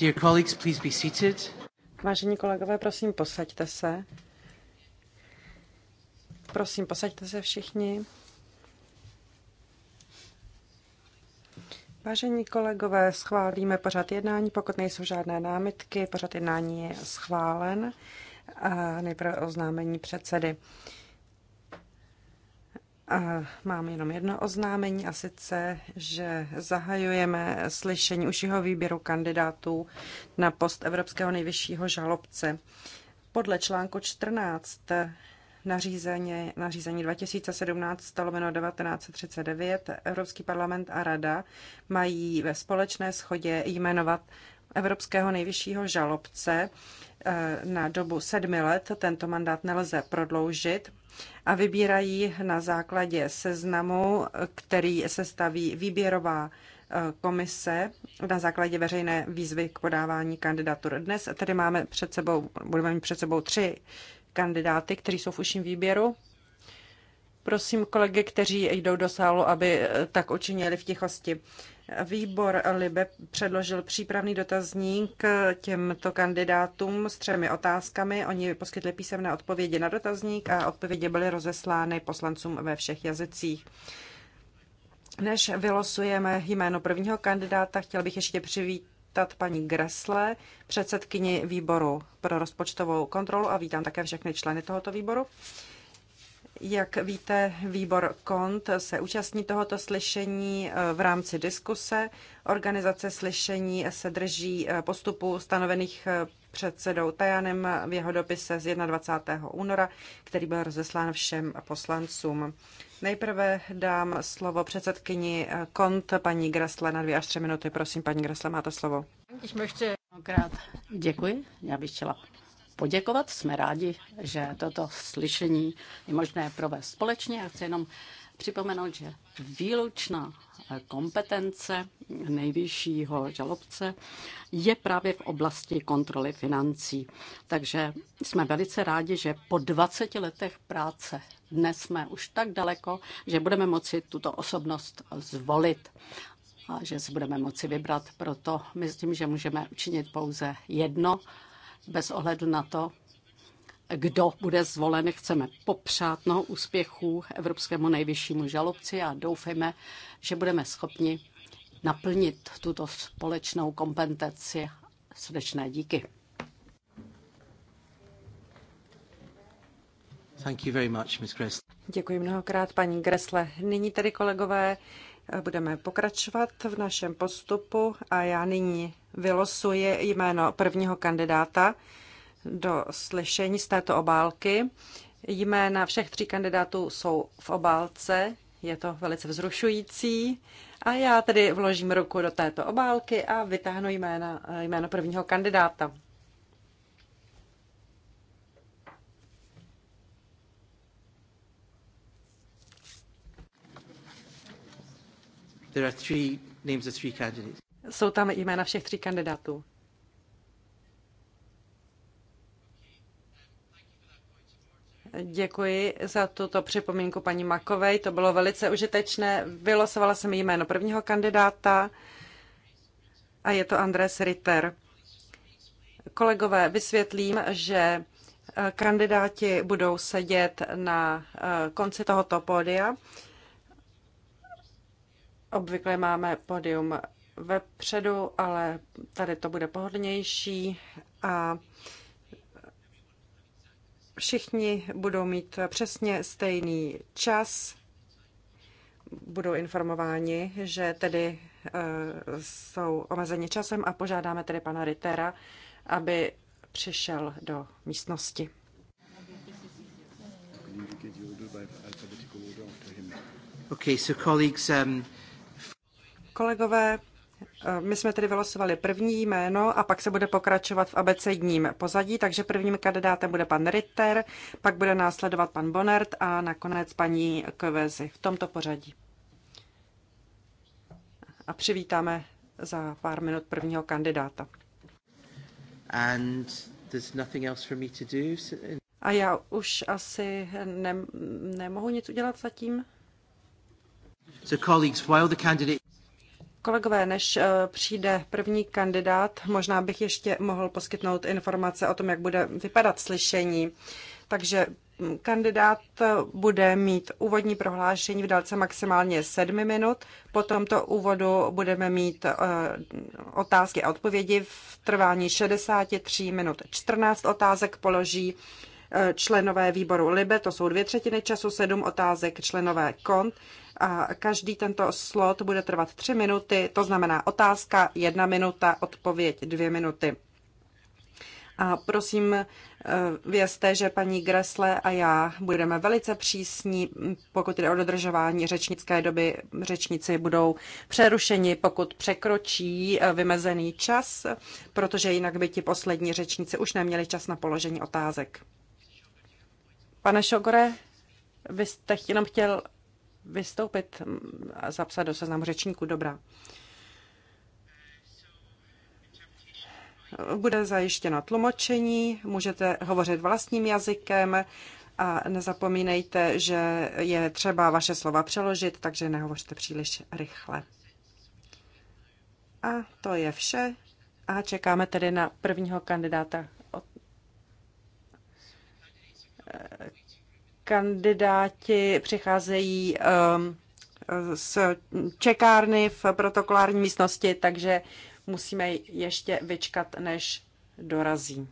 Dear colleagues, please be seated. Vážení kolegové, prosím, posaďte se. Prosím, posaďte se všichni. Vážení kolegové, schválíme pořad jednání, pokud nejsou žádné námitky. Pořad jednání je schválen. A nejprve oznámení předsedy mám jenom jedno oznámení a sice, že zahajujeme slyšení užšího výběru kandidátů na post Evropského nejvyššího žalobce. Podle článku 14 nařízení, nařízení 2017 1939 Evropský parlament a Rada mají ve společné schodě jmenovat Evropského nejvyššího žalobce eh, na dobu sedmi let. Tento mandát nelze prodloužit a vybírají na základě seznamu, který se staví výběrová eh, komise na základě veřejné výzvy k podávání kandidatur. Dnes tedy máme před sebou, budeme mít před sebou tři kandidáty, kteří jsou v užším výběru. Prosím kolegy, kteří jdou do sálu, aby eh, tak učinili v tichosti. Výbor Libe předložil přípravný dotazník těmto kandidátům s třemi otázkami. Oni poskytli písemné odpovědi na dotazník a odpovědi byly rozeslány poslancům ve všech jazycích. Než vylosujeme jméno prvního kandidáta, chtěl bych ještě přivítat paní Gresle, předsedkyni výboru pro rozpočtovou kontrolu a vítám také všechny členy tohoto výboru. Jak víte, výbor KONT se účastní tohoto slyšení eh, v rámci diskuse. Organizace slyšení se drží eh, postupu stanovených eh, předsedou Tajanem v jeho dopise z 21. února, který byl rozeslán všem poslancům. Nejprve dám slovo předsedkyni KONT, paní Grasle, na dvě až tři minuty. Prosím, paní Grasle, máte slovo. děkuji. Já bych chtěla poděkovat. Jsme rádi, že toto slyšení je možné provést společně. Já chci jenom připomenout, že výlučná kompetence nejvyššího žalobce je právě v oblasti kontroly financí. Takže jsme velice rádi, že po 20 letech práce dnes jsme už tak daleko, že budeme moci tuto osobnost zvolit a že si budeme moci vybrat. Proto myslím, že můžeme učinit pouze jedno bez ohledu na to, kdo bude zvolen. Chceme popřát mnoho úspěchů Evropskému nejvyššímu žalobci a doufejme, že budeme schopni naplnit tuto společnou kompetenci. Srdečné díky. Thank you very much, Ms. Děkuji mnohokrát, paní Gresle. Nyní tedy, kolegové, budeme pokračovat v našem postupu a já nyní vylosuji jméno prvního kandidáta do slyšení z této obálky. Jména všech tří kandidátů jsou v obálce, je to velice vzrušující. A já tedy vložím ruku do této obálky a vytáhnu jména, jméno prvního kandidáta. There are three names of three candidates. Jsou tam jména všech tří kandidátů. Děkuji za tuto připomínku paní Makovej, to bylo velice užitečné. Vylosovala jsem jméno prvního kandidáta a je to Andres Ritter. Kolegové, vysvětlím, že eh, kandidáti budou sedět na eh, konci tohoto pódia. Obvykle máme pódium vepředu, ale tady to bude pohodlnější a všichni budou mít přesně stejný čas. Budou informováni, že tedy eh, jsou omezeni časem a požádáme tedy pana Ritera, aby přišel do místnosti. Okay, so colleagues, um... Kolegové, Eh, my jsme tedy vylosovali první jméno a pak se bude pokračovat v abecedním pozadí, takže prvním kandidátem bude pan Ritter, pak bude následovat pan Bonert a nakonec paní Kvezi v tomto pořadí. A přivítáme za pár minut prvního kandidáta. And there's nothing else for me to do. A já už asi ne, nemohu nic udělat zatím. So colleagues, while the candidate Kolegové, než eh, přijde první kandidát, možná bych ještě mohl poskytnout informace o tom, jak bude vypadat slyšení. Takže hm, kandidát eh, bude mít úvodní prohlášení v délce maximálně sedmi minut. Po tomto úvodu budeme mít eh, otázky a odpovědi v trvání 63 minut. 14 otázek položí členové výboru LIBE, to jsou dvě třetiny času, sedm otázek členové KONT a každý tento slot bude trvat tři minuty, to znamená otázka jedna minuta, odpověď dvě minuty. A prosím, eh, vězte, že paní Gresle a já budeme velice přísní, pokud jde o dodržování řečnické doby. Řečníci budou přerušeni, pokud překročí eh, vymezený čas, protože jinak by ti poslední řečníci už neměli čas na položení otázek. Pane Šogore, vy jste jenom chtěl vystoupit a zapsat do seznamu řečníků. Dobrá. Bude zajištěno tlumočení, můžete hovořit vlastním jazykem a nezapomínejte, že je třeba vaše slova přeložit, takže nehovořte příliš rychle. A to je vše. A čekáme tedy na prvního kandidáta, kandidáti přicházejí um, z čekárny v protokolární místnosti, takže musíme ještě vyčkat, než dorazí.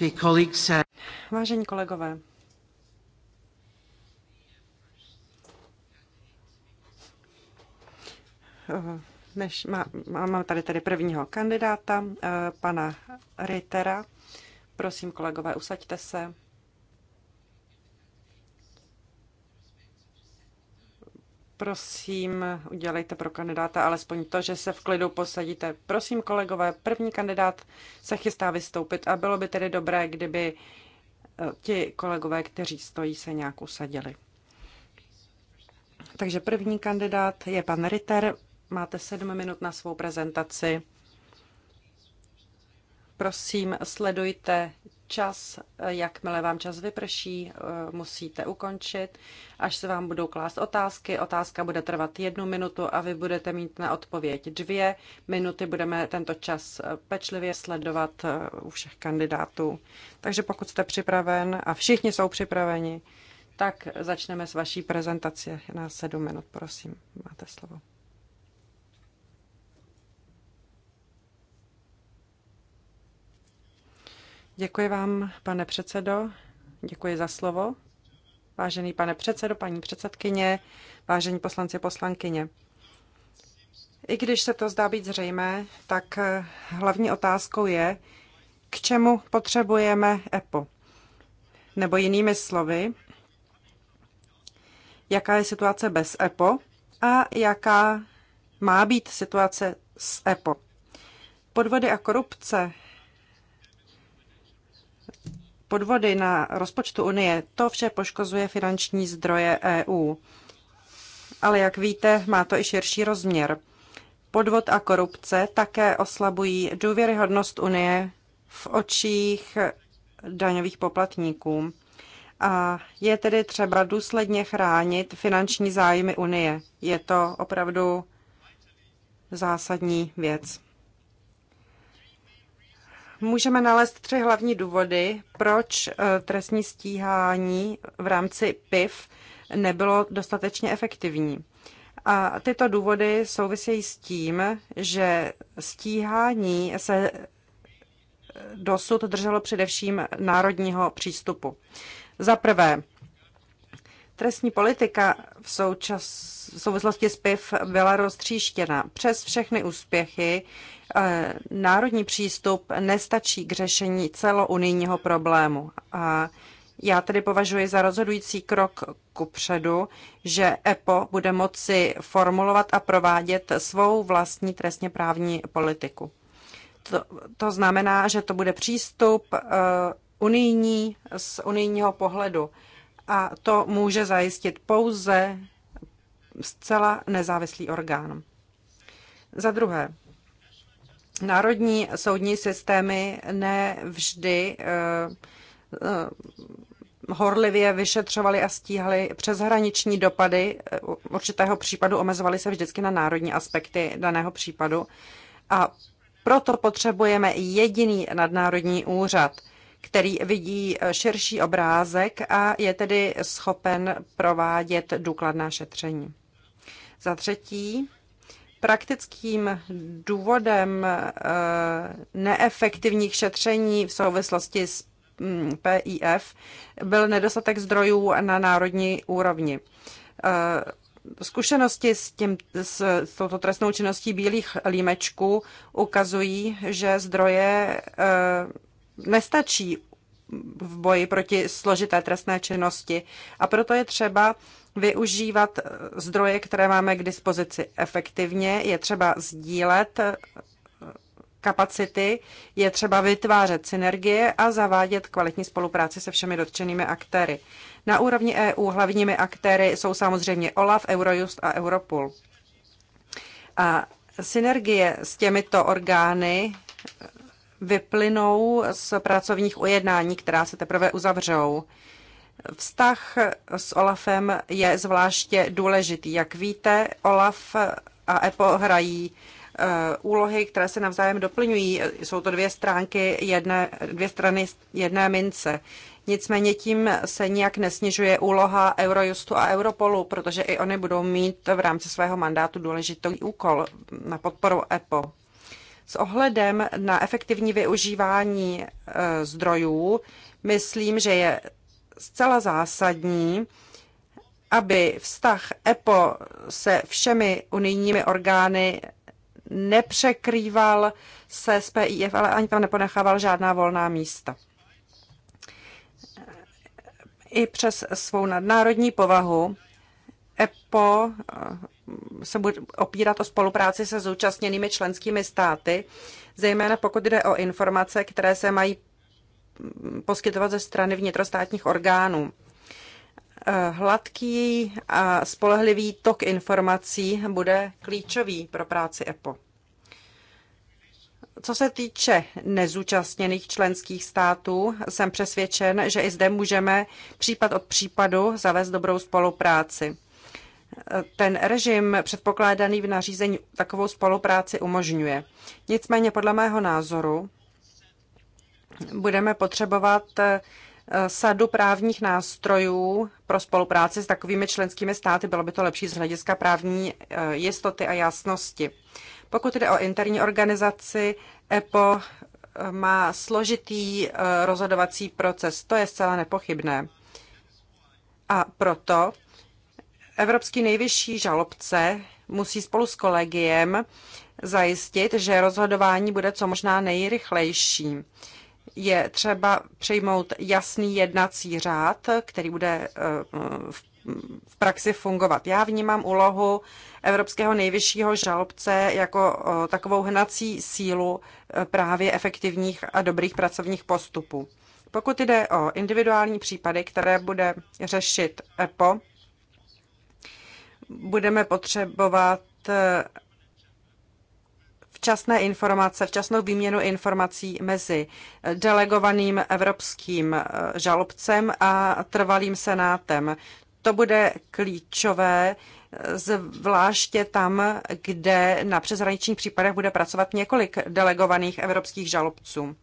Uh, Vážení kolegové, eh, než má, mám tady tedy prvního kandidáta, eh, pana Reitera. Prosím, kolegové, usaďte se. Prosím, udělejte pro kandidáta alespoň to, že se v klidu posadíte. Prosím, kolegové, první kandidát se chystá vystoupit a bylo by tedy dobré, kdyby eh, ti kolegové, kteří stojí, se nějak usadili. Takže první kandidát je pan Ritter. Máte sedm minut na svou prezentaci. Prosím, sledujte čas. Jakmile vám čas vyprší, eh, musíte ukončit. Až se vám budou klást otázky, otázka bude trvat jednu minutu a vy budete mít na odpověď dvě minuty. Budeme tento čas eh, pečlivě sledovat eh, u všech kandidátů. Takže pokud jste připraven a všichni jsou připraveni, tak začneme s vaší prezentací na sedm minut, prosím. Máte slovo. Děkuji vám, pane předsedo. Děkuji za slovo. Vážený pane předsedo, paní předsedkyně, vážení poslanci, poslankyně. I když se to zdá být zřejmé, tak hlavní otázkou je, k čemu potřebujeme EPO. Nebo jinými slovy, jaká je situace bez EPO a jaká má být situace s EPO. Podvody a korupce podvody na rozpočtu Unie, to vše poškozuje finanční zdroje EU. Ale jak víte, má to i širší rozměr. Podvod a korupce také oslabují důvěryhodnost Unie v očích daňových poplatníků. A je tedy třeba důsledně chránit finanční zájmy Unie. Je to opravdu zásadní věc můžeme nalézt tři hlavní důvody, proč eh, trestní stíhání v rámci PIV nebylo dostatečně efektivní. A tyto důvody souvisejí s tím, že stíhání se eh, dosud drželo především národního přístupu. Za prvé, Trestní politika v, součas, v souvislosti s PIV byla roztříštěna. Přes všechny úspěchy eh, národní přístup nestačí k řešení celounijního problému. A já tedy považuji za rozhodující krok ku předu, že EPO bude moci formulovat a provádět svou vlastní trestně právní politiku. To, to znamená, že to bude přístup uh, unijní z unijního pohledu a to může zajistit pouze zcela nezávislý orgán. Za druhé, národní soudní systémy nevždy eh, eh, horlivě vyšetřovali a stíhali přeshraniční dopady eh, určitého případu, omezovali se vždycky na národní aspekty daného případu. A proto potřebujeme jediný nadnárodní úřad – který vidí eh, širší obrázek a je tedy schopen provádět důkladná šetření. Za třetí, praktickým důvodem eh, neefektivních šetření v souvislosti s mm, PIF byl nedostatek zdrojů na národní úrovni. Eh, zkušenosti s, tím, s, s touto trestnou činností bílých límečků ukazují, že zdroje nestačí v boji proti složité trestné činnosti. A proto je třeba využívat zdroje, které máme k dispozici efektivně, je třeba sdílet eh, kapacity, je třeba vytvářet synergie a zavádět kvalitní spolupráci se všemi dotčenými aktéry. Na úrovni EU hlavními aktéry jsou samozřejmě OLAF, Eurojust a Europol. A synergie s těmito orgány vyplynou z pracovních ujednání, která se teprve uzavřou. Vztah s Olafem je zvláště důležitý. Jak víte, Olaf a EPO hrají eh, úlohy, které se navzájem doplňují. Jsou to dvě stránky, jedné, dvě strany jedné mince. Nicméně tím se nijak nesnižuje úloha Eurojustu a Europolu, protože i oni budou mít v rámci svého mandátu důležitý úkol na podporu EPO. S ohledem na efektivní využívání e, zdrojů, myslím, že je zcela zásadní, aby vztah EPO se všemi unijními orgány nepřekrýval se s PIF, ale ani tam neponechával žádná volná místa. I přes svou nadnárodní povahu EPO eh, se bude opírat o spolupráci se zúčastněnými členskými státy, zejména pokud jde o informace, které se mají mm, poskytovat ze strany vnitrostátních orgánů. Eh, hladký a spolehlivý tok informací bude klíčový pro práci EPO. Co se týče nezúčastněných členských států, jsem přesvědčen, že i zde můžeme případ od případu zavést dobrou spolupráci ten režim předpokládaný v nařízení takovou spolupráci umožňuje. Nicméně podle mého názoru budeme potřebovat eh, sadu právních nástrojů pro spolupráci s takovými členskými státy. Bylo by to lepší z hlediska právní eh, jistoty a jasnosti. Pokud jde o interní organizaci, EPO eh, má složitý rozhodovací proces. To je zcela nepochybné. A proto Evropský nejvyšší žalobce musí spolu s kolegiem zajistit, že rozhodování bude co možná nejrychlejší. Je třeba přijmout jasný jednací řád, který bude eh, v praxi fungovat. Já vnímám úlohu Evropského nejvyššího žalobce jako eh, takovou hnací sílu eh, právě efektivních a dobrých pracovních postupů. Pokud jde o individuální případy, které bude řešit EPO, budeme potřebovat eh, včasné informace, včasnou výměnu informací mezi delegovaným evropským eh, žalobcem a trvalým senátem. To bude klíčové, eh, zvláště tam, kde na přeshraničních případech bude pracovat několik delegovaných evropských žalobců.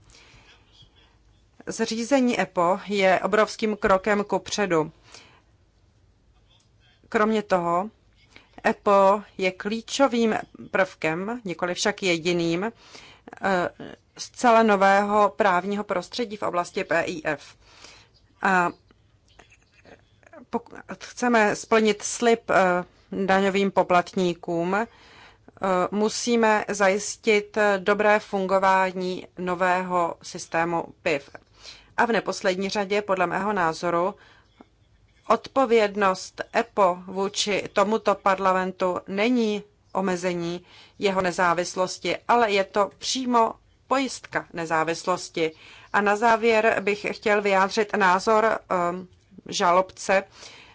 Zřízení EPO je obrovským krokem ku předu. Kromě toho, EPO je klíčovým prvkem, nikoli však jediným, eh, zcela nového právního prostředí v oblasti PIF. A pokud chceme splnit slib eh, daňovým poplatníkům, eh, musíme zajistit dobré fungování nového systému PIF. A v neposlední řadě, podle mého názoru, Odpovědnost EPO vůči tomuto parlamentu není omezení jeho nezávislosti, ale je to přímo pojistka nezávislosti. A na závěr bych chtěl vyjádřit názor ehm, žalobce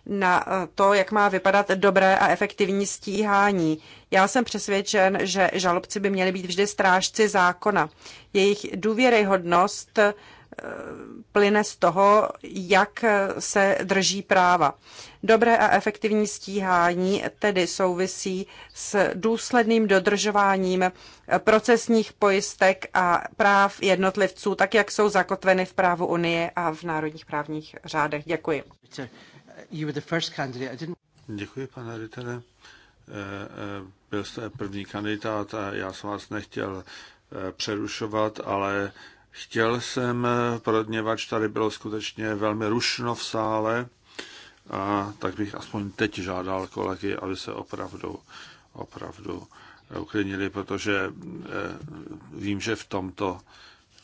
na eh, to, jak má vypadat dobré a efektivní stíhání. Já jsem přesvědčen, že žalobci by měli být vždy strážci zákona. Jejich důvěryhodnost plyne z toho, jak se drží práva. Dobré a efektivní stíhání tedy souvisí s důsledným dodržováním procesních pojistek a práv jednotlivců, tak jak jsou zakotveny v právu Unie a v národních právních řádech. Děkuji. Děkuji, pane Ritele. Eh, eh, byl jste první kandidát a já jsem vás nechtěl eh, přerušovat, ale Chtěl jsem, eh, poněvadž tady bylo skutečně velmi rušno v sále, a tak bych aspoň teď žádal kolegy, aby se opravdu, opravdu uklidnili, protože eh, vím, že v tomto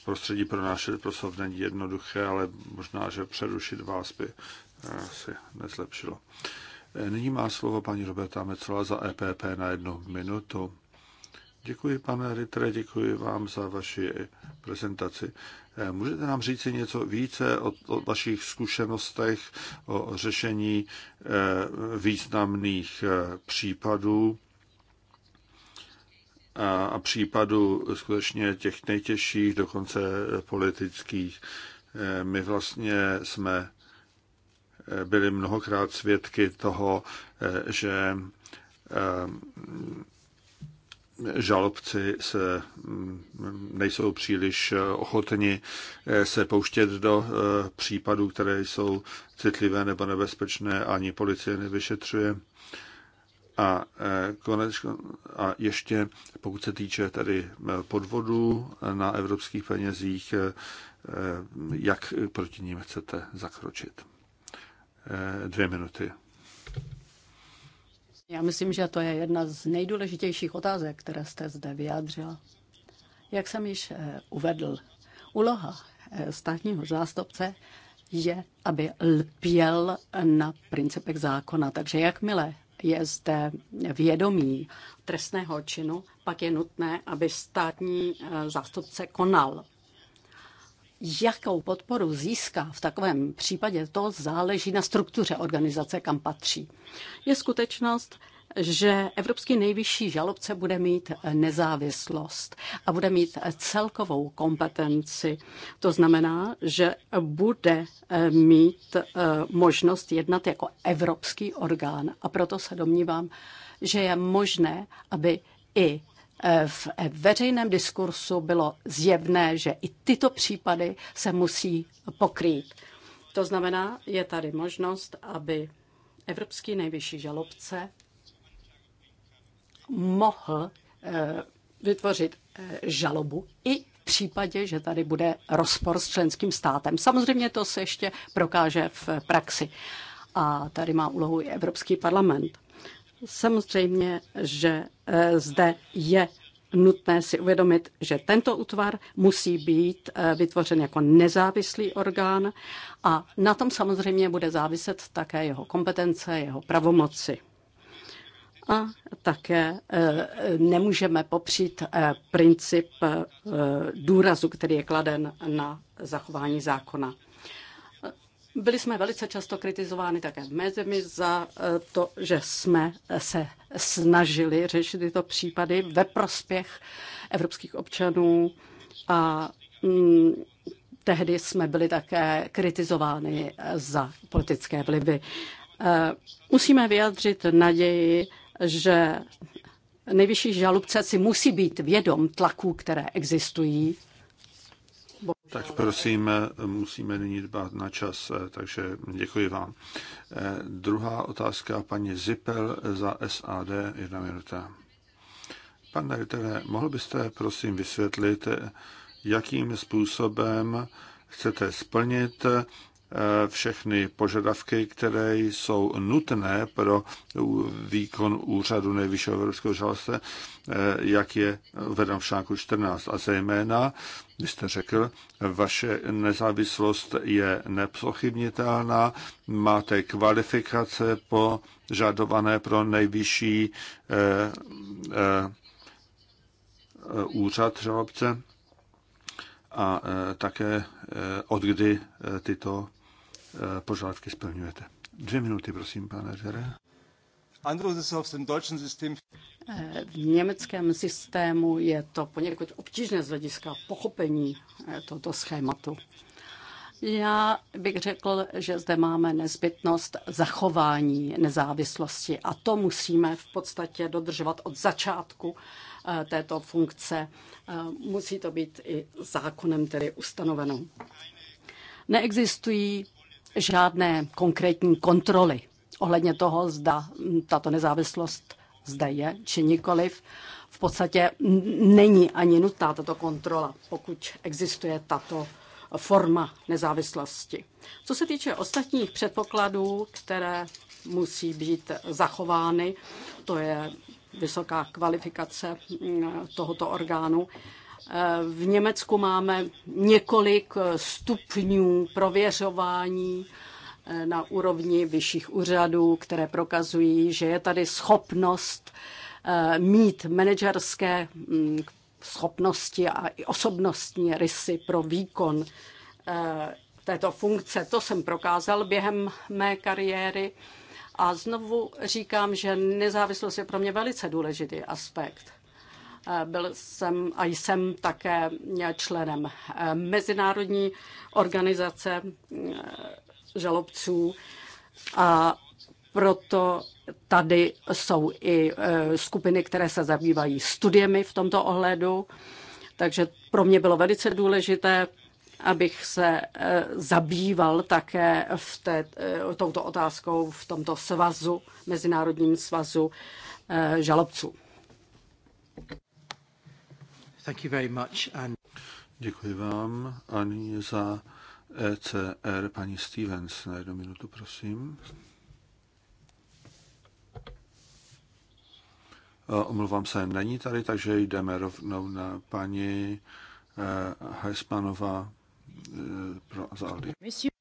prostředí pro náš prosov není jednoduché, ale možná, že přerušit vás by eh, asi nezlepšilo. Nyní má slovo paní Roberta Mecola za EPP na jednu minutu. Děkuji, pane Ritre, děkuji vám za vaši prezentaci. Eh, můžete nám říct něco více o, o vašich zkušenostech, o řešení eh, významných eh, případů a, a případů skutečně těch nejtěžších, dokonce politických. My vlastně jsme byli mnohokrát svědky toho, že žalobci se mm, nejsou příliš eh, ochotni eh, se pouštět do eh, případů, které jsou citlivé nebo nebezpečné, ani policie nevyšetřuje. A, konec, a ještě pokud se týče tady podvodů na evropských penězích, jak proti ním chcete zakročit? Dvě minuty. Já myslím, že to je jedna z nejdůležitějších otázek, které jste zde vyjádřila. Jak jsem již eh, uvedl, úloha eh, státního zástupce je, aby lpěl na principech zákona. Takže jakmile je zde vědomí trestného činu, pak je nutné, aby státní eh, zástupce konal jakou podporu získá v takovém případě, to záleží na struktuře organizace, kam patří. Je skutečnost, že Evropský nejvyšší žalobce bude mít nezávislost a bude mít celkovou kompetenci. To znamená, že bude mít eh, možnost jednat jako evropský orgán. A proto se domnívám, že je možné, aby i Eh, v veřejném diskursu bylo zjevné, že i tyto případy se musí pokrýt. To znamená, je tady možnost, aby Evropský nejvyšší žalobce mohl eh, vytvořit eh, žalobu i v případě, že tady bude rozpor s členským státem. Samozřejmě to se ještě prokáže v praxi. A tady má úlohu i Evropský parlament. Samozřejmě, že eh, zde je nutné si uvědomit, že tento útvar musí být eh, vytvořen jako nezávislý orgán a na tom samozřejmě bude záviset také jeho kompetence, jeho pravomoci. A také eh, nemůžeme popřít princip důrazu, který je kladen na zachování zákona. Byli jsme velice často kritizováni také v mezemi za eh, to, že jsme se snažili řešit tyto případy ve prospěch evropských občanů a mm, tehdy jsme byli také kritizováni eh, za politické vlivy. Eh, musíme vyjádřit naději, že nejvyšší žalubce si musí být vědom tlaků, které existují tak prosím, musíme nyní dbát na čas, takže děkuji vám. Druhá otázka paní Zipel za SAD, jedna minuta. Pane Ritere, mohl byste prosím vysvětlit, jakým způsobem chcete splnit Eh, všechny požadavky, které jsou nutné pro výkon úřadu nejvyššího evropského žalce, eh, jak je vedem v článku 14. A zejména, vy jste řekl, vaše nezávislost je nepochybnitelná, máte kvalifikace požadované pro nejvyšší eh, eh, úřad žalobce a eh, také odkdy tyto Eh, požadavky splňujete. Dvě minuty, prosím, pane Žere. Eh, v německém systému je to poněkud obtížné z hlediska pochopení eh, tohoto schématu. Já bych řekl, že zde máme nezbytnost zachování nezávislosti a to musíme v podstatě dodržovat od začátku této funkce. Musí to být i zákonem tedy ustanoveno. Neexistují žádné konkrétní kontroly ohledně toho, zda tato nezávislost zde je či nikoliv. V podstatě není ani nutná tato kontrola, pokud existuje tato forma nezávislosti. Co se týče ostatních předpokladů, které musí být zachovány, to je vysoká kvalifikace mm, tohoto orgánu, v Německu máme několik stupňů prověřování eh, na úrovni vyšších úřadů, které prokazují, že je tady schopnost eh, mít manažerské mm, schopnosti a i osobnostní rysy pro výkon eh, této funkce. To jsem prokázal během mé kariéry a znovu říkám, že nezávislost je pro mě velice důležitý aspekt. Byl jsem a jsem také členem eh, Mezinárodní organizace eh, žalobců a proto tady jsou i eh, skupiny, které se zabývají studiemi v tomto ohledu. Takže pro mě bylo velice důležité, abych se zabýval také v té, touto otázkou v tomto svazu, Mezinárodním svazu žalobců. Thank you very much. And... Děkuji vám a nyní za ECR paní Stevens. Na jednu minutu, prosím. Omluvám se, není tady, takže jdeme rovnou na paní eh, Hespanova eh, pro Azaldi.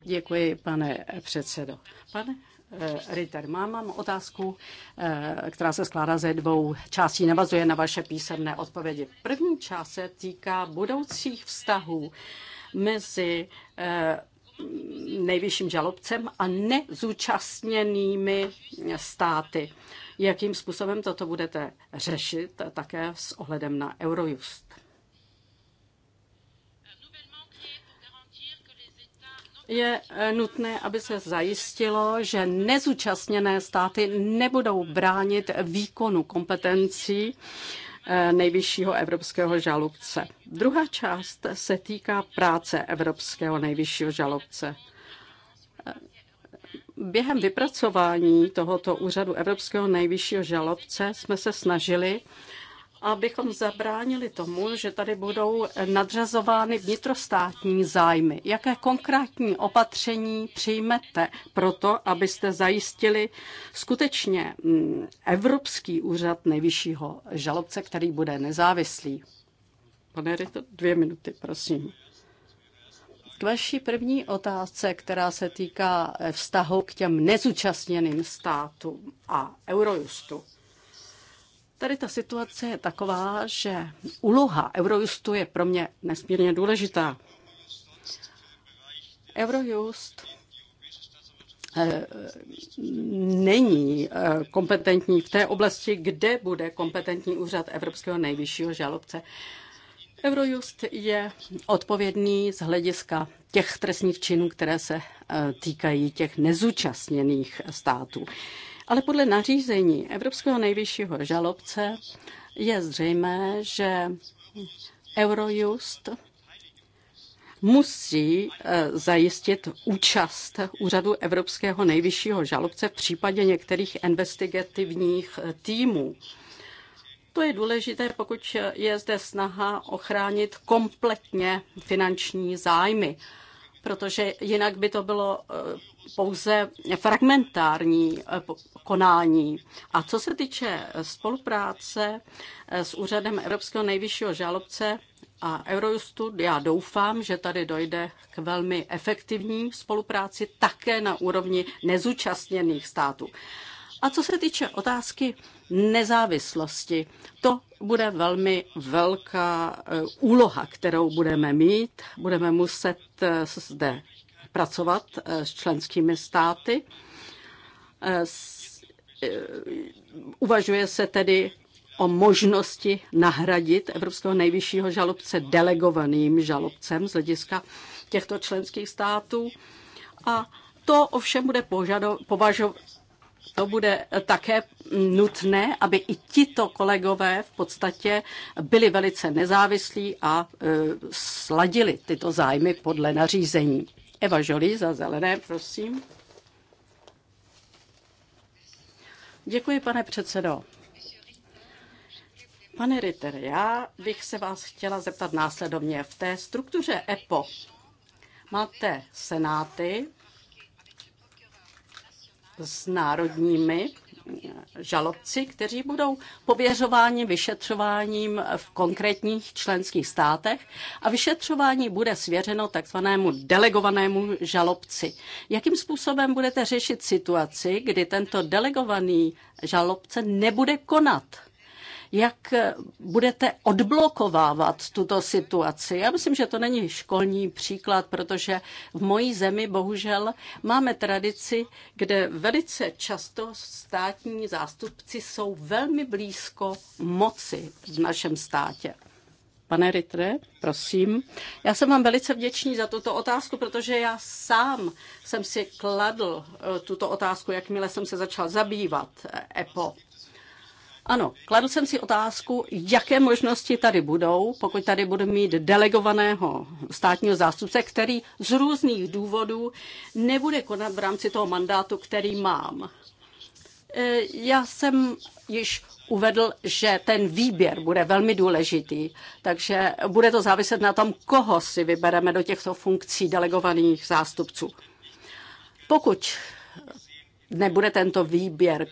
Děkuji, pane předsedo. Pane Eh, Ritter. Mám, mám otázku, eh, která se skládá ze dvou částí, navazuje na vaše písemné odpovědi. První část se týká budoucích vztahů mezi eh, nejvyšším žalobcem a nezúčastněnými státy. Jakým způsobem toto budete řešit také s ohledem na Eurojust? je eh, nutné, aby se zajistilo, že nezúčastněné státy nebudou bránit výkonu kompetencí eh, nejvyššího evropského žalobce. Druhá část se týká práce evropského nejvyššího žalobce. Eh, během vypracování tohoto úřadu evropského nejvyššího žalobce jsme se snažili abychom zabránili tomu, že tady budou nadřazovány vnitrostátní zájmy. Jaké konkrétní opatření přijmete pro to, abyste zajistili skutečně mm, Evropský úřad nejvyššího žalobce, který bude nezávislý? Pane Rito, dvě minuty, prosím. K vaší první otázce, která se týká eh, vztahu k těm nezúčastněným státům a Eurojustu. Tady ta situace je taková, že úloha Eurojustu je pro mě nesmírně důležitá. Eurojust eh, není eh, kompetentní v té oblasti, kde bude kompetentní úřad Evropského nejvyššího žalobce. Eurojust je odpovědný z hlediska těch trestních činů, které se eh, týkají těch nezúčastněných států. Ale podle nařízení Evropského nejvyššího žalobce je zřejmé, že Eurojust musí eh, zajistit účast úřadu Evropského nejvyššího žalobce v případě některých investigativních eh, týmů. To je důležité, pokud je zde snaha ochránit kompletně finanční zájmy protože jinak by to bylo eh, pouze fragmentární eh, konání. A co se týče eh, spolupráce s úřadem Evropského nejvyššího žalobce a Eurojustu, já doufám, že tady dojde k velmi efektivní spolupráci také na úrovni nezúčastněných států. A co se týče otázky nezávislosti. To bude velmi velká eh, úloha, kterou budeme mít. Budeme muset eh, zde pracovat eh, s členskými státy. Uvažuje se tedy o možnosti nahradit Evropského nejvyššího žalobce delegovaným žalobcem z hlediska těchto členských států. A to ovšem bude požado, považo, to bude také nutné, aby i tito kolegové v podstatě byli velice nezávislí a e, sladili tyto zájmy podle nařízení. Eva Žolí za zelené, prosím. Děkuji, pane předsedo. Pane Ritter, já bych se vás chtěla zeptat následovně. V té struktuře EPO máte senáty, s národními eh, žalobci, kteří budou pověřováni vyšetřováním v konkrétních členských státech a vyšetřování bude svěřeno takzvanému delegovanému žalobci. Jakým způsobem budete řešit situaci, kdy tento delegovaný žalobce nebude konat? jak budete odblokovávat tuto situaci. Já myslím, že to není školní příklad, protože v mojí zemi bohužel máme tradici, kde velice často státní zástupci jsou velmi blízko moci v našem státě. Pane Ritre, prosím. Já jsem vám velice vděčný za tuto otázku, protože já sám jsem si kladl eh, tuto otázku, jakmile jsem se začal zabývat EPO. Eh, e ano, kladl jsem si otázku, jaké možnosti tady budou, pokud tady budu mít delegovaného státního zástupce, který z různých důvodů nebude konat v rámci toho mandátu, který mám. E, já jsem již uvedl, že ten výběr bude velmi důležitý, takže bude to záviset na tom, koho si vybereme do těchto funkcí delegovaných zástupců. Pokud nebude tento výběr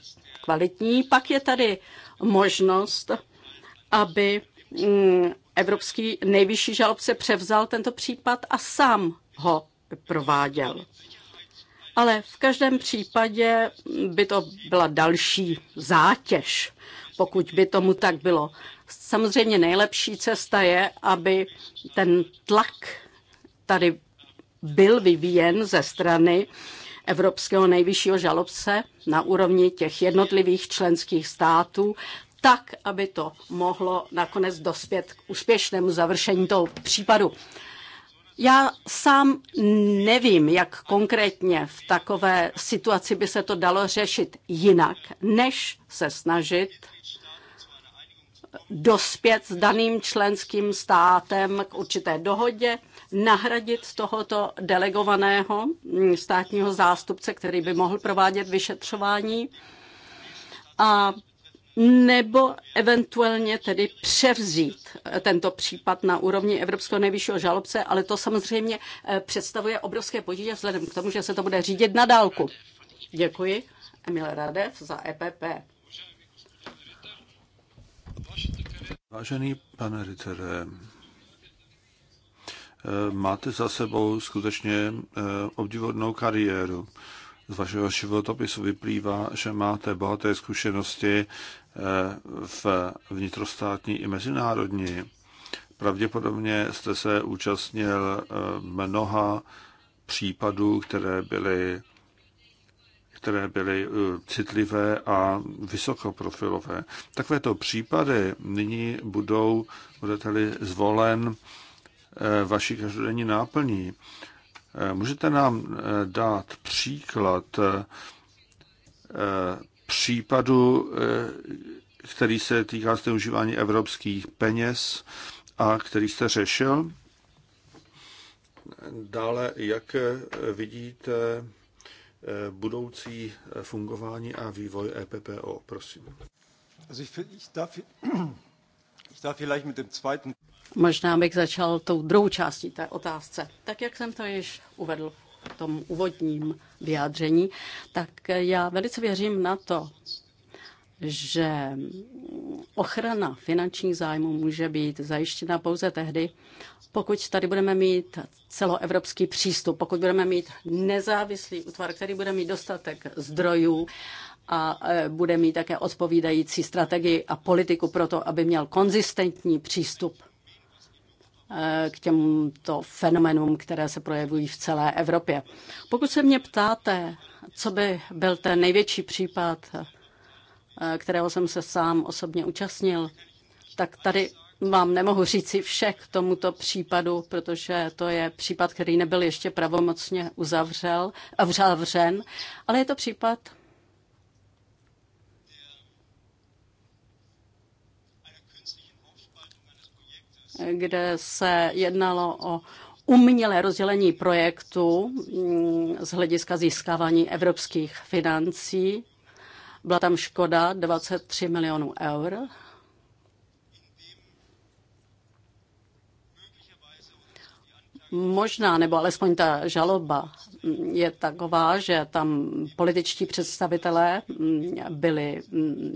kvalitní, pak je tady možnost, aby mm, evropský nejvyšší žalobce převzal tento případ a sám ho prováděl. Ale v každém případě by to byla další zátěž, pokud by tomu tak bylo. Samozřejmě nejlepší cesta je, aby ten tlak tady byl vyvíjen ze strany evropského nejvyššího žalobce na úrovni těch jednotlivých členských států, tak, aby to mohlo nakonec dospět k úspěšnému završení toho případu. Já sám nevím, jak konkrétně v takové situaci by se to dalo řešit jinak, než se snažit dospět s daným členským státem k určité dohodě nahradit z tohoto delegovaného státního zástupce, který by mohl provádět vyšetřování a nebo eventuálně tedy převzít tento případ na úrovni Evropského nejvyššího žalobce, ale to samozřejmě eh, představuje obrovské potíže vzhledem k tomu, že se to bude řídit na dálku. Děkuji. Emil Radev za EPP. Vážený pane Ritere, Eh, máte za sebou skutečně eh, obdivodnou kariéru. Z vašeho životopisu vyplývá, že máte bohaté zkušenosti eh, v vnitrostátní i mezinárodní. Pravděpodobně jste se účastnil mnoha případů, které byly, které byly citlivé a vysokoprofilové. Takovéto případy nyní budou, budete-li zvolen, Eh, vaší každodenní náplní. Eh, můžete nám eh, dát příklad případu, který se týká zneužívání evropských peněz a který jste řešil? Dále, jak vidíte budoucí fungování a vývoj EPPO, prosím. Možná bych začal tou druhou částí té otázce. Tak jak jsem to již uvedl v tom úvodním vyjádření, tak já velice věřím na to, že ochrana finančních zájmů může být zajištěna pouze tehdy, pokud tady budeme mít celoevropský přístup, pokud budeme mít nezávislý útvar, který bude mít dostatek zdrojů a e, bude mít také odpovídající strategii a politiku pro to, aby měl konzistentní přístup k těmto fenomenům, které se projevují v celé Evropě. Pokud se mě ptáte, co by byl ten největší případ, eh, kterého jsem se sám osobně účastnil, tak tady vám nemohu říci vše k tomuto případu, protože to je případ, který nebyl ještě pravomocně uzavřel, eh, uzavřen, ale je to případ, kde se jednalo o umělé rozdělení projektu mm, z hlediska získávání evropských financí. Byla tam škoda 23 milionů eur. Možná, nebo alespoň ta žaloba mm, je taková, že tam političtí představitelé mm, byli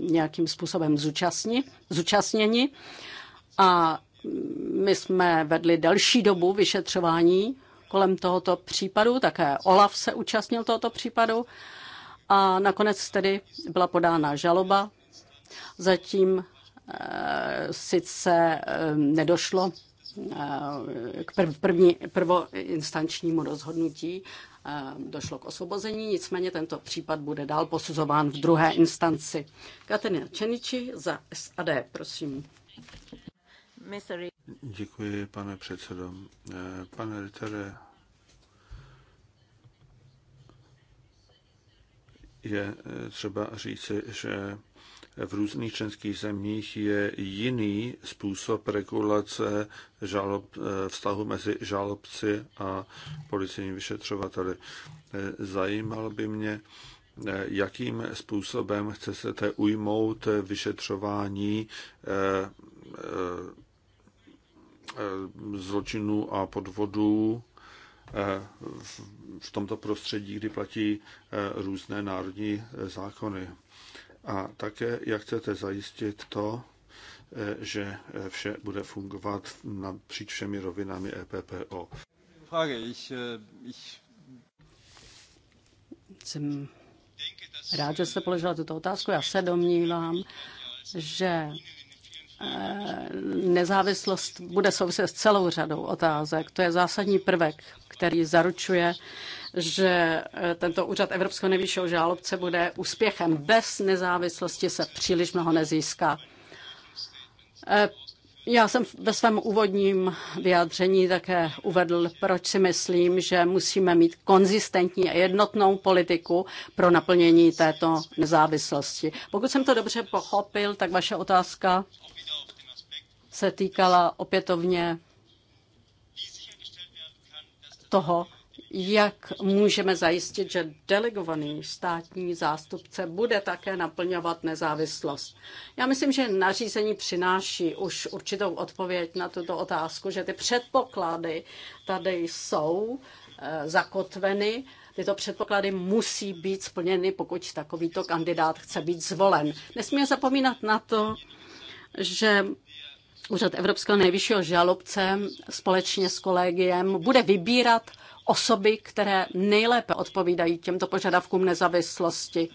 nějakým způsobem zúčastněni a my jsme vedli delší dobu vyšetřování kolem tohoto případu, také Olaf se účastnil tohoto případu a nakonec tedy byla podána žaloba. Zatím eh, sice eh, nedošlo eh, k první, prvoinstančnímu rozhodnutí, došlo k osvobození, nicméně tento případ bude dál posuzován v druhé instanci. Katerina Čeniči za SAD, prosím. Děkuji, pane předsedo. Eh, pane Ritere, je eh, třeba říci, že v různých členských zemích je jiný způsob regulace žalob, eh, vztahu mezi žalobci a policejní vyšetřovateli. Zajímal by mě, jakým způsobem chcete ujmout vyšetřování Eh, zločinů a podvodů eh, v tomto prostředí, kdy platí eh, různé národní zákony. A také, jak chcete zajistit to, že vše bude fungovat napříč všemi rovinami EPPO. Jsem rád, že jste položila tuto otázku. Já se domnívám, že Eh, nezávislost bude souviset s celou řadou otázek. To je zásadní prvek, který zaručuje, že eh, tento úřad Evropského nejvyššího žálobce bude úspěchem. Bez nezávislosti se příliš mnoho nezíská. Eh, já jsem ve svém úvodním vyjádření také uvedl, proč si myslím, že musíme mít konzistentní a jednotnou politiku pro naplnění této nezávislosti. Pokud jsem to dobře pochopil, tak vaše otázka se týkala opětovně toho, jak můžeme zajistit, že delegovaný státní zástupce bude také naplňovat nezávislost? Já myslím, že nařízení přináší už určitou odpověď na tuto otázku, že ty předpoklady tady jsou eh, zakotveny. Tyto předpoklady musí být splněny, pokud takovýto kandidát chce být zvolen. Nesmíme zapomínat na to, že Úřad Evropského nejvyššího žalobce společně s kolegiem bude vybírat osoby, které nejlépe odpovídají těmto požadavkům nezávislosti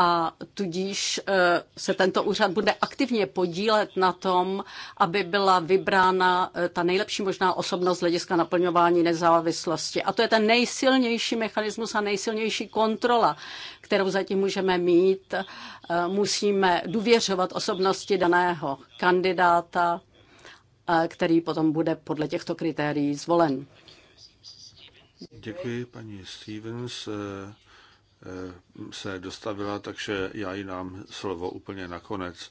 a tudíž eh, se tento úřad bude aktivně podílet na tom, aby byla vybrána eh, ta nejlepší možná osobnost z hlediska naplňování nezávislosti. A to je ten nejsilnější mechanismus a nejsilnější kontrola, kterou zatím můžeme mít. Eh, musíme důvěřovat osobnosti daného kandidáta, který potom bude podle těchto kritérií zvolen. Děkuji, paní Stevens. Eh, se dostavila, takže já ji nám slovo úplně nakonec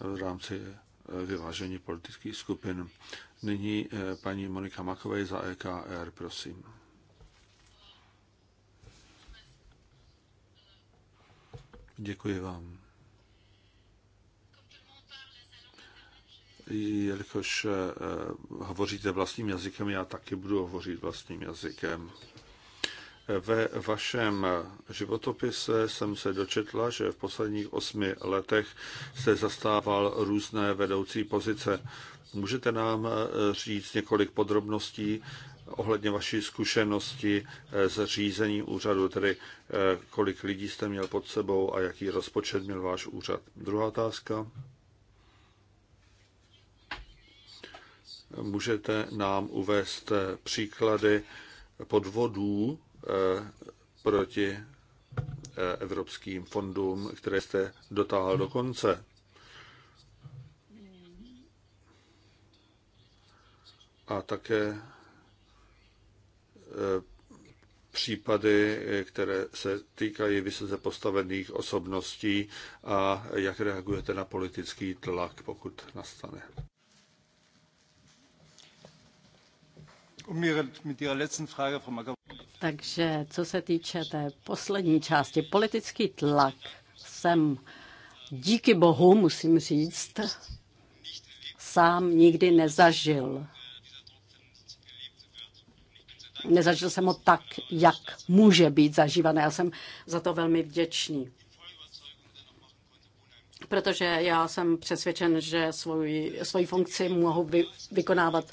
v rámci eh, vyvážení politických skupin. Nyní eh, paní Monika Makovej za EKR, prosím. Děkuji vám. Jelikož hovoříte vlastním jazykem, já taky budu hovořit vlastním jazykem. Ve vašem životopise jsem se dočetla, že v posledních osmi letech jste zastával různé vedoucí pozice. Můžete nám eh, říct několik podrobností ohledně vaší zkušenosti eh, s řízením úřadu, tedy eh, kolik lidí jste měl pod sebou a jaký rozpočet měl váš úřad? Druhá otázka. Můžete nám uvést příklady podvodů, Eh, proti eh, evropským fondům, které jste dotáhl do konce. A také eh, případy, které se týkají vysoce postavených osobností a jak reagujete na politický tlak, pokud nastane. Um Takže co se týče té poslední části, politický tlak jsem díky bohu, musím říct, sám nikdy nezažil. Nezažil jsem ho tak, jak může být zažívané. Já jsem za to velmi vděčný. Protože já jsem přesvědčen, že svoji, svoji funkci mohu vy, vykonávat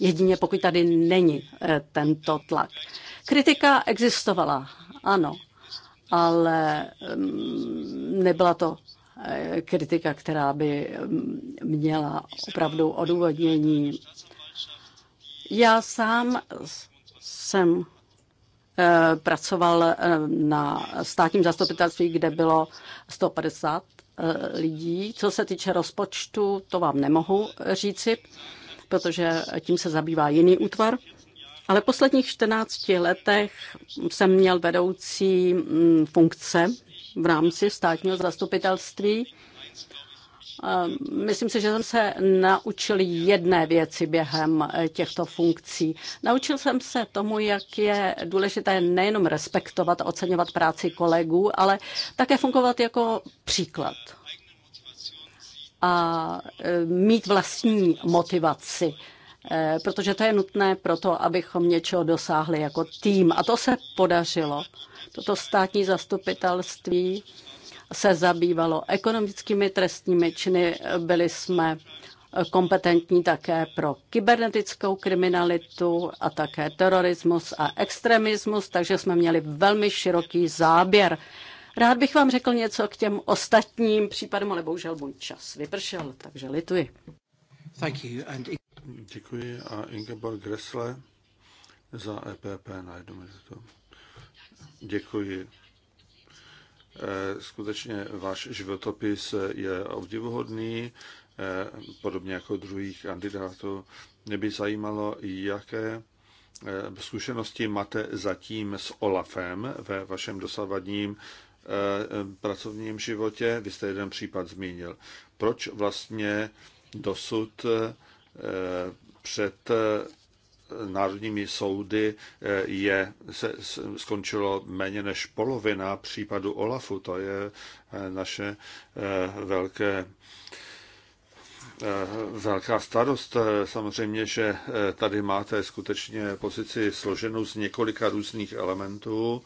jedině pokud tady není eh, tento tlak. Kritika existovala, ano, ale mm, nebyla to eh, kritika, která by mm, měla opravdu odůvodnění. Já sám jsem eh, pracoval na státním zastupitelství, kde bylo 150 lidí. Co se týče rozpočtu, to vám nemohu říci protože tím se zabývá jiný útvar. Ale v posledních 14 letech jsem měl vedoucí mm, funkce v rámci státního zastupitelství. Myslím si, že jsem se naučil jedné věci během eh, těchto funkcí. Naučil jsem se tomu, jak je důležité nejenom respektovat a oceňovat práci kolegů, ale také fungovat jako příklad a e, mít vlastní motivaci, e, protože to je nutné pro to, abychom něčeho dosáhli jako tým. A to se podařilo. Toto státní zastupitelství se zabývalo ekonomickými trestními činy. Byli jsme kompetentní také pro kybernetickou kriminalitu a také terorismus a extremismus, takže jsme měli velmi široký záběr Rád bych vám řekl něco k těm ostatním případům, ale bohužel můj čas vypršel, takže lituji. Thank you and... Děkuji a Ingeborg Gressle za EPP na jednu minutu. Děkuji. E, skutečně váš životopis je obdivuhodný, e, podobně jako druhých kandidátů. Mě by zajímalo, jaké e, zkušenosti máte zatím s OLAFem ve vašem dosavadním Eh, pracovním životě. Vy jste jeden případ zmínil. Proč vlastně dosud eh, před eh, národními soudy je, se skončilo méně než polovina případu Olafu. To je naše velké velká starost. Samozřejmě, že tady máte skutečně pozici složenou z několika různých elementů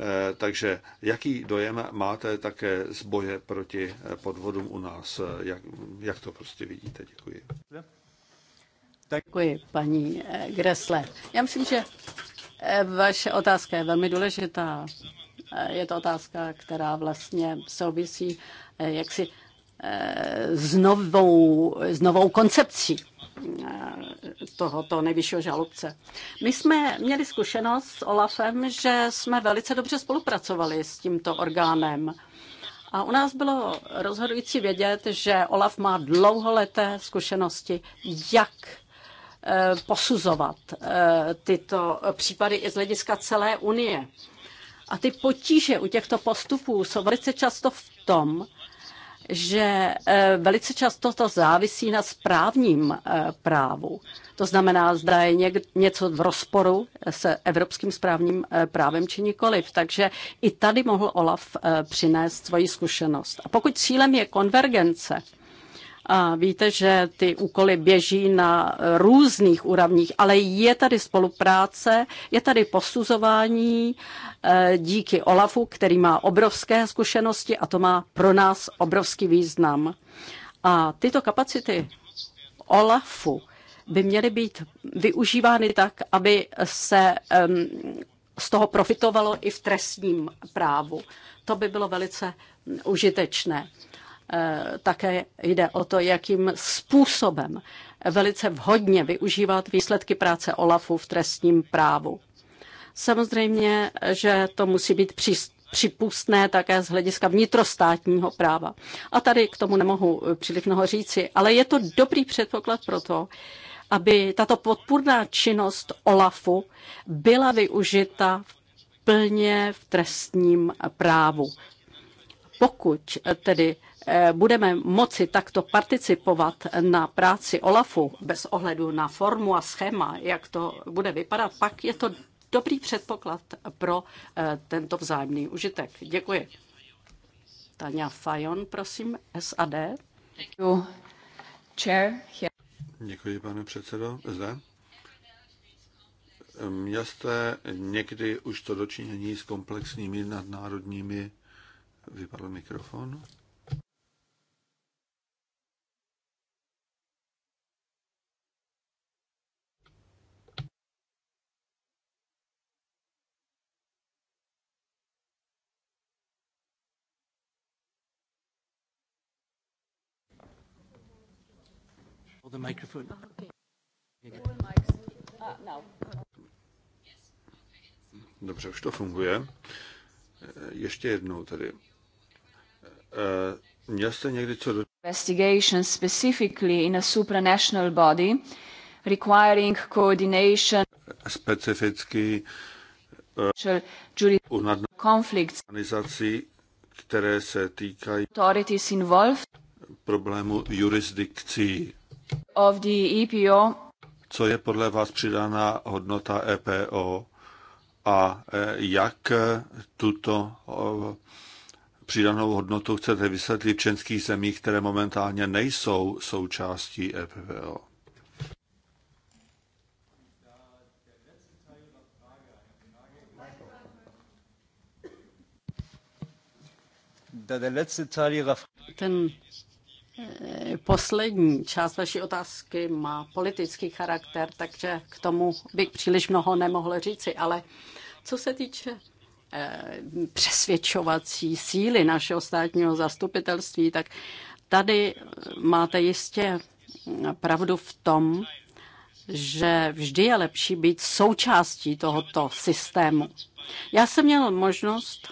Eh, takže jaký dojem máte také z boje proti eh, podvodům u nás? Eh, jak, jak to prostě vidíte? Děkuji. Děkuji, paní Gresle. Já myslím, že vaše otázka je velmi důležitá. Je to otázka, která vlastně souvisí jaksi s novou, s novou koncepcí Eh, tohoto nejvyššího žalobce. My jsme měli zkušenost s Olafem, že jsme velice dobře spolupracovali s tímto orgánem. A u nás bylo rozhodující vědět, že Olaf má dlouholeté zkušenosti, jak eh, posuzovat eh, tyto případy i z hlediska celé Unie. A ty potíže u těchto postupů jsou velice často v tom, že eh, velice často to závisí na správním eh, právu. To znamená, zda je něco v rozporu s evropským správním eh, právem či nikoliv. Takže i tady mohl Olaf přinést svoji zkušenost. A pokud cílem je konvergence, a víte, že ty úkoly běží na různých úrovních, ale je tady spolupráce, je tady posuzování eh, díky OLAFu, který má obrovské zkušenosti a to má pro nás obrovský význam. A tyto kapacity OLAFu by měly být využívány tak, aby se z toho profitovalo i v trestním právu. To by bylo velice užitečné. Eh, také jde o to, jakým způsobem velice vhodně využívat výsledky práce OLAFu v trestním právu. Samozřejmě, že to musí být přístup připustné také z hlediska vnitrostátního práva. A tady k tomu nemohu příliš mnoho říci, ale je to dobrý předpoklad pro to, aby tato podpůrná činnost OLAFu byla využita plně v trestním právu. Pokud tedy Eh, budeme moci takto participovat na práci OLAFu bez ohledu na formu a schéma, jak to bude vypadat, pak je to dobrý předpoklad pro eh, tento vzájemný užitek. Děkuji. Tania Fajon, prosím, SAD. Děkuji, pane předsedo. Zde. Měl jste někdy už to dočinění s komplexními nadnárodními... Vypadl mikrofon. Or the microphone. Oh, okay. Uh, no. Dobře, už to funguje. Eh, ještě jednou tedy. Eh, měl jste někdy co do... Investigation specifically in a supranational body requiring coordination eh, specificky uh, conflicts organizací, které se týkají authorities involved problému jurisdikcí of the EPO. Co je podle vás přidaná hodnota EPO a e, jak e, tuto přidanou hodnotu chcete vysvětlit v členských zemích, které momentálně nejsou součástí EPO? Ten Poslední část vaší otázky má politický charakter, takže k tomu bych příliš mnoho nemohl říci, ale co se týče eh, přesvědčovací síly našeho státního zastupitelství, tak tady máte jistě pravdu v tom, že vždy je lepší být součástí tohoto systému. Já jsem měl možnost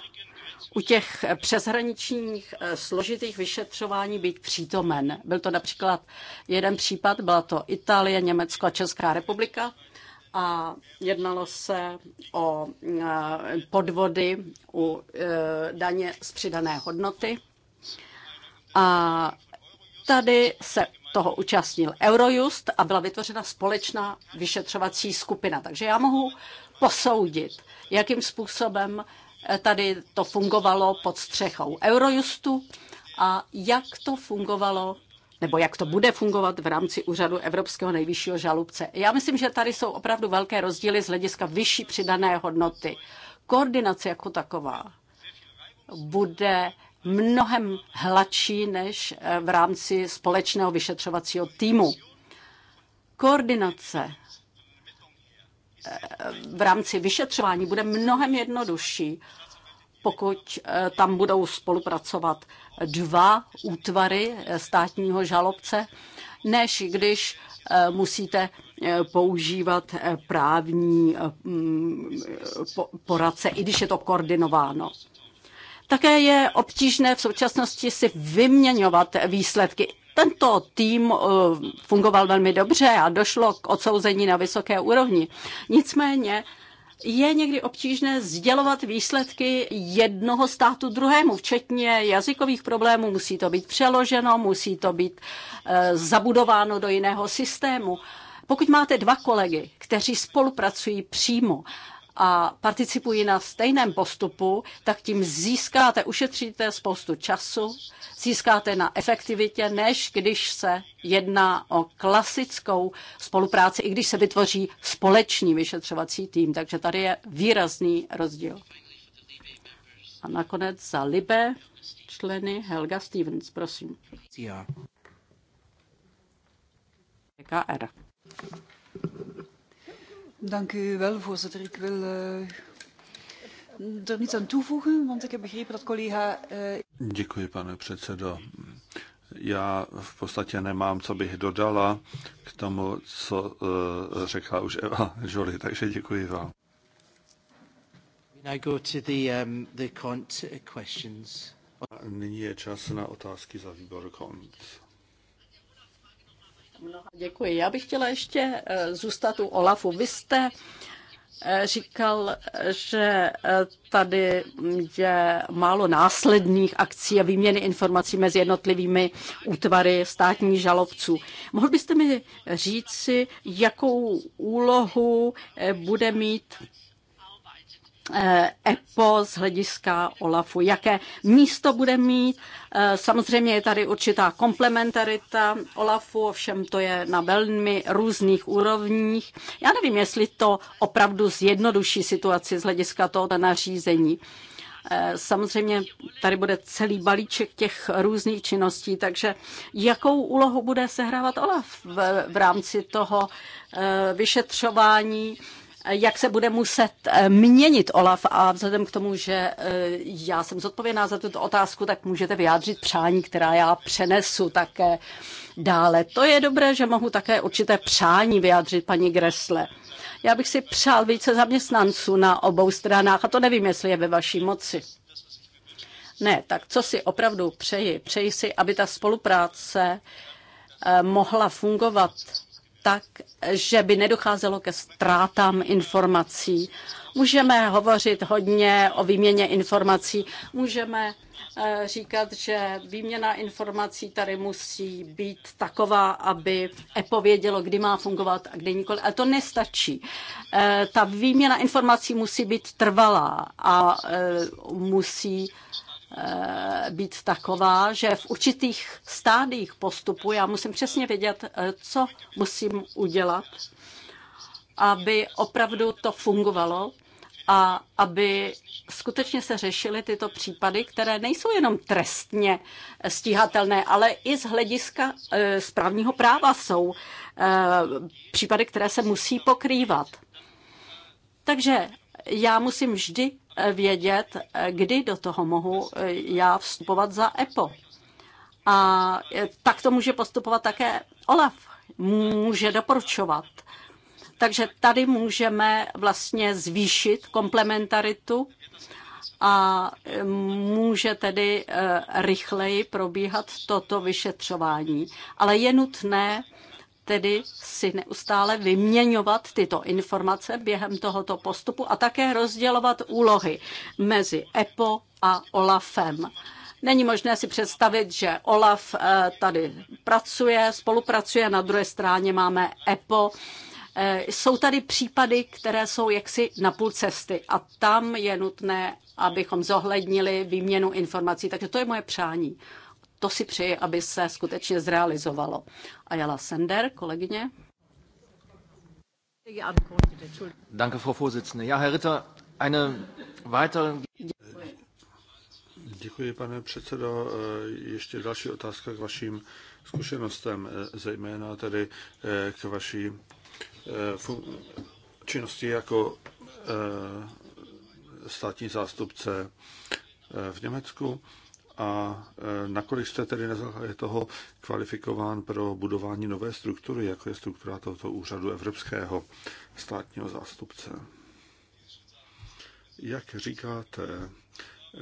u těch přeshraničních eh, složitých vyšetřování být přítomen. Byl to například jeden případ, byla to Itálie, Německo a Česká republika a jednalo se o eh, podvody u eh, daně z přidané hodnoty. A tady se toho účastnil Eurojust a byla vytvořena společná vyšetřovací skupina. Takže já mohu posoudit, jakým způsobem Eh, tady to fungovalo pod střechou Eurojustu a jak to fungovalo nebo jak to bude fungovat v rámci úřadu Evropského nejvyššího žalubce. Já myslím, že tady jsou opravdu velké rozdíly z hlediska vyšší přidané hodnoty. Koordinace jako taková bude mnohem hladší než eh, v rámci společného vyšetřovacího týmu. Koordinace v rámci vyšetřování bude mnohem jednodušší, pokud eh, tam budou spolupracovat dva útvary státního žalobce, než když eh, musíte eh, používat právní mm, poradce, i když je to koordinováno. Také je obtížné v současnosti si vyměňovat výsledky tento tým eh, fungoval velmi dobře a došlo k odsouzení na vysoké úrovni. Nicméně je někdy obtížné sdělovat výsledky jednoho státu druhému, včetně jazykových problémů. Musí to být přeloženo, musí to být eh, zabudováno do jiného systému. Pokud máte dva kolegy, kteří spolupracují přímo, a participují na stejném postupu, tak tím získáte, ušetříte spoustu času, získáte na efektivitě, než když se jedná o klasickou spolupráci, i když se vytvoří společný vyšetřovací tým. Takže tady je výrazný rozdíl. A nakonec za Libe členy Helga Stevens, prosím. KR. Dank u wel, voorzitter. Ik wil uh, er niets aan toevoegen, want ik heb begrepen dat collega... Uh... Děkuji, pane předsedo. Já v podstatě nemám, co bych dodala k tomu, co uh, řekla už Eva Jolie, takže děkuji vám. Um, nyní je čas na otázky za výbor kont děkuji. Já bych chtěla ještě eh, zůstat u Olafu. Vy jste eh, říkal, že eh, tady je málo následných akcí a výměny informací mezi jednotlivými útvary státních žalobců. Mohl byste mi říci, jakou úlohu bude mít EPO eh, e z hlediska OLAFu, jaké místo bude mít. Eh, samozřejmě je tady určitá komplementarita OLAFu, ovšem to je na velmi různých úrovních. Já nevím, jestli to opravdu zjednoduší situaci z hlediska tohoto nařízení. Eh, samozřejmě tady bude celý balíček těch různých činností, takže jakou úlohu bude sehrávat OLAF v, v rámci toho vyšetřování jak se bude muset eh, měnit OLAF a vzhledem k tomu, že eh, já jsem zodpovědná za tuto otázku, tak můžete vyjádřit přání, která já přenesu také dále. To je dobré, že mohu také určité přání vyjádřit paní Gresle. Já bych si přál více zaměstnanců na obou stranách a to nevím, jestli je ve vaší moci. Ne, tak co si opravdu přeji? Přeji si, aby ta spolupráce eh, mohla fungovat tak, že by nedocházelo ke ztrátám informací. Můžeme hovořit hodně o výměně informací, můžeme eh, říkat, že výměna informací tady musí být taková, aby EPO vědělo, kdy má fungovat a kdy nikoli. Ale to nestačí. Eh, ta výměna informací musí být trvalá a eh, musí Eh, být taková, že v určitých stádích postupu já musím přesně vědět, eh, co musím udělat, aby opravdu to fungovalo a aby skutečně se řešily tyto případy, které nejsou jenom trestně stíhatelné, ale i z hlediska eh, správního práva jsou případy, které se musí pokrývat. Takže já musím vždy eh, vědět, eh, kdy do toho mohu eh, já vstupovat za EPO. A tak to může postupovat také OLAF. Může doporučovat. Takže tady můžeme vlastně zvýšit komplementaritu a může tedy rychleji probíhat toto vyšetřování. Ale je nutné tedy si neustále vyměňovat tyto informace během tohoto postupu a také rozdělovat úlohy mezi EPO a OLAFem. Není možné si představit, že OLAF eh, tady pracuje, spolupracuje, na druhé straně máme EPO. Eh, jsou tady případy, které jsou jaksi na půl cesty a tam je nutné, abychom zohlednili výměnu informací. Takže to je moje přání to si přeji, aby se skutečně zrealizovalo. A Jala Sender, kolegyně. Danke, Frau Vorsitzende. Ja, Herr Ritter, eine weitere... Děkuji, pane předsedo. Eh, ještě další otázka k vašim zkušenostem, eh, zejména tedy eh, k vaší činnosti jako státní zástupce v Německu a e, nakolik jste tedy na základě toho kvalifikován pro budování nové struktury, jako je struktura tohoto úřadu evropského státního zástupce. Jak říkáte,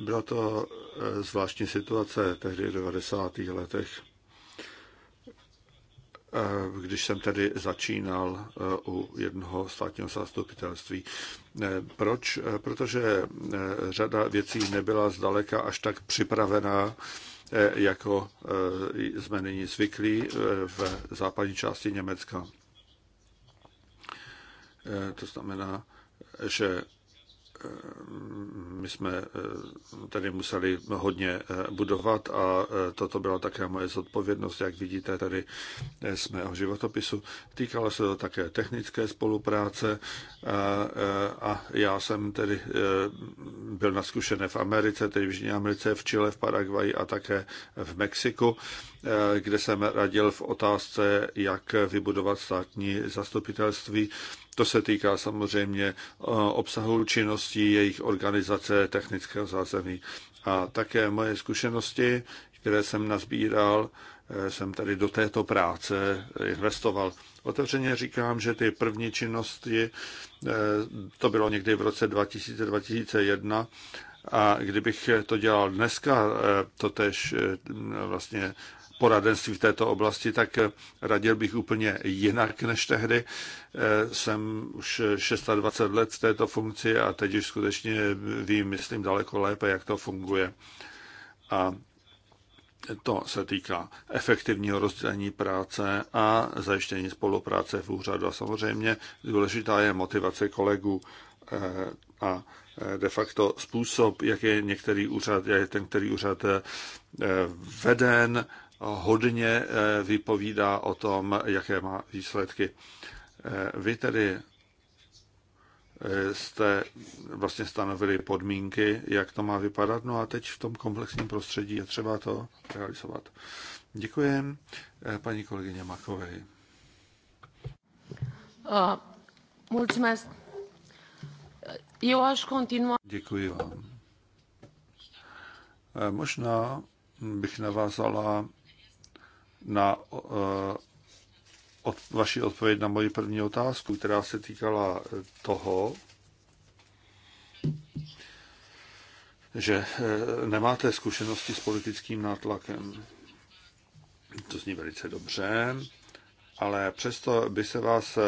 byla to e, zvláštní situace tehdy v 90. letech. Eh, když jsem tedy začínal eh, u jednoho státního zastupitelství. Eh, proč? Protože řada věcí nebyla zdaleka až tak připravená, jako jsme nyní zvyklí v západní části Německa. To znamená, že my jsme eh, tady museli hodně eh, budovat a eh, toto byla také moje zodpovědnost. Jak vidíte, tady z mého životopisu týkalo se to také technické spolupráce a já jsem tedy byl na v Americe, tedy v Jižní Americe, v Chile, v Paraguaji a také v Mexiku, kde jsem radil v otázce, jak vybudovat státní zastupitelství to se týká samozřejmě eh, obsahu činností, jejich organizace, technického zázemí. A také moje zkušenosti, které jsem nazbíral, eh, jsem tady do této práce eh, investoval. Otevřeně říkám, že ty první činnosti, to bylo někdy v roce 2000-2001, a kdybych to dělal dneska, to tež vlastně poradenství v této oblasti, tak eh, radil bych úplně jinak než tehdy. Eh, jsem už 26 eh, let v této funkci a teď už skutečně vím, myslím, daleko lépe, jak to funguje. A to se týká efektivního rozdělení práce a zajištění spolupráce v úřadu. A samozřejmě důležitá je motivace kolegů a de facto způsob, jak je některý úřad, jak je ten který úřad veden, hodně eh, vypovídá o tom, jaké má výsledky. Eh, vy tedy eh, jste vlastně stanovili podmínky, jak to má vypadat, no a teď v tom komplexním prostředí je třeba to realizovat. Děkuji paní kolegyně Makovej. Uh, Děkuji vám. Možná bych navázala na eh, od, vaši odpověď na moji první otázku, která se týkala eh, toho, že eh, nemáte zkušenosti s politickým nátlakem. To zní velice dobře, ale přesto by se vás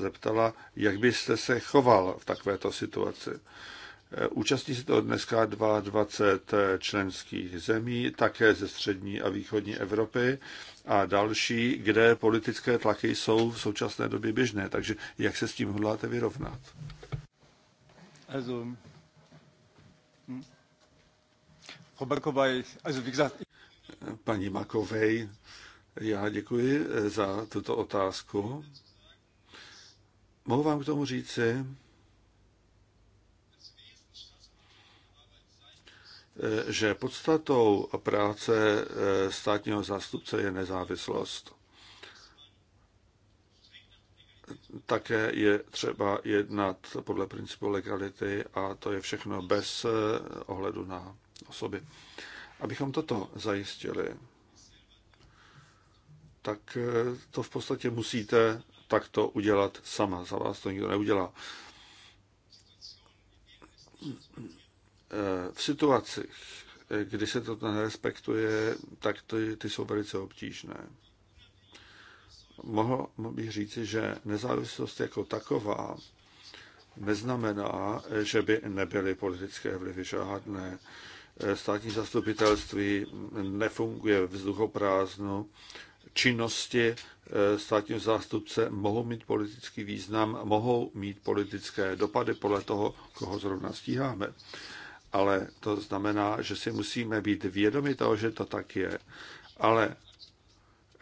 zeptala, jak byste se choval v takovéto situaci. Eh, účastní se to dneska 22 členských zemí, také ze střední a východní Evropy a další, kde politické tlaky jsou v současné době běžné. Takže jak se s tím hodláte vyrovnat? Also, hm. also wie gesagt... Paní Makovej, já děkuji eh, za tuto otázku. Mohu vám k tomu říci, že podstatou práce eh, státního zástupce je nezávislost. Také je třeba jednat podle principu legality a to je všechno bez eh, ohledu na osoby. Abychom toto zajistili, tak eh, to v podstatě musíte takto udělat sama. Za vás to nikdo neudělá Eh, v situacích, eh, kdy se to nerespektuje, tak ty, ty jsou velice obtížné. Mohl, bych říci, že nezávislost jako taková neznamená, že by nebyly politické vlivy žádné. Eh, státní zastupitelství nefunguje vzduchoprázdno. Činnosti státního zástupce mohou mít politický význam, mohou mít politické dopady podle toho, koho zrovna stíháme ale to znamená, že si musíme být vědomi toho, že to tak je. Ale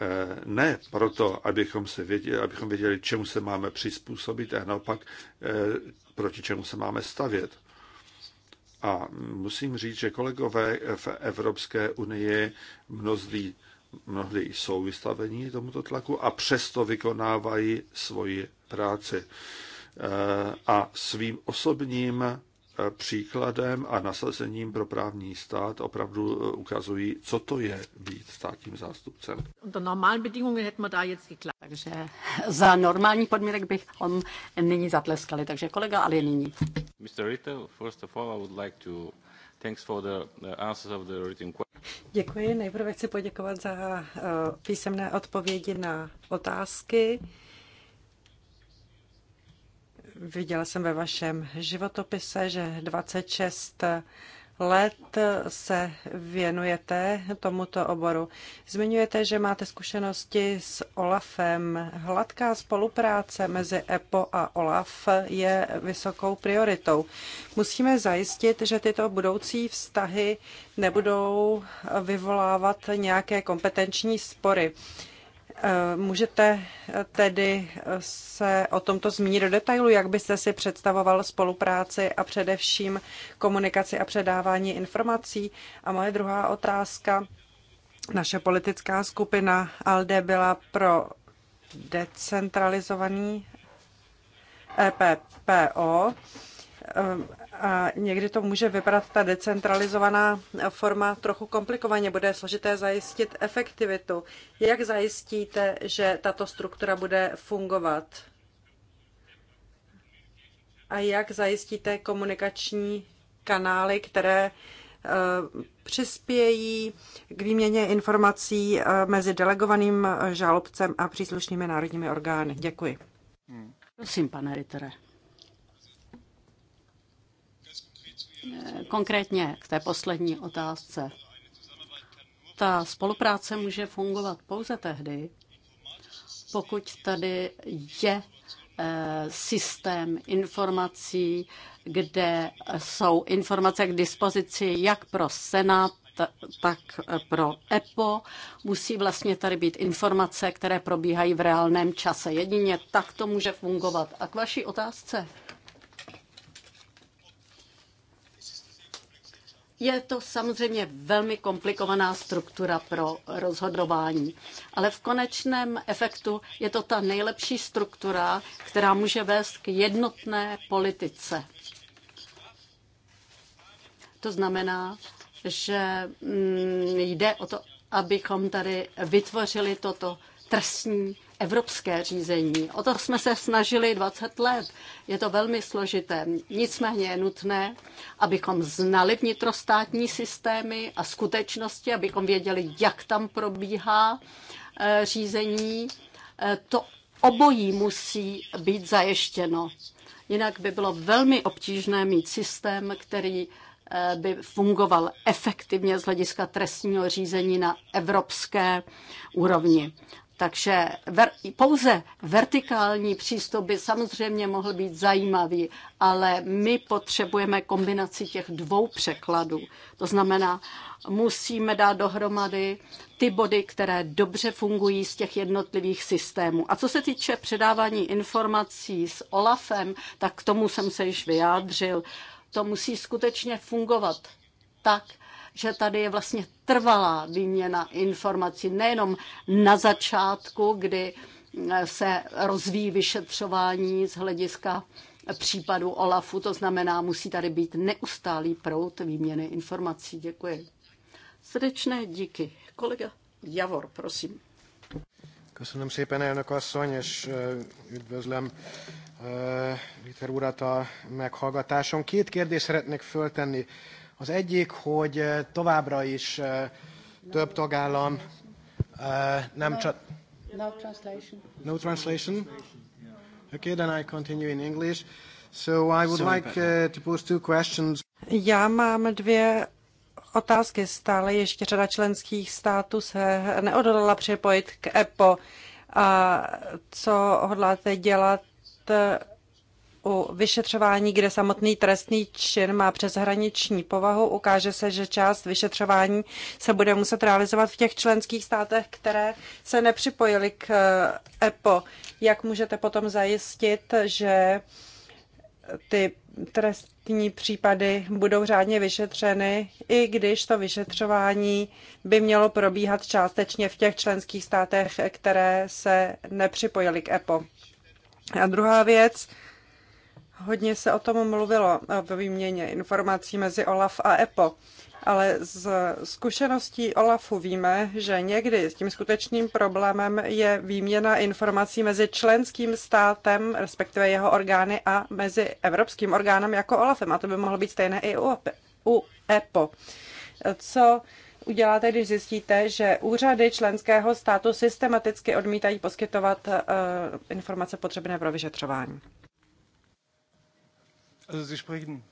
eh, ne proto, abychom, se věděli, abychom věděli, čemu se máme přizpůsobit, a naopak eh, proti čemu se máme stavět. A musím říct, že kolegové v Evropské unii mnozí, mnohdy jsou vystavení tomuto tlaku a přesto vykonávají svoji práci. Eh, a svým osobním příkladem a nasazením pro právní stát opravdu eh, ukazují, co to je být státním zástupcem. Takže za normální podmínek bych on nyní zatleskali. Takže kolega ale nyní. Uh, Děkuji. Nejprve chci poděkovat za uh, písemné odpovědi na otázky. Viděla jsem ve vašem životopise, že 26 let se věnujete tomuto oboru. Zmiňujete, že máte zkušenosti s OLAFem. Hladká spolupráce mezi EPO a OLAF je vysokou prioritou. Musíme zajistit, že tyto budoucí vztahy nebudou vyvolávat nějaké kompetenční spory. Eh, můžete eh, tedy eh, se o tomto zmínit do detailu, jak byste si představoval spolupráci a především komunikaci a předávání informací? A moje druhá otázka. Naše politická skupina ALDE byla pro decentralizovaný EPPO a někdy to může vypadat ta decentralizovaná forma trochu komplikovaně. Bude složité zajistit efektivitu. Jak zajistíte, že tato struktura bude fungovat? A jak zajistíte komunikační kanály, které eh, přispějí k výměně informací eh, mezi delegovaným žalobcem a příslušnými národními orgány. Děkuji. Prosím, pane Ritere. Eh, konkrétně k té poslední otázce. Ta spolupráce může fungovat pouze tehdy, pokud tady je eh, systém informací, kde jsou informace k dispozici jak pro Senát, tak pro EPO. Musí vlastně tady být informace, které probíhají v reálném čase. Jedině tak to může fungovat. A k vaší otázce Je to samozřejmě velmi komplikovaná struktura pro rozhodování, ale v konečném efektu je to ta nejlepší struktura, která může vést k jednotné politice. To znamená, že mm, jde o to, abychom tady vytvořili toto trestní evropské řízení. O to jsme se snažili 20 let. Je to velmi složité. Nicméně je nutné, abychom znali vnitrostátní systémy a skutečnosti, abychom věděli, jak tam probíhá eh, řízení. Eh, to obojí musí být zajištěno. Jinak by bylo velmi obtížné mít systém, který eh, by fungoval efektivně z hlediska trestního řízení na evropské úrovni. Takže ver, pouze vertikální přístup by samozřejmě mohl být zajímavý, ale my potřebujeme kombinaci těch dvou překladů. To znamená, musíme dát dohromady ty body, které dobře fungují z těch jednotlivých systémů. A co se týče předávání informací s OLAFem, tak k tomu jsem se již vyjádřil. To musí skutečně fungovat tak, že tady je vlastně trvalá výměna informací, nejenom na začátku, kdy eh, se rozvíjí vyšetřování z hlediska případu OLAFu, to znamená, musí tady být neustálý prout výměny informací. Děkuji. Srdečné díky. Kolega Javor, prosím. Köszönöm szépen, elnök asszony, és eh, üdvözlöm Viter eh, urat a meghallgatáson. Két kérdést szeretnék föltenni az egyik, hogy eh, továbbra is eh, több tagállam eh, nem no. csak... No translation. No translation? Okay, then I continue in English. So I would Sorry, like uh, to pose two questions. Já mám dvě otázky. Stále ještě řada členských států se neodolala připojit k EPO. A co hodláte dělat u vyšetřování, kde samotný trestný čin má přeshraniční povahu, ukáže se, že část vyšetřování se bude muset realizovat v těch členských státech, které se nepřipojily k EPO. Eh, e Jak můžete potom zajistit, že ty trestní případy budou řádně vyšetřeny, i když to vyšetřování by mělo probíhat částečně v těch členských státech, které se nepřipojily k EPO. A druhá věc, Hodně se o tom mluvilo eh, ve výměně informací mezi OLAF a EPO, ale z zkušeností OLAFu víme, že někdy tím skutečným problémem je výměna informací mezi členským státem, respektive jeho orgány, a mezi evropským orgánem jako OLAFem. A to by mohlo být stejné i u EPO. Co uděláte, když zjistíte, že úřady členského státu systematicky odmítají poskytovat eh, informace potřebné pro vyšetřování? Also Sie sprechen,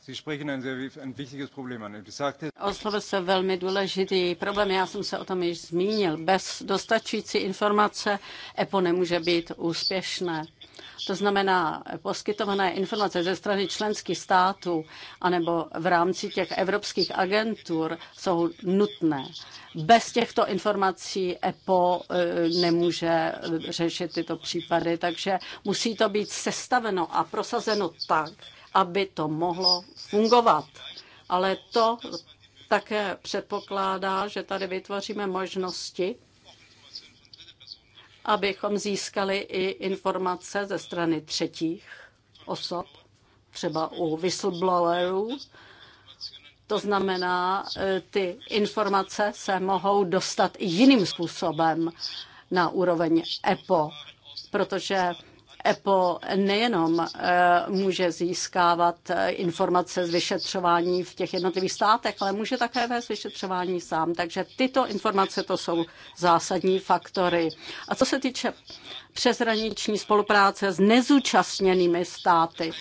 Sie sprechen ein sehr ein wichtiges Problem an. Sagte... Oslovil se velmi důležitý problém, já jsem se o tom již zmínil. Bez dostačující informace EPO nemůže být úspěšné to znamená poskytované informace ze strany členských států anebo v rámci těch evropských agentur, jsou nutné. Bez těchto informací EPO e, nemůže řešit tyto případy, takže musí to být sestaveno a prosazeno tak, aby to mohlo fungovat. Ale to také předpokládá, že tady vytvoříme možnosti abychom získali i informace ze strany třetích osob, třeba u whistleblowerů. To znamená, e, ty informace se mohou dostat i jiným způsobem na úroveň EPO, protože EPO nejenom eh, může získávat eh, informace z vyšetřování v těch jednotlivých státech, ale může také vést vyšetřování sám. Takže tyto informace to jsou zásadní faktory. A co se týče přeshraniční spolupráce s nezúčastněnými státy,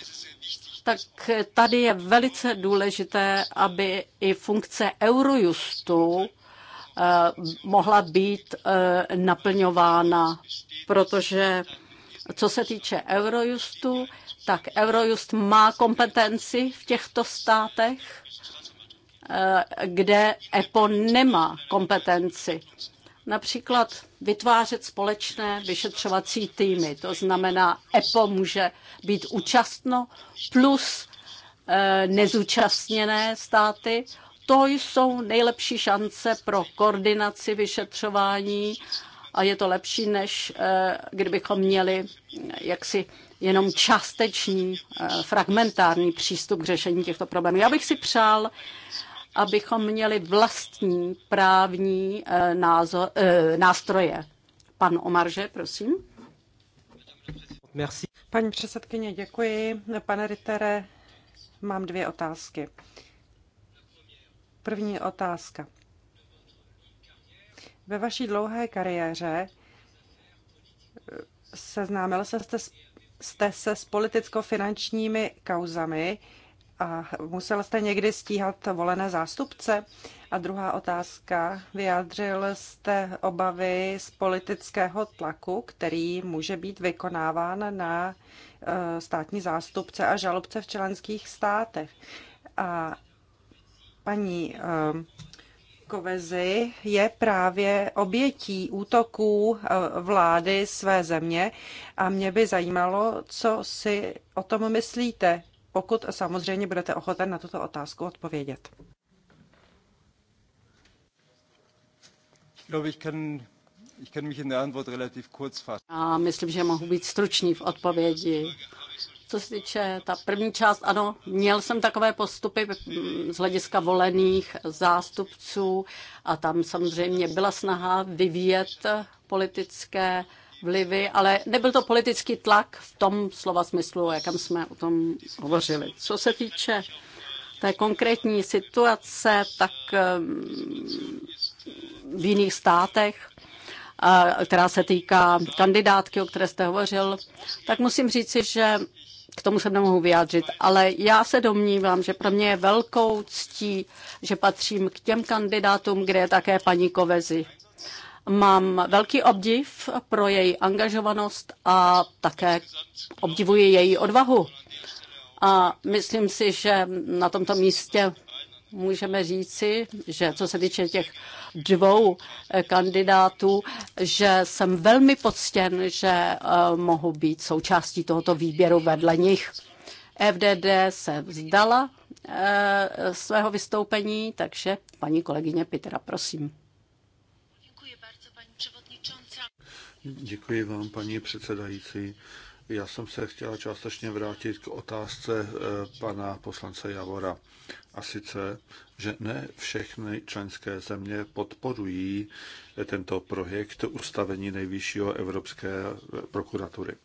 tak tady je velice důležité, aby i funkce Eurojustu eh, mohla být naplňována, protože co se týče Eurojustu, tak Eurojust má kompetenci v těchto státech, eh, kde EPO nemá kompetenci. Například vytvářet společné vyšetřovací týmy. To znamená, EPO může být účastno plus eh, nezúčastněné státy. To jsou nejlepší šance pro koordinaci vyšetřování a je to lepší, než eh, kdybychom měli jaksi jenom částečný, eh, fragmentární přístup k řešení těchto problémů. Já bych si přál, abychom měli vlastní právní eh, názor, nástroje. Pan Omarže, prosím. Merci. Paní předsedkyně, děkuji. Pane Ritere, mám dvě otázky. První otázka. Ve vaší dlouhé kariéře eh, seznámil se jste, jste se s politicko-finančními kauzami a musel jste někdy stíhat volené zástupce? A druhá otázka, vyjádřil jste obavy z politického tlaku, který může být vykonáván na eh, státní zástupce a žalobce v členských státech. A paní eh, Kovezi je právě obětí útoků eh, vlády své země a mě by zajímalo, co si o tom myslíte, pokud samozřejmě budete ochoten na tuto otázku odpovědět. Já myslím, že mohu být stručný v odpovědi. Co se týče ta první část, ano, měl jsem takové postupy mm, z hlediska volených zástupců a tam samozřejmě byla snaha vyvíjet politické vlivy, ale nebyl to politický tlak v tom slova smyslu, o jakém jsme o tom hovořili. Co se týče té konkrétní situace, tak mm, v jiných státech, která se týká kandidátky, o které jste hovořil, tak musím říci, že k tomu se nemohu vyjádřit, ale já se domnívám, že pro mě je velkou ctí, že patřím k těm kandidátům, kde je také paní Kovezi. Mám velký obdiv pro její angažovanost a také obdivuji její odvahu. A myslím si, že na tomto místě můžeme říci, že co se týče těch dvou eh, kandidátů, že jsem velmi poctěn, že eh, mohu být součástí tohoto výběru vedle nich. FDD se vzdala eh, svého vystoupení, takže paní kolegyně Pitera, prosím. Děkuji vám, paní předsedající. Já jsem se chtěla částečně vrátit k otázce eh, pana poslance Javora. A sice, že ne všechny členské země podporují eh, tento projekt ustavení nejvyššího evropské eh, prokuratury.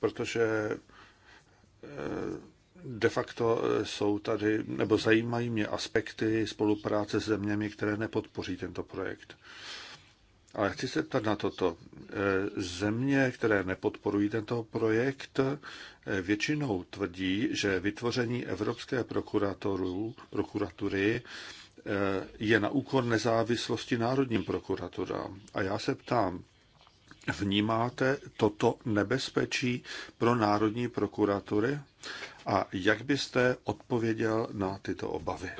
Protože de facto jsou tady, nebo zajímají mě aspekty spolupráce s zeměmi, které nepodpoří tento projekt. Ale chci se ptat na toto. Eh, země, které nepodporují tento projekt, eh, většinou tvrdí, že vytvoření Evropské prokuratury eh, je na úkor nezávislosti národním prokuraturám. A já se ptám, vnímáte toto nebezpečí pro národní prokuratury a jak byste odpověděl na tyto obavy?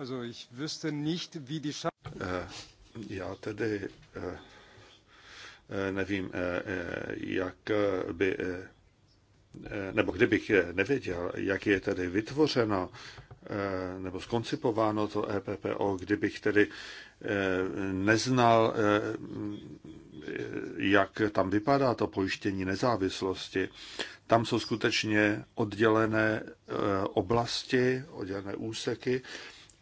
Eh, já tedy eh, eh, nevím, jak by, nebo kdybych nevěděl, jak je tedy vytvořeno nebo skoncipováno to EPPO, kdybych tedy neznal, jak tam vypadá to pojištění nezávislosti. Tam jsou skutečně oddělené oblasti, oddělené úseky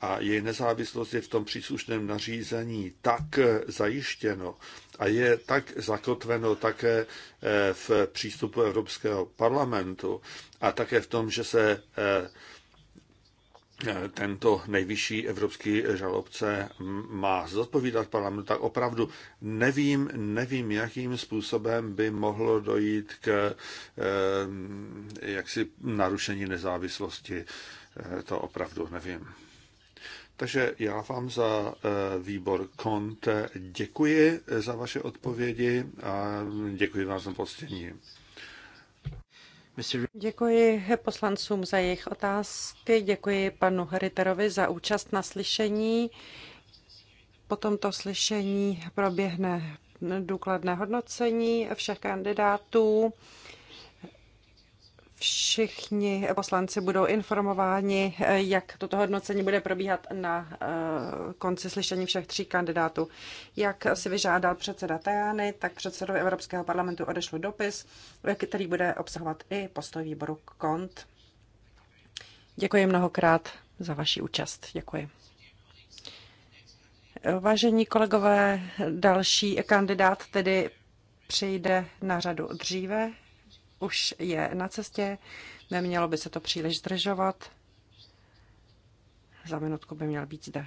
a její nezávislost je v tom příslušném nařízení tak zajištěno a je tak zakotveno také eh, v přístupu Evropského parlamentu a také v tom, že se eh, eh, tento nejvyšší evropský žalobce má zodpovídat parlamentu, tak opravdu nevím, nevím, jakým způsobem by mohlo dojít k jaksi narušení nezávislosti. To opravdu nevím. Takže já vám za eh, výbor KONT eh, děkuji eh, za vaše odpovědi a děkuji vám za postění. Děkuji poslancům za jejich otázky, děkuji panu Riterovi za účast na slyšení. Po tomto slyšení proběhne důkladné hodnocení všech kandidátů všichni poslanci budou informováni, jak toto hodnocení bude probíhat na eh, konci slyšení všech tří kandidátů. Jak si vyžádal předseda Tajany, tak předsedovi Evropského parlamentu odešl dopis, který bude obsahovat i postoj výboru KONT. Děkuji mnohokrát za vaši účast. Děkuji. Vážení kolegové, další kandidát tedy přijde na řadu dříve už je na cestě, nemělo by se to příliš zdržovat. Za minutku by měl být zde.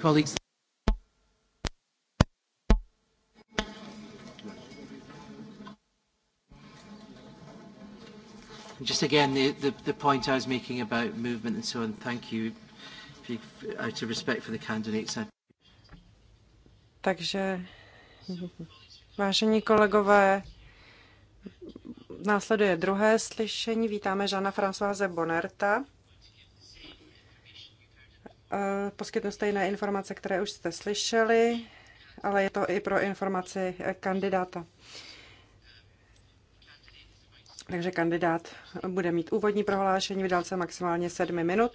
Colleagues. Just again, the, the, the point I was making about movement and so on, thank you. you out of respect for the candidates. I... Takže, vážení kolegové, následuje druhé slyšení. Vítáme Žana Françoise Bonerta. poskytnu stejné informace, které už jste slyšeli, ale je to i pro informaci kandidáta. Takže kandidát bude mít úvodní prohlášení, v se maximálně sedmi minut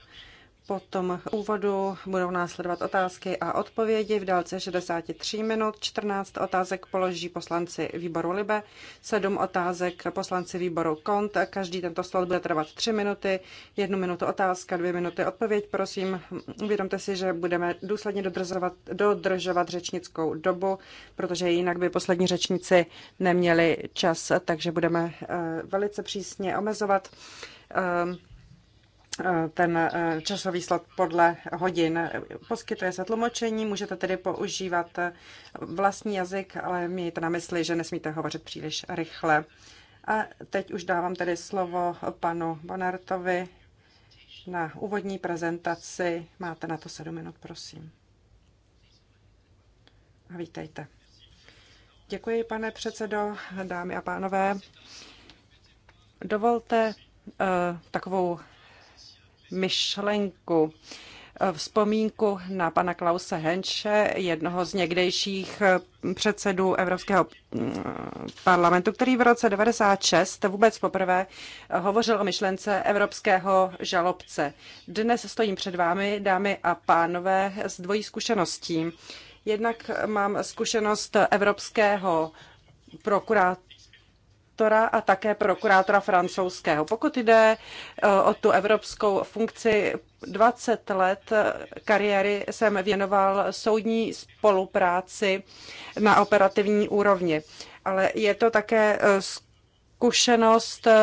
po tom úvodu budou následovat otázky a odpovědi v délce 63 minut. 14 otázek položí poslanci výboru Libe, 7 otázek poslanci výboru Kont. Každý tento slot bude trvat 3 minuty, 1 minutu otázka, 2 minuty odpověď. Prosím, uvědomte si, že budeme důsledně dodržovat, dodržovat řečnickou dobu, protože jinak by poslední řečníci neměli čas, takže budeme eh, velice přísně omezovat. Eh, Eh, ten eh, časový slot podle hodin. Poskytuje se tlumočení, můžete tedy používat eh, vlastní jazyk, ale mějte na mysli, že nesmíte hovořit příliš rychle. A teď už dávám tedy slovo panu Bonartovi na úvodní prezentaci. Máte na to sedm minut, prosím. A vítejte. Děkuji, pane předsedo, dámy a pánové. Dovolte takovou myšlenku vzpomínku na pana Klause Henše, jednoho z někdejších předsedů Evropského mm, parlamentu, který v roce 96 vůbec poprvé hovořil o myšlence evropského žalobce. Dnes stojím před vámi, dámy a pánové, s dvojí zkušeností. Jednak mám zkušenost evropského prokurátora, prokurátora a také prokurátora francouzského. Pokud jde e, o tu evropskou funkci, 20 let kariéry jsem věnoval soudní spolupráci na operativní úrovni ale je to také e, zkušenost, eh,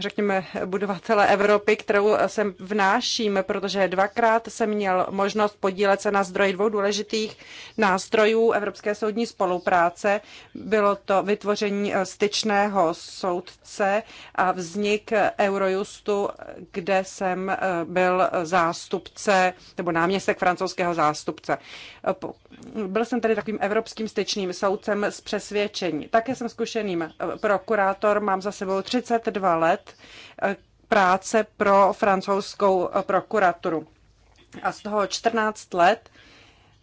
řekněme, budovatele Evropy, kterou sem vnáším, protože dvakrát jsem měl možnost podílet se na zdroji dvou důležitých nástrojů Evropské soudní spolupráce. Bylo to vytvoření eh, styčného soudce a vznik Eurojustu, kde jsem eh, byl zástupce nebo náměstek francouzského zástupce. Byl jsem tady takovým evropským styčným soudcem z přesvědčení. Také jsem zkušeným prokurátorem moderátor, mám za sebou 32 let eh, práce pro francouzskou eh, prokuraturu. A z toho 14 let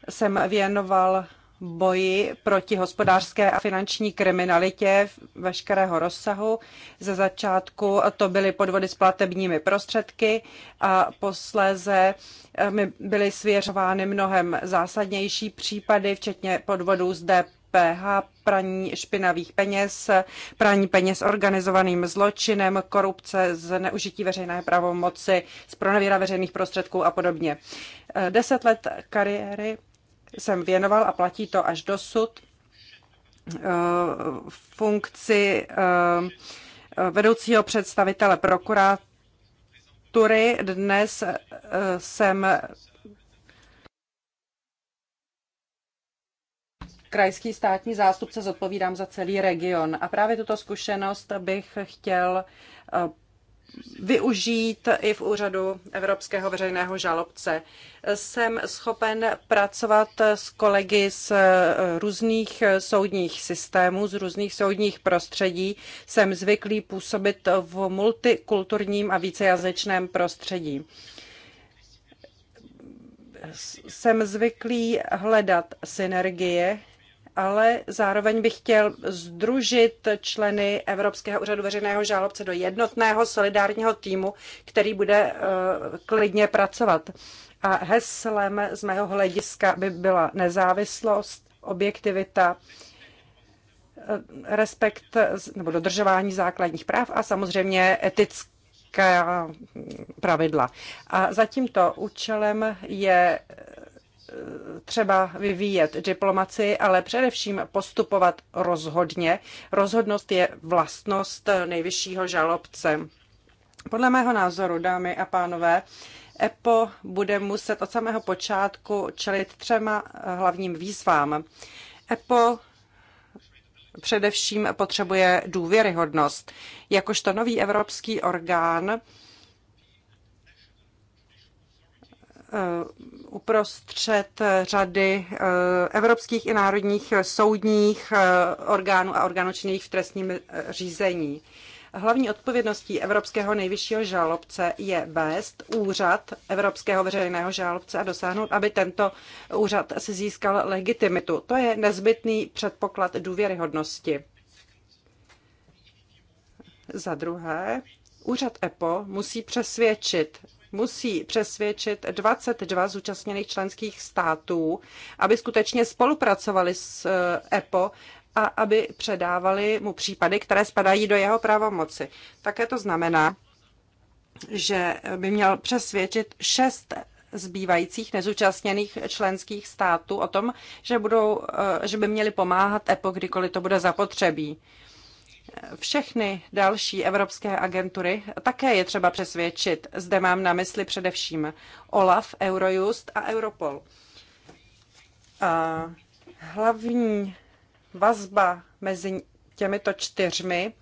jsem věnoval boji proti hospodářské a finanční kriminalitě veškerého rozsahu. Ze začátku to byly podvody s platebními prostředky a posléze eh, mi byly svěřovány mnohem zásadnější případy, včetně podvodů s DPH PH, praní špinavých peněz, praní peněz organizovaným zločinem, korupce, zneužití veřejné pravomoci, zpronevěra veřejných prostředků a podobně. Eh, deset let kariéry jsem věnoval a platí to až dosud eh, funkci eh, vedoucího představitele prokuratury Dnes jsem krajský státní zástupce zodpovídám za celý region. A právě tuto zkušenost bych chtěl eh, využít i v úřadu Evropského veřejného žalobce. Jsem schopen pracovat s kolegy z eh, různých soudních systémů, z různých soudních prostředí. Jsem zvyklý působit v multikulturním a vícejazyčném prostředí. Jsem zvyklý hledat synergie ale zároveň bych chtěl združit členy Evropského úřadu veřejného žálobce do jednotného solidárního týmu, který bude eh, klidně pracovat. A heslem z mého hlediska by byla nezávislost, objektivita, eh, respekt nebo dodržování základních práv a samozřejmě etická pravidla. A za tímto účelem je třeba vyvíjet diplomaci, ale především postupovat rozhodně. Rozhodnost je vlastnost nejvyššího žalobce. Podle mého názoru, dámy a pánové, EPO bude muset od samého počátku čelit třema hlavním výzvám. EPO především potřebuje důvěryhodnost. Jakožto nový evropský orgán Eh, uprostřed řady eh, evropských i národních soudních eh, orgánů a orgánů v trestním řízení. Hlavní odpovědností Evropského nejvyššího žalobce je vést úřad Evropského veřejného žalobce a dosáhnout, aby tento úřad si získal legitimitu. To je nezbytný předpoklad důvěryhodnosti. Za druhé, úřad EPO musí přesvědčit musí přesvědčit 22 zúčastněných členských států, aby skutečně spolupracovali s EPO eh, e a aby předávali mu případy, které spadají do jeho pravomoci. Také to znamená, že by měl přesvědčit šest zbývajících nezúčastněných členských států o tom, že, budou, eh, že by měli pomáhat EPO, kdykoliv to bude zapotřebí všechny další evropské agentury také je třeba přesvědčit. Zde mám na mysli především OLAF, Eurojust a Europol. A hlavní vazba mezi těmito čtyřmi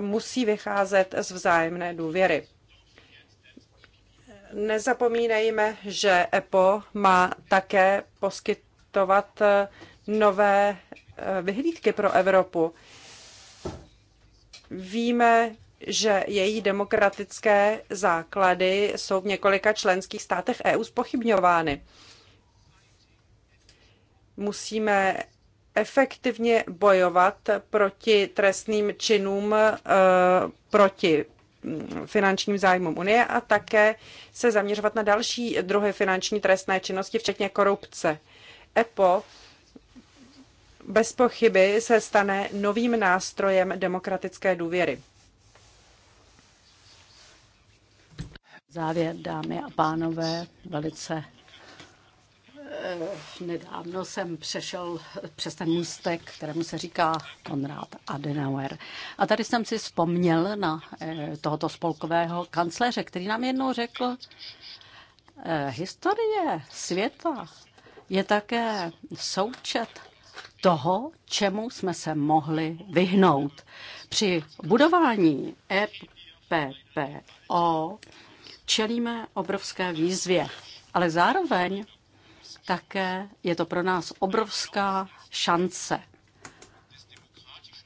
musí vycházet z vzájemné důvěry. Nezapomínejme, že EPO má také poskytovat nové Eh, vyhlídky pro Evropu. Víme, že její demokratické základy jsou v několika členských státech EU spochybňovány. Musíme efektivně bojovat proti trestným činům, eh, proti mm, finančním zájmům Unie a také se zaměřovat na další druhy finanční trestné činnosti, včetně korupce. EPO bez pochyby se stane novým nástrojem demokratické důvěry. Závěr, dámy a pánové, velice eh, nedávno jsem přešel přes ten můstek, kterému se říká Konrad Adenauer. A tady jsem si vzpomněl na eh, tohoto spolkového kancléře, který nám jednou řekl, eh, historie světa je také součet toho, čemu jsme se mohli vyhnout. Při budování EPPO čelíme obrovské výzvě, ale zároveň také je to pro nás obrovská šance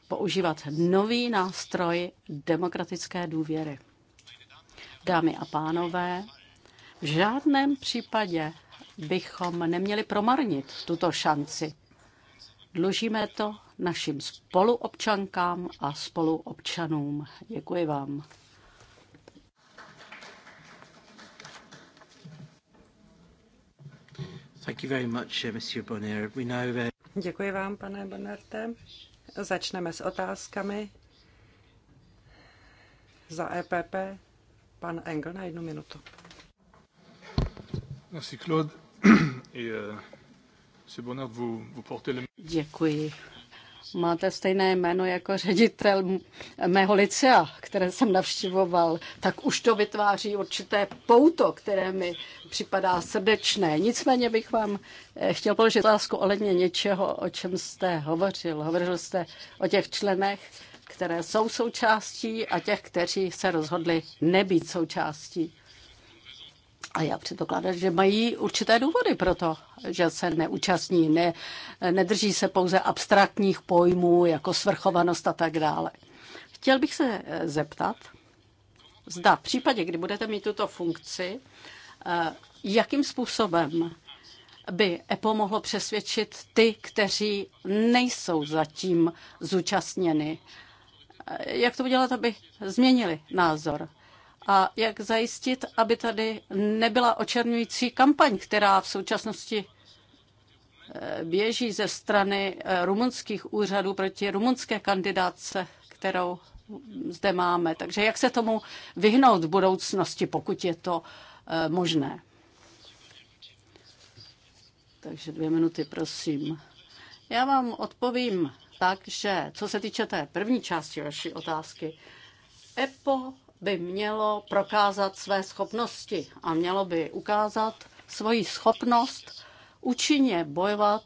používat nový nástroj demokratické důvěry. Dámy a pánové, v žádném případě bychom neměli promarnit tuto šanci. Dlužíme to našim spoluobčankám a spoluobčanům. Děkuji vám. Thank you very much, uh, Monsieur Bonner. We now... Děkuji vám, pane Bonerte. Začneme s otázkami. Za EPP pan Engel na jednu minutu. Merci, Claude. Et, euh... Děkuji. Máte stejné jméno jako ředitel mého licea, které jsem navštěvoval, tak už to vytváří určité pouto, které mi připadá srdečné. Nicméně bych vám eh, chtěl položit otázku ohledně něčeho, o čem jste hovořil. Hovořil jste o těch členech, které jsou součástí a těch, kteří se rozhodli nebýt součástí. A já předpokládám, že mají určité důvody pro to, že se neúčastní, ne, nedrží se pouze abstraktních pojmů jako svrchovanost a tak dále. Chtěl bych se eh, zeptat, zda v případě, kdy budete mít tuto funkci, eh, jakým způsobem by EPO mohlo přesvědčit ty, kteří nejsou zatím zúčastněni. Eh, jak to udělat, aby změnili názor? a jak zajistit, aby tady nebyla očernující kampaň, která v současnosti eh, běží ze strany eh, rumunských úřadů proti rumunské kandidátce, kterou zde máme. Takže jak se tomu vyhnout v budoucnosti, pokud je to eh, možné? Takže dvě minuty, prosím. Já vám odpovím tak, že co se týče té první části vaší otázky, EPO by mělo prokázat své schopnosti a mělo by ukázat svoji schopnost účinně bojovat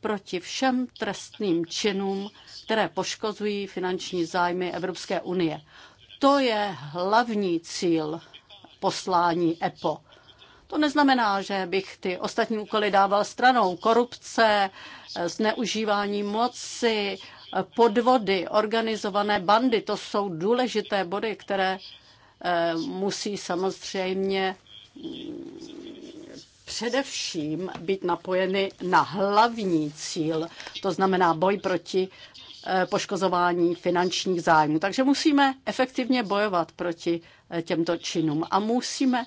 proti všem trestným činům, které poškozují finanční zájmy Evropské unie. To je hlavní cíl poslání EPO. To neznamená, že bych ty ostatní úkoly dával stranou. Korupce, e, zneužívání moci, podvody, organizované bandy, to jsou důležité body, které eh, musí samozřejmě mm, především být napojeny na hlavní cíl, to znamená boj proti eh, poškozování finančních zájmů. Takže musíme efektivně bojovat proti eh, těmto činům a musíme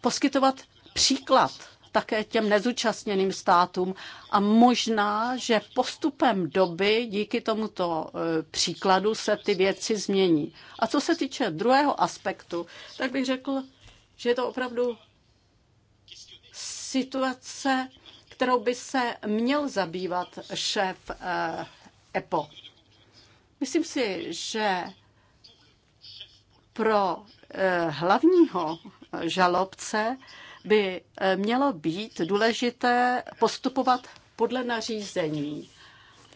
poskytovat příklad také těm nezúčastněným státům. A možná, že postupem doby díky tomuto e, příkladu se ty věci změní. A co se týče druhého aspektu, tak bych řekl, že je to opravdu situace, kterou by se měl zabývat šéf EPO. E Myslím si, že pro e, hlavního žalobce by eh, mělo být důležité postupovat podle nařízení.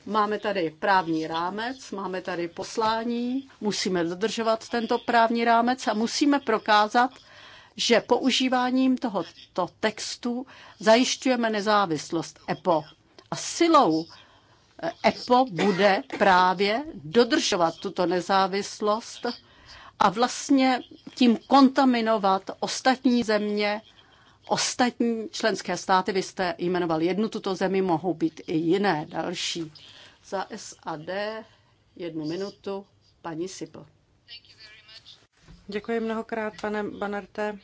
Máme tady právní rámec, máme tady poslání, musíme dodržovat tento právní rámec a musíme prokázat, že používáním tohoto textu zajišťujeme nezávislost EPO. A silou EPO eh, e bude právě dodržovat tuto nezávislost a vlastně tím kontaminovat ostatní země ostatní členské státy, vy jste jmenoval jednu tuto zemi, mohou být i jiné, další. Za SAD jednu minutu, paní Sipl. Děkuji mnohokrát, pane Banerte.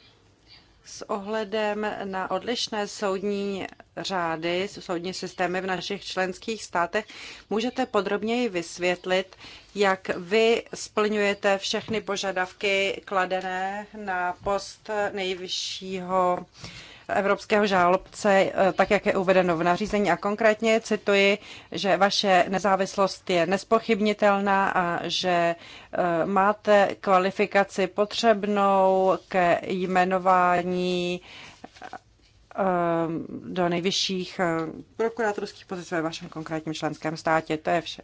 S ohledem na odlišné soudní řády, soudní systémy v našich členských státech, můžete podrobněji vysvětlit, jak vy splňujete všechny požadavky kladené na post nejvyššího uh, evropského žálobce, eh, tak jak je uvedeno v nařízení. A konkrétně cituji, že vaše nezávislost je nespochybnitelná a že eh, máte kvalifikaci potřebnou ke jmenování eh, do nejvyšších prokurátorských pozic ve vašem konkrétním členském státě. To je vše.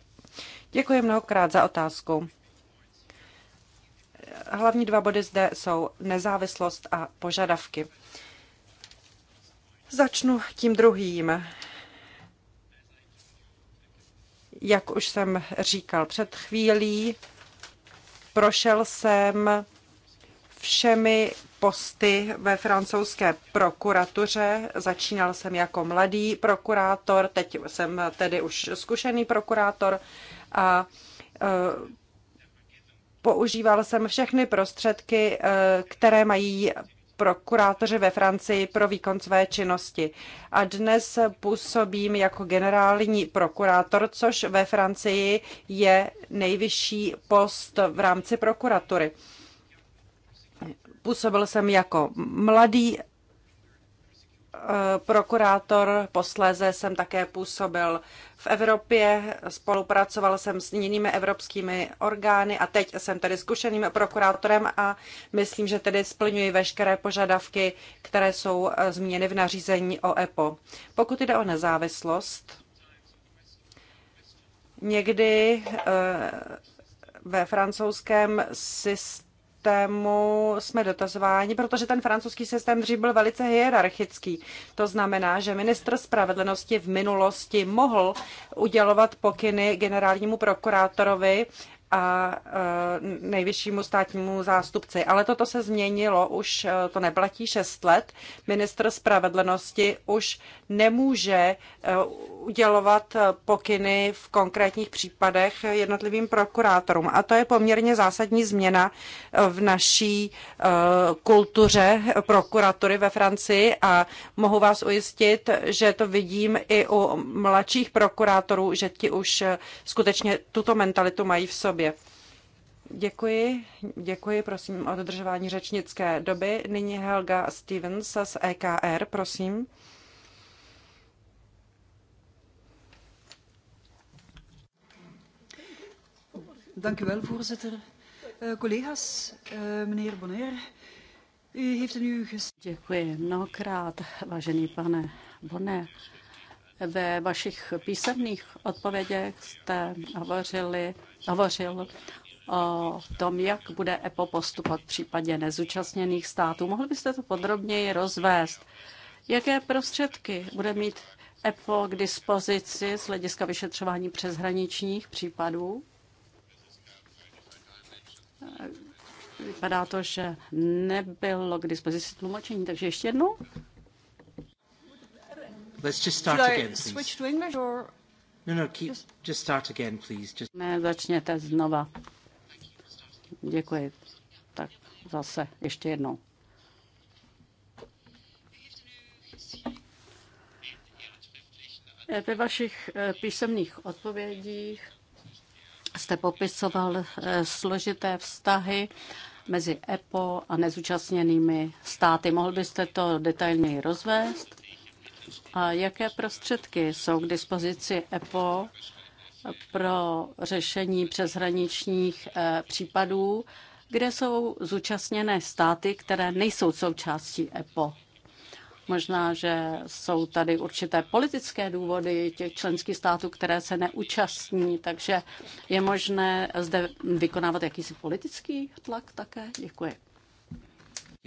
Děkuji mnohokrát za otázku. Hlavní dva body zde jsou nezávislost a požadavky. Začnu tím druhým. Jak už jsem říkal před chvílí, prošel jsem všemi posty ve francouzské prokuratuře. Začínal jsem jako mladý prokurátor, teď jsem tedy už zkušený prokurátor a e, používal jsem všechny prostředky, e, které mají prokurátoři ve Francii pro výkon své činnosti. A dnes působím jako generální prokurátor, což ve Francii je nejvyšší post v rámci prokuratury. Působil jsem jako mladý Eh, prokurátor, posléze jsem také působil v Evropě, spolupracoval jsem s jinými evropskými orgány a teď jsem tedy zkušeným prokurátorem a myslím, že tedy splňuji veškeré požadavky, které jsou eh, změny v nařízení o EPO. Pokud jde o nezávislost, někdy eh, ve francouzském systému systému jsme dotazováni, protože ten francouzský systém dřív byl velice hierarchický. To znamená, že ministr spravedlnosti v minulosti mohl udělovat pokyny generálnímu prokurátorovi a e, nejvyššímu státnímu zástupci. Ale toto se změnilo, už e, to neplatí 6 let. Ministr spravedlnosti už nemůže e, udělovat pokyny v konkrétních případech jednotlivým prokurátorům. A to je poměrně zásadní změna v naší kultuře prokuratury ve Francii a mohu vás ujistit, že to vidím i u mladších prokurátorů, že ti už skutečně tuto mentalitu mají v sobě sobě. Děkuji, děkuji, prosím o dodržování řečnické doby. Nyní Helga Stevens z EKR, prosím. Dank u wel, voorzitter. Uh, collega's, uh, meneer Bonner, u heeft in ges... Děkuji mnohokrát, vážený pane Bonner. Ve vašich písemných odpovědích jste hovořili hovořil o tom, jak bude EPO postupovat v případě nezúčastněných států. mohli byste to podrobněji rozvést? Jaké prostředky bude mít EPO k dispozici z hlediska vyšetřování přeshraničních případů? Vypadá to, že nebylo k dispozici tlumočení, takže ještě jednou. Let's just start again, please. No, no, keep, just start again, please. Just... Ne, začněte znova. Děkuji. Tak zase, ještě jednou. Ve vašich eh, písemných odpovědích jste popisoval eh, složité vztahy mezi EPO a nezúčastněnými státy. Mohl byste to detailněji rozvést? A jaké prostředky jsou k dispozici EPO pro řešení přeshraničních eh, případů, kde jsou zúčastněné státy, které nejsou součástí EPO? Možná, že jsou tady určité politické důvody těch členských států, které se neúčastní, takže je možné zde vykonávat jakýsi politický tlak také? Děkuji.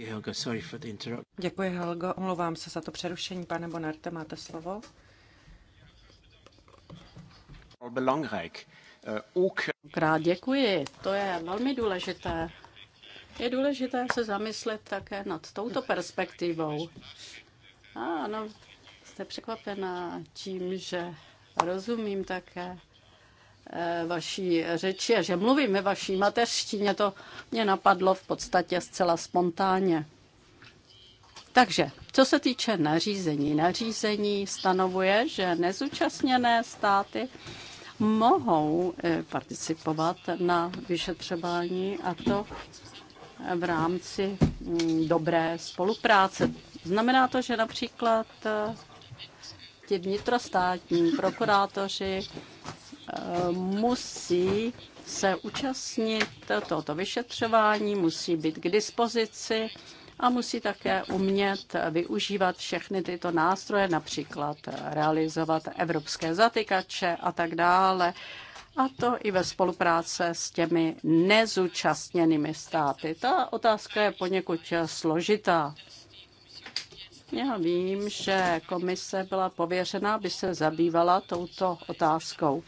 Helga, sorry for the interrupt. Děkuji, Helgo. Omlouvám se za to přerušení. Pane Bonarte, máte slovo. Uh, Krát děkuji. To je velmi důležité. Je důležité se zamyslet také nad touto perspektivou. Ano, jste překvapena, tím, že rozumím také Eh, vaší řeči a že mluvím ve vaší mateřštině, to mě napadlo v podstatě zcela spontánně. Takže, co se týče nařízení, nařízení stanovuje, že nezúčastněné státy mohou eh, participovat na vyšetřování a to v rámci mm, dobré spolupráce. Znamená to, že například eh, ti vnitrostátní prokurátoři musí se účastnit tohoto vyšetřování, musí být k dispozici a musí také umět využívat všechny tyto nástroje, například realizovat evropské zatykače a tak dále. A to i ve spolupráce s těmi nezúčastněnými státy. Ta otázka je poněkud složitá. Já vím, že komise byla pověřena, aby se zabývala touto otázkou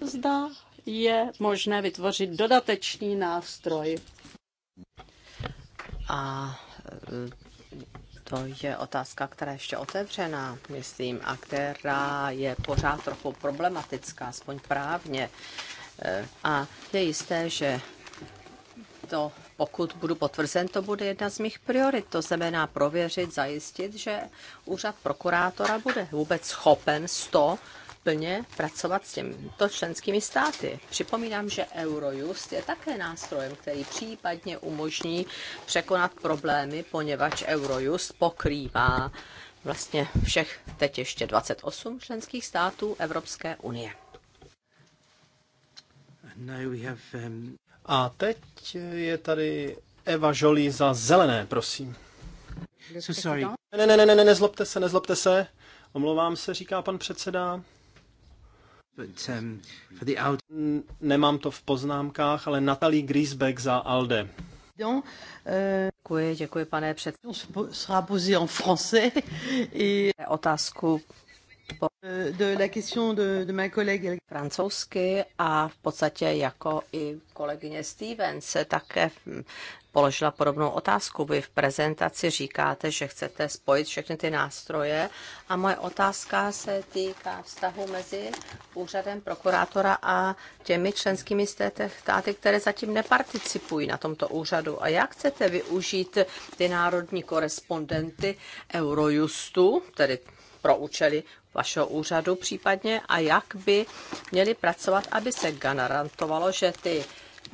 zda je možné vytvořit dodatečný nástroj. A e, to je otázka, která je ještě otevřená, myslím, a která je pořád trochu problematická, aspoň právně. E, a je jisté, že to, pokud budu potvrzen, to bude jedna z mých priorit. To znamená prověřit, zajistit, že úřad prokurátora bude vůbec schopen 100 plně pracovat s těmito členskými státy. Připomínám, že Eurojust je také nástrojem, který případně umožní překonat problémy, poněvadž Eurojust pokrývá vlastně všech teď ještě 28 členských států Evropské unie. Um, A teď je tady Eva Žolí za zelené, prosím. Ne, Ne, ne, ne, ne, nezlobte se, nezlobte se. Omlouvám se, říká pan předseda. Um, nemám to v poznámkách, ale Natalie Griesbeck za ALDE. Euh, děkuji, děkuji, pane předsedající. Otázku euh, de la question de, de ma collègue francouzsky a v podstatě jako i kolegyně Stevens také položila podobnou otázku. Vy v prezentaci říkáte, že chcete spojit všechny ty nástroje a moje otázka se týká vztahu mezi úřadem prokurátora a těmi členskými státy, které zatím neparticipují na tomto úřadu. A jak chcete využít ty národní korespondenty Eurojustu, tedy pro účely vašeho úřadu případně a jak by měli pracovat, aby se garantovalo, že ty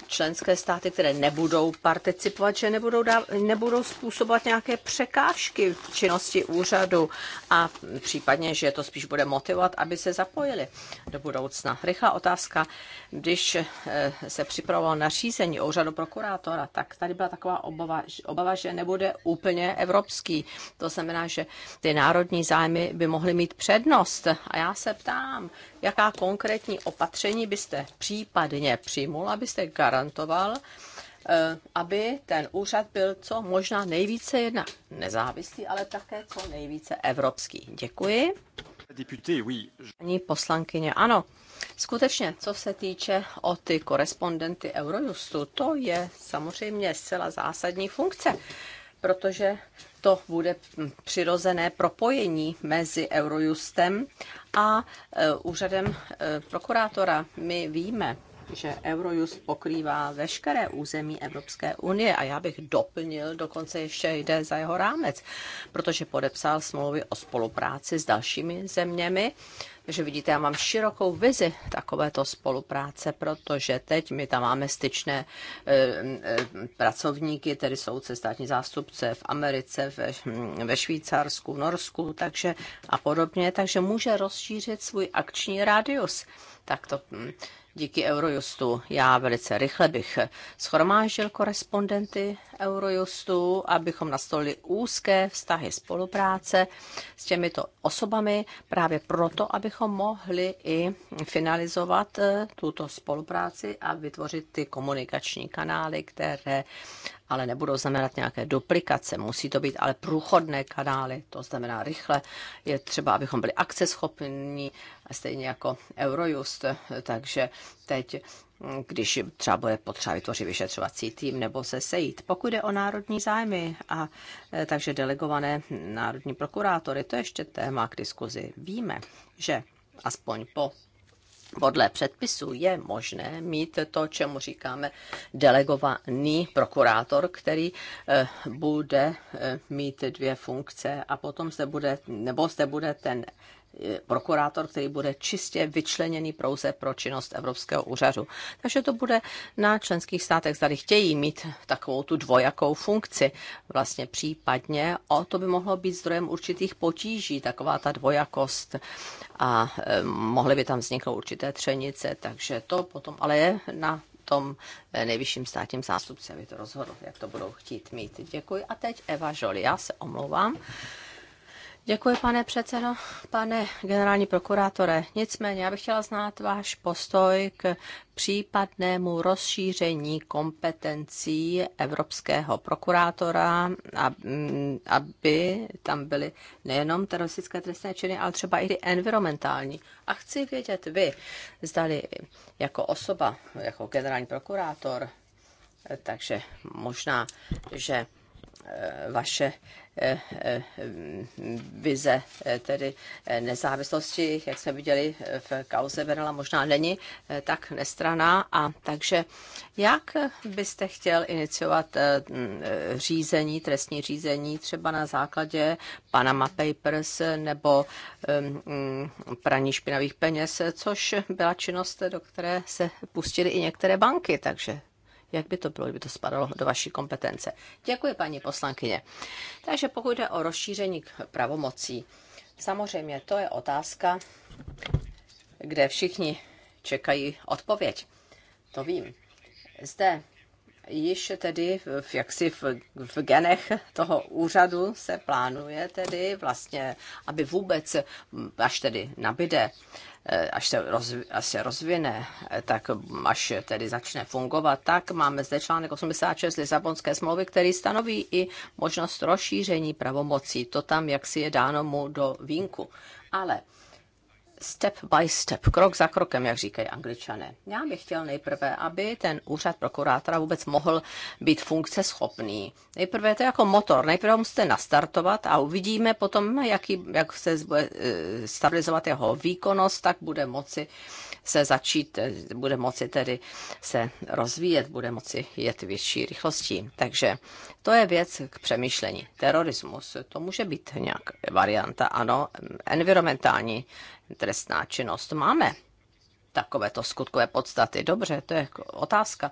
členské státy, které nebudou participovat, že nebudou, dáv- nebudou způsobovat nějaké překážky v činnosti úřadu a případně, že to spíš bude motivovat, aby se zapojili do budoucna. Rychlá otázka. Když eh, se připravovalo nařízení o úřadu prokurátora, tak tady byla taková obava, obava, že nebude úplně evropský. To znamená, že ty národní zájmy by mohly mít přednost. A já se ptám, jaká konkrétní opatření byste případně přijmul, abyste garantoval, eh, aby ten úřad byl co možná nejvíce jedna nezávislý, ale také co nejvíce evropský. Děkuji. Paní poslankyně, ano. Skutečně, co se týče o ty korespondenty Eurojustu, to je samozřejmě zcela zásadní funkce, protože to bude přirozené propojení mezi Eurojustem a e, úřadem e, prokurátora. My víme, že Eurojust pokrývá veškeré území Evropské unie a já bych doplnil, dokonce ještě jde za jeho rámec, protože podepsal smlouvy o spolupráci s dalšími zeměmi. Takže vidíte, já mám širokou vizi takovéto spolupráce, protože teď my tam máme styčné e, e, pracovníky, tedy soudce, státní zástupce v Americe, ve, ve Švýcarsku, v Norsku takže, a podobně, takže může rozšířit svůj akční rádius. Tak to hm, díky Eurojustu. Já velice rychle bych schromážil korespondenty Eurojustu, abychom nastolili úzké vztahy spolupráce s těmito osobami, právě proto, abychom mohli i finalizovat eh, tuto spolupráci a vytvořit ty komunikační kanály, které ale nebudou znamenat nějaké duplikace. Musí to být ale průchodné kanály, to znamená rychle. Je třeba, abychom byli akceschopní, stejně jako Eurojust, takže teď když třeba bude potřeba vytvořit vyšetřovací tým nebo se sejít. Pokud je o národní zájmy a e, takže delegované národní prokurátory, to je ještě téma k diskuzi. Víme, že aspoň po podle předpisu je možné mít to, čemu říkáme delegovaný prokurátor, který e, bude e, mít dvě funkce a potom se bude, nebo se bude ten prokurátor, který bude čistě vyčleněný prouze pro činnost Evropského úřadu. Takže to bude na členských státech, zda chtějí mít takovou tu dvojakou funkci. Vlastně případně o to by mohlo být zdrojem určitých potíží, taková ta dvojakost a eh, mohly by tam vzniknout určité třenice, takže to potom ale je na tom eh, nejvyšším státním zástupci, aby to rozhodl, jak to budou chtít mít. Děkuji. A teď Eva Žoli, já se omlouvám. Děkuji, pane předsedo. Pane generální prokurátore, nicméně já bych chtěla znát váš postoj k případnému rozšíření kompetencí evropského prokurátora, mm, aby tam byly nejenom teroristické trestné činy, ale třeba i ty environmentální. A chci vědět vy, zdali jako osoba, jako generální prokurátor, takže možná, že e, vaše Eh, eh, vize eh, tedy nezávislosti, jak jsme viděli v kauze Benela, možná není tak nestraná. A takže jak byste chtěl iniciovat mm, řízení, trestní řízení třeba na základě Panama Papers nebo mm, praní špinavých peněz, což byla činnost, do které se pustily i některé banky, takže jak by to bylo, kdyby to spadalo do vaší kompetence. Děkuji, paní poslankyně. Takže pokud jde o rozšíření pravomocí, samozřejmě to je otázka, kde všichni čekají odpověď. To vím. Zde již tedy v, jaksi v, v genech toho úřadu se plánuje tedy vlastně, aby vůbec, až tedy nabide, eh, až se, rozvi, až se rozvine, eh, tak až tedy začne fungovat, tak máme zde článek 86 Lisabonské smlouvy, který stanoví i možnost rozšíření pravomocí. To tam jaksi je dáno mu do výjimku. Ale step by step, krok za krokem, jak říkají angličané. Já bych chtěl nejprve, aby ten úřad prokurátora vůbec mohl být funkce schopný. Nejprve je to jako motor, nejprve musíte nastartovat a uvidíme potom, jaký, jak se bude eh, stabilizovat jeho výkonnost, tak bude moci se začít, eh, bude moci tedy se rozvíjet, bude moci jet větší rychlostí. Takže to je věc k přemýšlení. Terorismus, to může být nějak varianta, ano, environmentální trestná činnost. Máme takovéto skutkové podstaty. Dobře, to je jako otázka.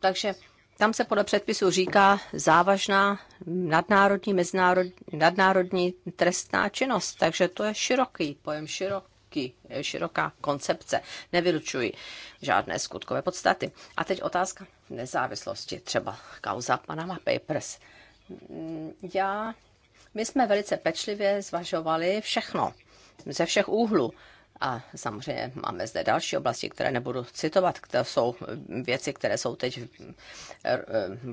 Takže tam se podle předpisu říká závažná nadnárodní, mezinárodní, nadnárodní trestná činnost. Takže to je široký pojem, široký, široká koncepce. nevylučují žádné skutkové podstaty. A teď otázka nezávislosti, třeba kauza Panama Papers. Já, my jsme velice pečlivě zvažovali všechno ze všech úhlů. A samozřejmě máme zde další oblasti, které nebudu citovat, které jsou věci, které jsou teď v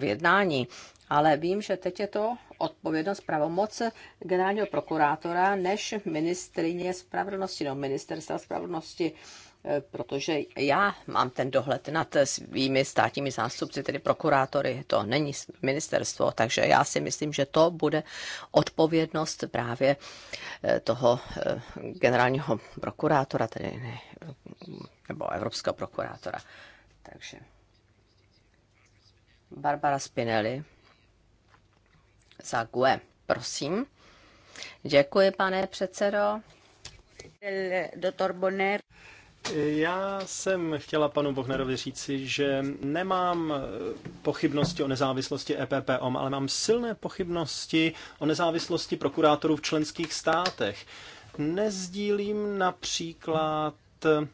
eh, jednání. Ale vím, že teď je to odpovědnost pravomoc generálního prokurátora než ministrině spravedlnosti, no ministerstva spravedlnosti. Eh, protože já mám ten dohled nad svými státními zástupci, tedy prokurátory, to není ministerstvo, takže já si myslím, že to bude odpovědnost právě eh, toho eh, generálního prokurátora, tedy ne, nebo evropského prokurátora. Takže Barbara Spinelli za GUE, prosím. Děkuji, pane předsedo. Doktor Bonner. Já jsem chtěla panu Bohnerovi říci, že nemám eh, pochybnosti o nezávislosti EPPOM, ale mám silné pochybnosti o nezávislosti prokurátorů v členských státech. Nezdílím například eh,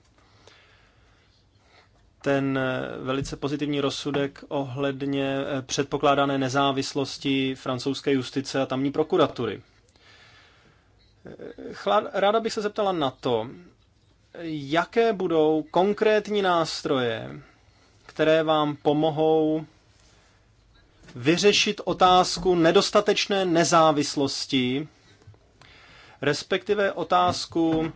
ten eh, velice pozitivní rozsudek ohledně předpokládané nezávislosti francouzské justice a tamní prokuratury. Ráda bych se zeptala na to, jaké budou konkrétní nástroje, které vám pomohou vyřešit otázku nedostatečné nezávislosti, respektive otázku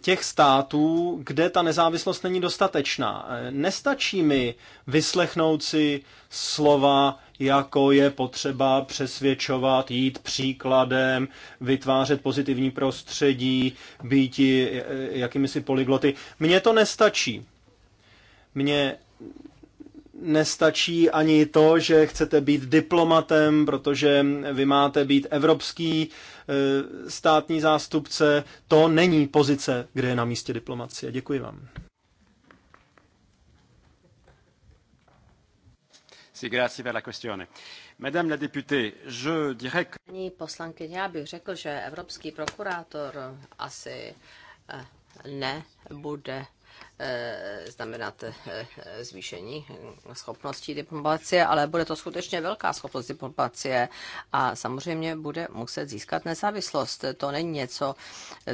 těch států, kde ta nezávislost není dostatečná. Nestačí mi vyslechnout si slova jako je potřeba přesvědčovat, jít příkladem, vytvářet pozitivní prostředí, být e, jakýmisi polygloty. Mně to nestačí. Mně nestačí ani to, že chcete být diplomatem, protože vy máte být evropský e, státní zástupce. To není pozice, kde je na místě diplomacie. Děkuji vám. Paní poslankyně, já bych řekl, že evropský prokurátor asi eh, nebude Eh, znamenat eh, zvýšení eh, schopností diplomacie, ale bude to skutečně velká schopnost diplomacie a samozřejmě bude muset získat nezávislost. To není něco,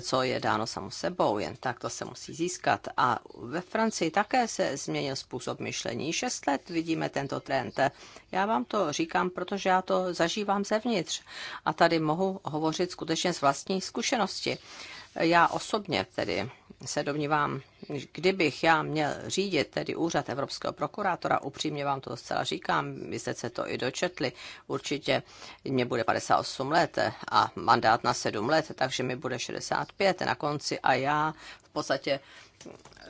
co je dáno samo sebou, jen tak to se musí získat. A ve Francii také se změnil způsob myšlení. Šest let vidíme tento trend. Já vám to říkám, protože já to zažívám zevnitř a tady mohu hovořit skutečně z vlastní zkušenosti. Já osobně tedy se domnívám, kdybych já měl řídit tedy úřad Evropského prokurátora, upřímně vám to zcela říkám, vy jste se to i dočetli, určitě mě bude 58 let a mandát na 7 let, takže mi bude 65 na konci a já v podstatě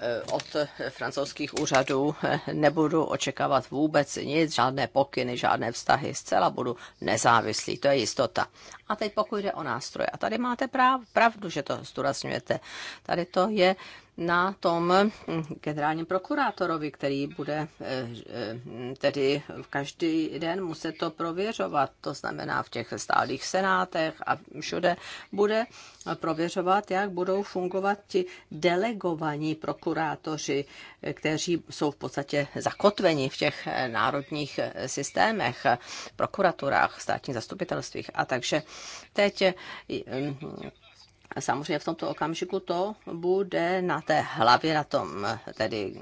Eh, od francouzských úřadů eh, nebudu očekávat vůbec nic, žádné pokyny, žádné vztahy, zcela budu nezávislý, to je jistota. A teď pokud jde o nástroje, a tady máte pravdu, že to zdůrazňujete, tady to je na tom generálním prokurátorovi, který bude eh, eh, tedy každý den muset to prověřovat, to znamená v těch stálých senátech a všude bude prověřovat, jak budou fungovat ti delegovaní prokurátoři, eh, kteří jsou v podstatě zakotveni v těch národních systémech, prokuraturách, státních zastupitelstvích. A takže teď samozřejmě v tomto okamžiku to bude na té hlavě, na tom tedy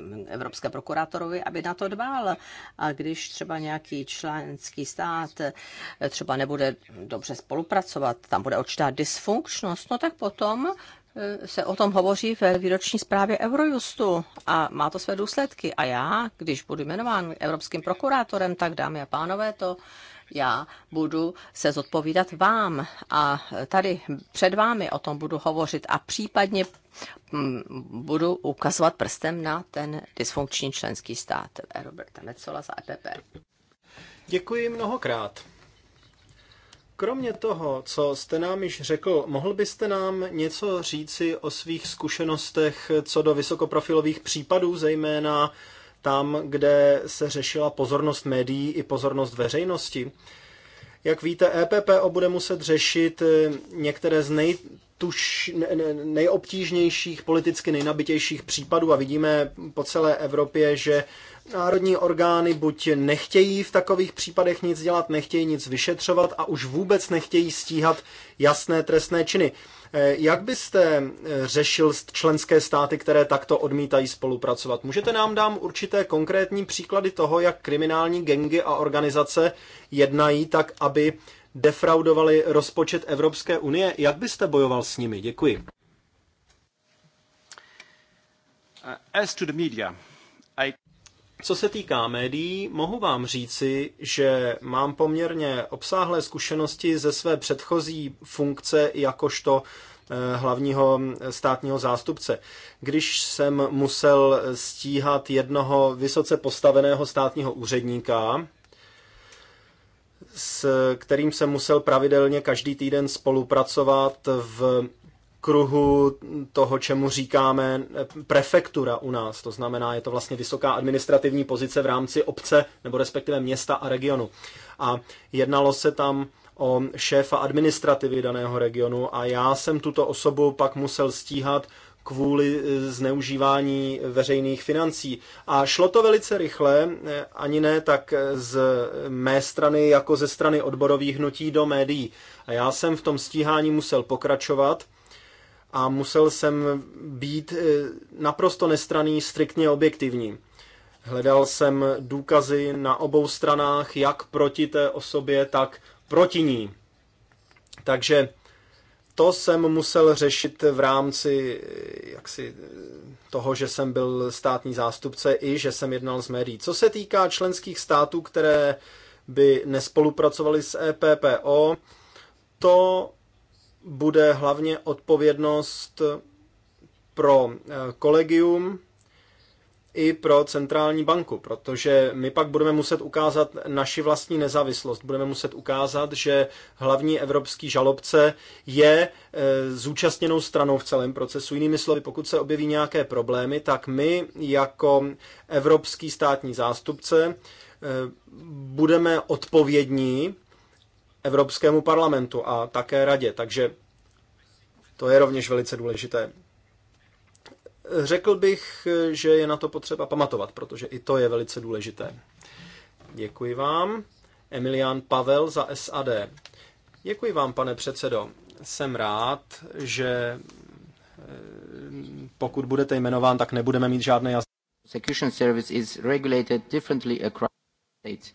mm, Evropské prokurátorovi, aby na to dbal. A když třeba nějaký členský stát eh, třeba nebude dobře spolupracovat, tam bude určitá dysfunkčnost, no tak potom eh, se o tom hovoří ve výroční zprávě Eurojustu a má to své důsledky. A já, když budu jmenován evropským prokurátorem, tak dámy a pánové, to já budu se zodpovídat vám a tady před vámi o tom budu hovořit a případně mm, budu ukazovat prstem na ten dysfunkční členský stát Roberta Metzola za EPP. Děkuji mnohokrát. Kromě toho, co jste nám již řekl, mohl byste nám něco říci o svých zkušenostech co do vysokoprofilových případů, zejména tam, kde se řešila pozornost médií i pozornost veřejnosti. Jak víte, EPPO bude muset řešit eh, některé z nej, tuž, nejobtížnějších, politicky nejnabitějších případů a vidíme po celé Evropě, že národní orgány buď nechtějí v takových případech nic dělat, nechtějí nic vyšetřovat a už vůbec nechtějí stíhat jasné trestné činy. Eh, jak byste eh, řešil členské státy, které takto odmítají spolupracovat? Můžete nám dát určité konkrétní příklady toho, jak kriminální gengy a organizace jednají tak, aby defraudovali rozpočet Evropské unie? Jak byste bojoval s nimi? Děkuji. Eh, as to the media, I... Co se týká médií, mohu vám říci, že mám poměrně obsáhlé zkušenosti ze své předchozí funkce jakožto eh, hlavního eh, státního zástupce. Když jsem musel stíhat jednoho vysoce postaveného státního úředníka, s kterým jsem musel pravidelně každý týden spolupracovat v kruhu toho, čemu říkáme prefektura u nás. To znamená, je to vlastně vysoká administrativní pozice v rámci obce nebo respektive města a regionu. A jednalo se tam o šéfa administrativy daného regionu a já jsem tuto osobu pak musel stíhat kvůli eh, zneužívání veřejných financí. A šlo to velice rychle, eh, ani ne tak eh, z mé strany, jako ze strany odborových hnutí do médií. A já jsem v tom stíhání musel pokračovat a musel jsem být eh, naprosto nestraný, striktně objektivní. Hledal jsem důkazy na obou stranách, jak proti té osobě, tak proti ní. Takže to jsem musel řešit v rámci eh, jaksi, eh, toho, že jsem byl státní zástupce i že jsem jednal s médií. Co se týká členských států, které by nespolupracovali s EPPO, to bude hlavně odpovědnost pro eh, kolegium i pro centrální banku, protože my pak budeme muset ukázat naši vlastní nezávislost. Budeme muset ukázat, že hlavní evropský žalobce je eh, zúčastněnou stranou v celém procesu. Jinými slovy, pokud se objeví nějaké problémy, tak my jako evropský státní zástupce eh, budeme odpovědní Evropskému parlamentu a také radě, takže to je rovněž velice důležité. Řekl bych, že je na to potřeba pamatovat, protože i to je velice důležité. Děkuji vám. Emilian Pavel za SAD. Děkuji vám, pane předsedo. Jsem rád, že eh, pokud budete jmenován, tak nebudeme mít žádné jasné. Execution service is regulated differently across states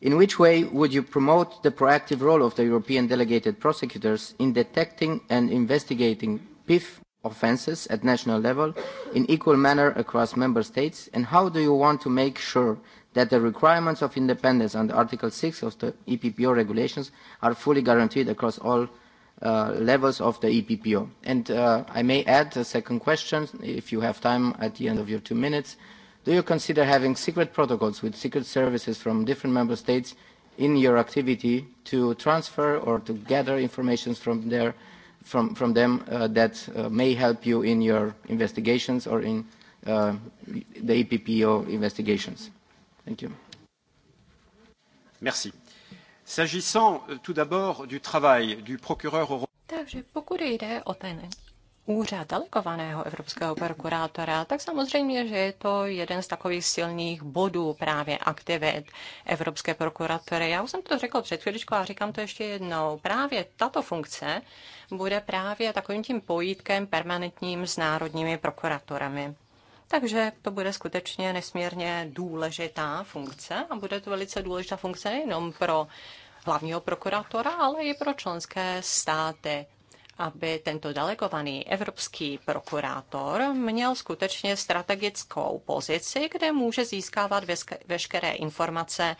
in which way would you promote the proactive role of the european delegated prosecutors in detecting and investigating pif offences at national level in equal manner across member states and how do you want to make sure that the requirements of independence under article 6 of the eppo regulations are fully guaranteed across all uh, levels of the eppo and uh, i may add a second question if you have time at the end of your two minutes do you consider having secret protocols with secret services from different member states in your activity to transfer or to gather information from, their, from, from them uh, that uh, may help you in your investigations or in uh, the EPPO investigations? Thank you. Merci. S'agissant euh, tout d'abord du travail du procureur européen. Takže pokud jde o ten úřad delegovaného evropského prokurátora, tak samozřejmě, že je to jeden z takových silných bodů právě aktivit Evropské prokuratury. Já už jsem to řekl před chvíličkou a říkám to ještě jednou. Právě tato funkce bude právě takovým tím pojítkem permanentním s národními prokuratorami. Takže to bude skutečně nesmírně důležitá funkce a bude to velice důležitá funkce nejenom pro hlavního prokurátora, ale i pro členské státy aby tento delegovaný evropský prokurátor měl skutečně strategickou pozici, kde může získávat veškeré informace,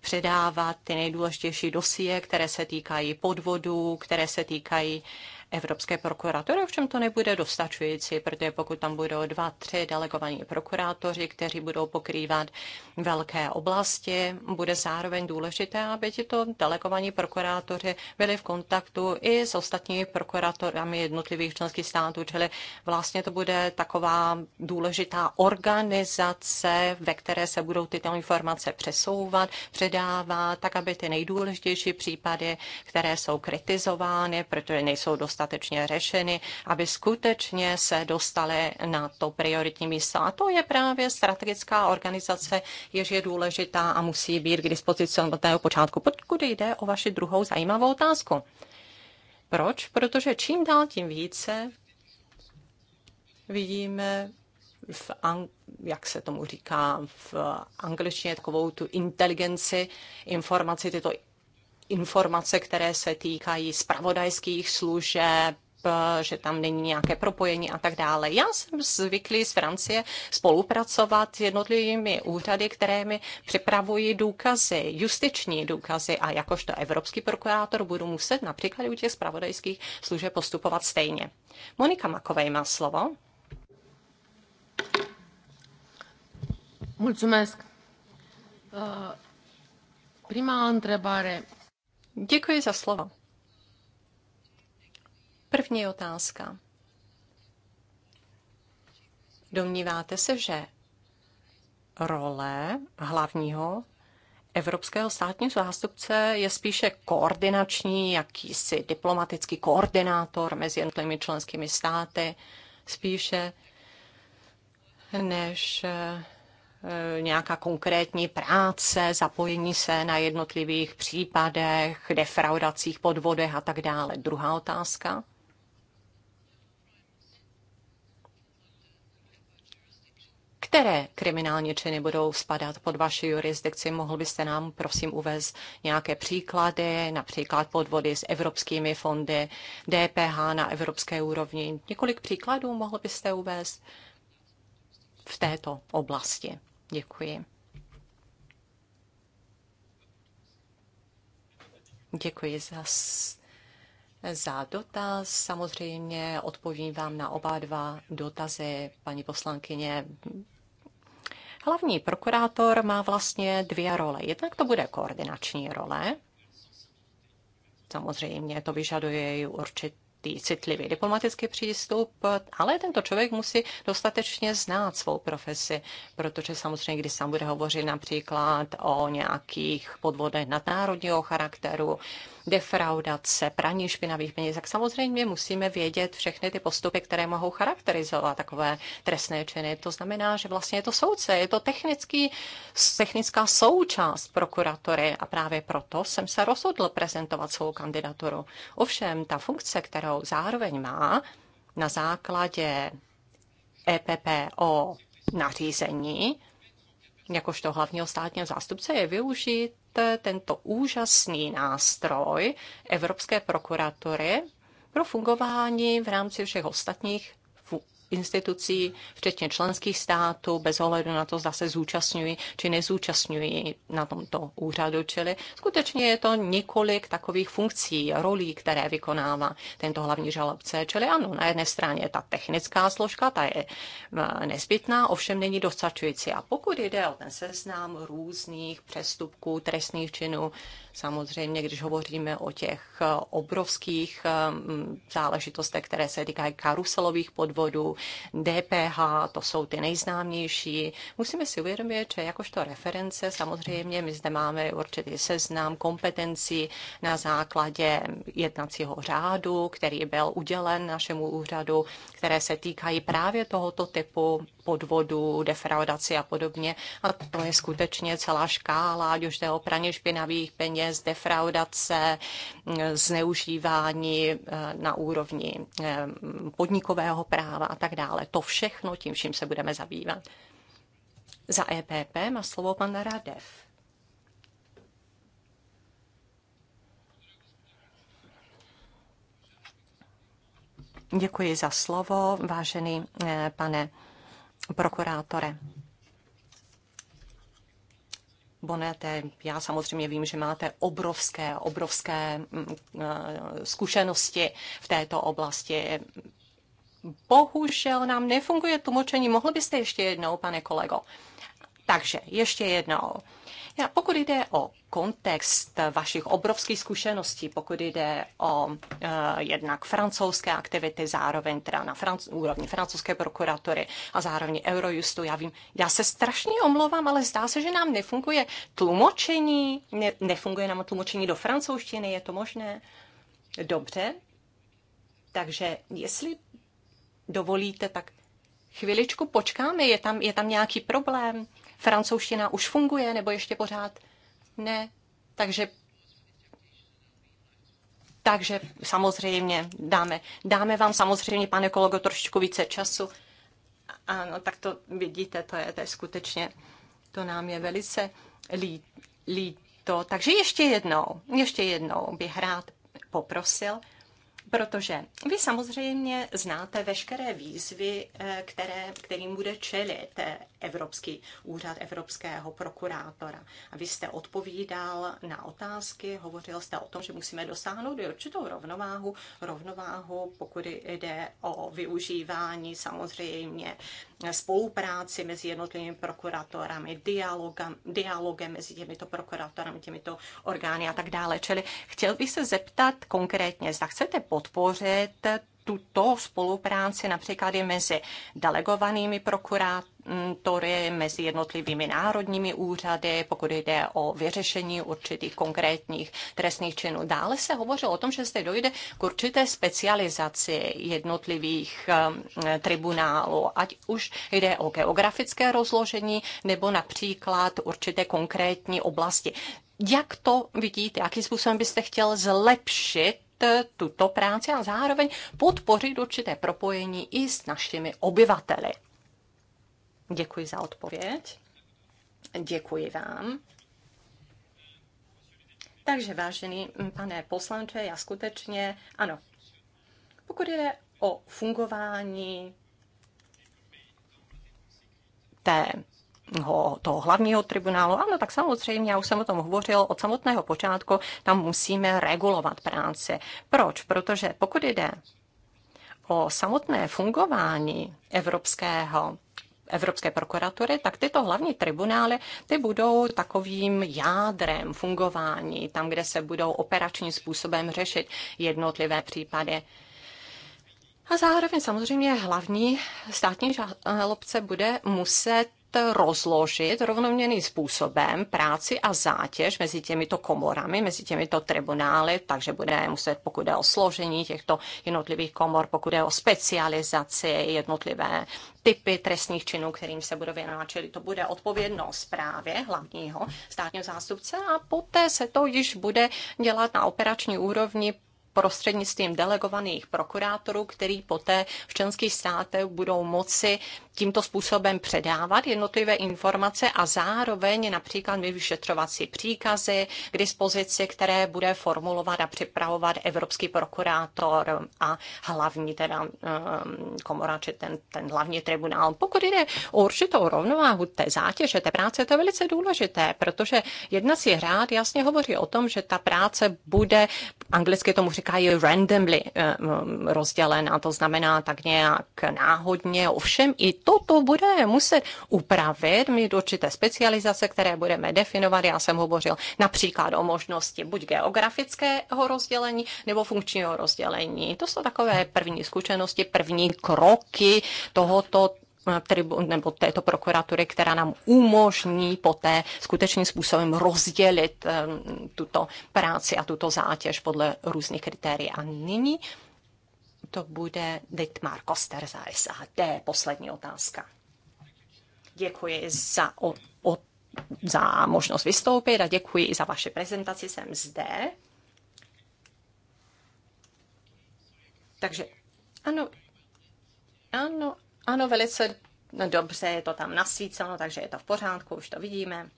předávat ty nejdůležitější dosie, které se týkají podvodů, které se týkají uh, Evropské prokuratury, ovšem to nebude dostačující, protože pokud tam budou dva, tři delegovaní prokurátoři, kteří budou pokrývat velké oblasti, bude zároveň důležité, aby tito delegovaní prokurátoři byli v kontaktu i s ostatními prokurátorami jednotlivých členských států, čili vlastně to bude taková důležitá organizace, ve které se budou tyto informace přesouvat, předávat, tak aby ty nejdůležitější případy, které jsou kritizovány, protože nejsou dost dostatečně řešeny, aby skutečně se dostaly na to prioritní místo. A to je právě strategická organizace, jež je důležitá a musí být k dispozici od tého počátku. Pokud jde o vaši druhou zajímavou otázku. Proč? Protože čím dál tím více vidíme v, jak se tomu říká v angličtině, takovou tu inteligenci informaci, tyto informace, které se týkají spravodajských služeb, že tam není nějaké propojení a tak dále. Já jsem zvyklý z Francie spolupracovat s jednotlivými úřady, které mi připravují důkazy, justiční důkazy a jakožto evropský prokurátor budu muset například u těch spravodajských služeb postupovat stejně. Monika Makovej má slovo. Mulțumesc. Uh, prima întrebare. Děkuji za slovo. První otázka. Domníváte se, že role hlavního evropského státního zástupce je spíše koordinační, jakýsi diplomatický koordinátor mezi jednotlivými členskými státy, spíše než Eh, nějaká konkrétní práce, zapojení se na jednotlivých případech, defraudacích, podvodech a tak dále. Druhá otázka. Které kriminální činy budou spadat pod vaši jurisdikci? Mohl byste nám, prosím, uvést nějaké příklady, například podvody s evropskými fondy, DPH na evropské úrovni? Několik příkladů mohl byste uvést v této oblasti. Děkuji. Děkuji za, za dotaz. Samozřejmě odpovím vám na oba dva dotazy, paní poslankyně. Hlavní prokurátor má vlastně dvě role. Jednak to bude koordinační role. Samozřejmě to vyžaduje i určitě určitý citlivý diplomatický přístup, ale tento člověk musí dostatečně znát svou profesi, protože samozřejmě, když sám bude hovořit například o nějakých podvodech nadnárodního charakteru, defraudace, praní špinavých peněz, tak samozřejmě musíme vědět všechny ty postupy, které mohou charakterizovat takové trestné činy. To znamená, že vlastně je to soudce, je to technický, technická součást prokuratury a právě proto jsem se rozhodl prezentovat svou kandidaturu. Ovšem, ta funkce, kterou zároveň má na základě EPPO nařízení, jakožto hlavního státního zástupce je využít tento úžasný nástroj Evropské prokuratury pro fungování v rámci všech ostatních institucí, včetně členských států, bez ohledu na to, zda se zúčastňují či nezúčastňují na tomto úřadu. Čili skutečně je to několik takových funkcí, rolí, které vykonává tento hlavní žalobce. Čili ano, na jedné straně ta technická složka, ta je eh, nezbytná, ovšem není dostačující. A pokud jde o ten seznam různých přestupků, trestných činů, Samozřejmě, když hovoříme o těch eh, obrovských eh, záležitostech, které se týkají karuselových podvodů, DPH, to jsou ty nejznámější, musíme si uvědomit, že jakožto reference samozřejmě my zde máme určitý seznam kompetencí na základě jednacího řádu, který byl udělen našemu úřadu, které se týkají právě tohoto typu podvodu, defraudaci a podobně. A to je skutečně celá škála, ať už jde o praně špinavých peněz, defraudace, zneužívání eh, na úrovni eh, podnikového práva a tak dále. To všechno tím, čím se budeme zabývat. Za EPP má slovo pan Radev. Děkuji za slovo, vážený eh, pane prokurátore. Bonete, já samozřejmě vím, že máte obrovské, obrovské mm, mm, zkušenosti v této oblasti. Bohužel nám nefunguje tlumočení. Mohl byste ještě jednou, pane kolego? Takže ještě jednou. Já, pokud jde o kontext vašich obrovských zkušeností, pokud jde o uh, jednak francouzské aktivity, zároveň teda na franc- úrovni francouzské prokuratury a zároveň Eurojustu, já vím, já se strašně omlouvám, ale zdá se, že nám nefunguje tlumočení, ne- nefunguje nám tlumočení do francouzštiny, je to možné? Dobře, takže jestli dovolíte, tak chviličku počkáme, je tam, je tam nějaký problém francouzština už funguje, nebo ještě pořád ne. Takže takže samozřejmě dáme, dáme vám samozřejmě, pane kolego, trošičku více času. Ano, tak to vidíte, to je, to je skutečně, to nám je velice lí, líto. Takže ještě jednou, ještě jednou bych rád poprosil, protože vy samozřejmě znáte veškeré výzvy, eh, které, kterým bude čelit eh, Evropský úřad Evropského prokurátora. A vy jste odpovídal na otázky, hovořil jste o tom, že musíme dosáhnout určitou rovnováhu, rovnováhu, pokud jde o využívání samozřejmě spolupráci mezi jednotlivými prokuratorami, dialogem, dialogem mezi těmito prokuratorami, těmito orgány a tak dále. Čili chtěl bych se zeptat konkrétně, zda chcete podpořit tuto spolupráci například i mezi delegovanými prokurátory, koordinátory mezi jednotlivými národními úřady, pokud jde o vyřešení určitých konkrétních trestných činů. Dále se hovořilo o tom, že zde dojde k určité specializaci jednotlivých eh, tribunálů, ať už jde o geografické rozložení nebo například určité konkrétní oblasti. Jak to vidíte? Jakým způsobem byste chtěl zlepšit eh, tuto práci a zároveň podpořit určité propojení i s našimi obyvateli? Děkuji za odpověď. Děkuji vám. Takže vážený pane poslanče, já skutečně ano. Pokud jde o fungování té toho hlavního tribunálu. Ano, tak samozřejmě, já už jsem o tom hovořil od samotného počátku, tam musíme regulovat práci. Proč? Protože pokud jde o samotné fungování evropského Evropské prokuratury, tak tyto hlavní tribunály, ty budou takovým jádrem fungování, tam, kde se budou operačním způsobem řešit jednotlivé případy. A zároveň samozřejmě hlavní státní žalobce bude muset rozložit rovnoměrným způsobem práci a zátěž mezi těmito komorami, mezi těmito tribunály, takže bude muset, pokud je o složení těchto jednotlivých komor, pokud je o specializaci jednotlivé typy trestních činů, kterým se budou věnovat, čili to bude odpovědnost právě hlavního státního zástupce a poté se to již bude dělat na operační úrovni prostřednictvím delegovaných prokurátorů, který poté v členských státech budou moci tímto způsobem předávat jednotlivé informace a zároveň například vyšetřovací příkazy k dispozici, které bude formulovat a připravovat evropský prokurátor a hlavní teda um, komora, či ten, ten hlavní tribunál. Pokud jde o určitou rovnováhu té zátěže, té práce, to je velice důležité, protože si hrát, jasně hovoří o tom, že ta práce bude, anglicky tomu říkají randomly eh, rozdělená, to znamená tak nějak náhodně, ovšem i toto budeme muset upravit, mít určité specializace, které budeme definovat. Já jsem hovořil například o možnosti buď geografického rozdělení nebo funkčního rozdělení. To jsou takové první zkušenosti, první kroky tohoto nebo této prokuratury, která nám umožní poté skutečným způsobem rozdělit ehm, tuto práci a tuto zátěž podle různých kritérií. A nyní to bude Dietmar Koster za SAD. Poslední otázka. Děkuji za, o, o, za možnost vystoupit a děkuji i za vaši prezentaci. Jsem zde. Takže ano, ano, ano, velice dobře je to tam nasvíceno, takže je to v pořádku, už to vidíme.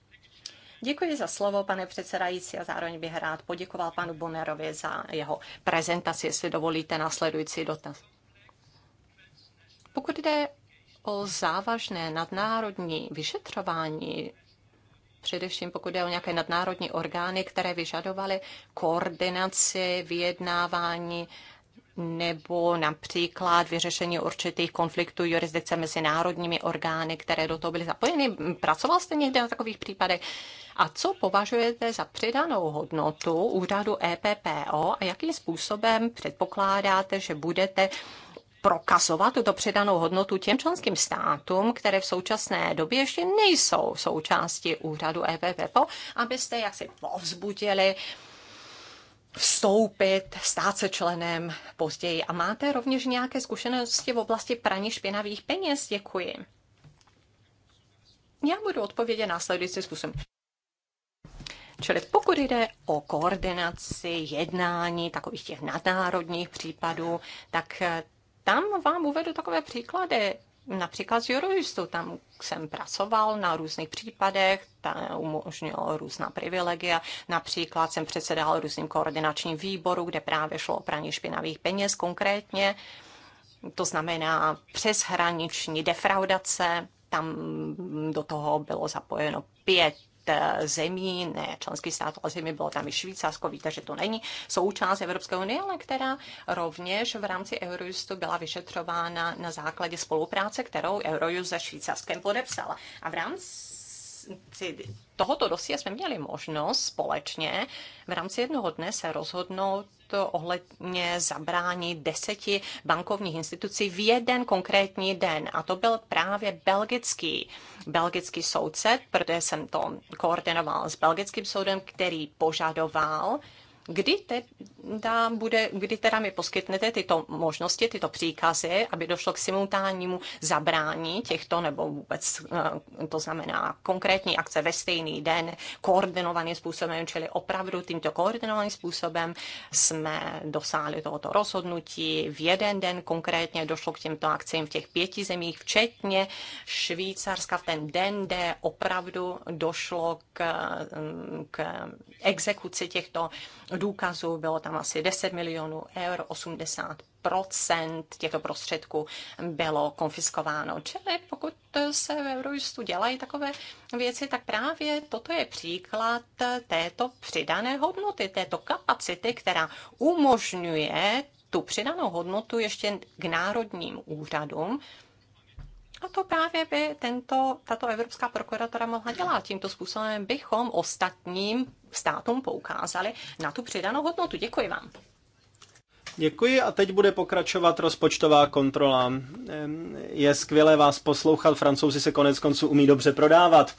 Děkuji za slovo, pane předsedající, a zároveň bych rád poděkoval panu Bonnerovi za jeho prezentaci, jestli dovolíte následující dotaz. Pokud jde o závažné nadnárodní vyšetřování, především pokud jde o nějaké nadnárodní orgány, které vyžadovaly koordinaci vyjednávání nebo například vyřešení určitých konfliktů jurisdikce mezi národními orgány, které do toho byly zapojeny. Pracoval jste někde na takových případech? A co považujete za přidanou hodnotu úřadu EPPO a jakým způsobem předpokládáte, že budete prokazovat tuto přidanou hodnotu těm členským státům, které v současné době ještě nejsou součástí úřadu EPPO, abyste jaksi povzbudili vstoupit, stát se členem později. A máte rovněž nějaké zkušenosti v oblasti praní špinavých peněz? Děkuji. Já budu odpovědět následujícím způsobem. Čili pokud jde o koordinaci jednání takových těch nadnárodních případů, tak tam vám uvedu takové příklady například s juristou, Tam jsem pracoval na různých případech, ta umožnilo různá privilegia. Například jsem předsedal různým koordinačním výboru, kde právě šlo o praní špinavých peněz konkrétně. To znamená přeshraniční defraudace. Tam do toho bylo zapojeno pět zemí, ne členský stát, ale zemí bylo tam i Švýcarsko, víte, že to není součást Evropské unie, ale která rovněž v rámci Eurojustu byla vyšetřována na základě spolupráce, kterou Eurojust se Švýcarskem podepsala. A v rámci rámci tohoto dosie jsme měli možnost společně v rámci jednoho dne se rozhodnout ohledně zabrání deseti bankovních institucí v jeden konkrétní den. A to byl právě belgický, belgický soudce, protože jsem to koordinoval s belgickým soudem, který požadoval Kdy teda, bude, kdy teda mi poskytnete tyto možnosti, tyto příkazy, aby došlo k simultánnímu zabrání těchto, nebo vůbec eh, to znamená konkrétní akce ve stejný den, koordinovaným způsobem, čili opravdu tímto koordinovaným způsobem jsme dosáhli tohoto rozhodnutí. V jeden den konkrétně došlo k těmto akcím v těch pěti zemích, včetně Švýcarska. V ten den, kde opravdu došlo k, eh, k exekuci těchto důkazů, bylo tam asi 10 milionů eur, 80 těchto prostředků bylo konfiskováno. Čili pokud se v Eurojustu dělají takové věci, tak právě toto je příklad této přidané hodnoty, této kapacity, která umožňuje tu přidanou hodnotu ještě k národním úřadům, a to právě by tento, tato Evropská prokuratura mohla dělat. Tímto způsobem bychom ostatním státům poukázali na tu přidanou hodnotu. Děkuji vám. Děkuji a teď bude pokračovat rozpočtová kontrola. Je skvělé vás poslouchat, francouzi se konec konců umí dobře prodávat.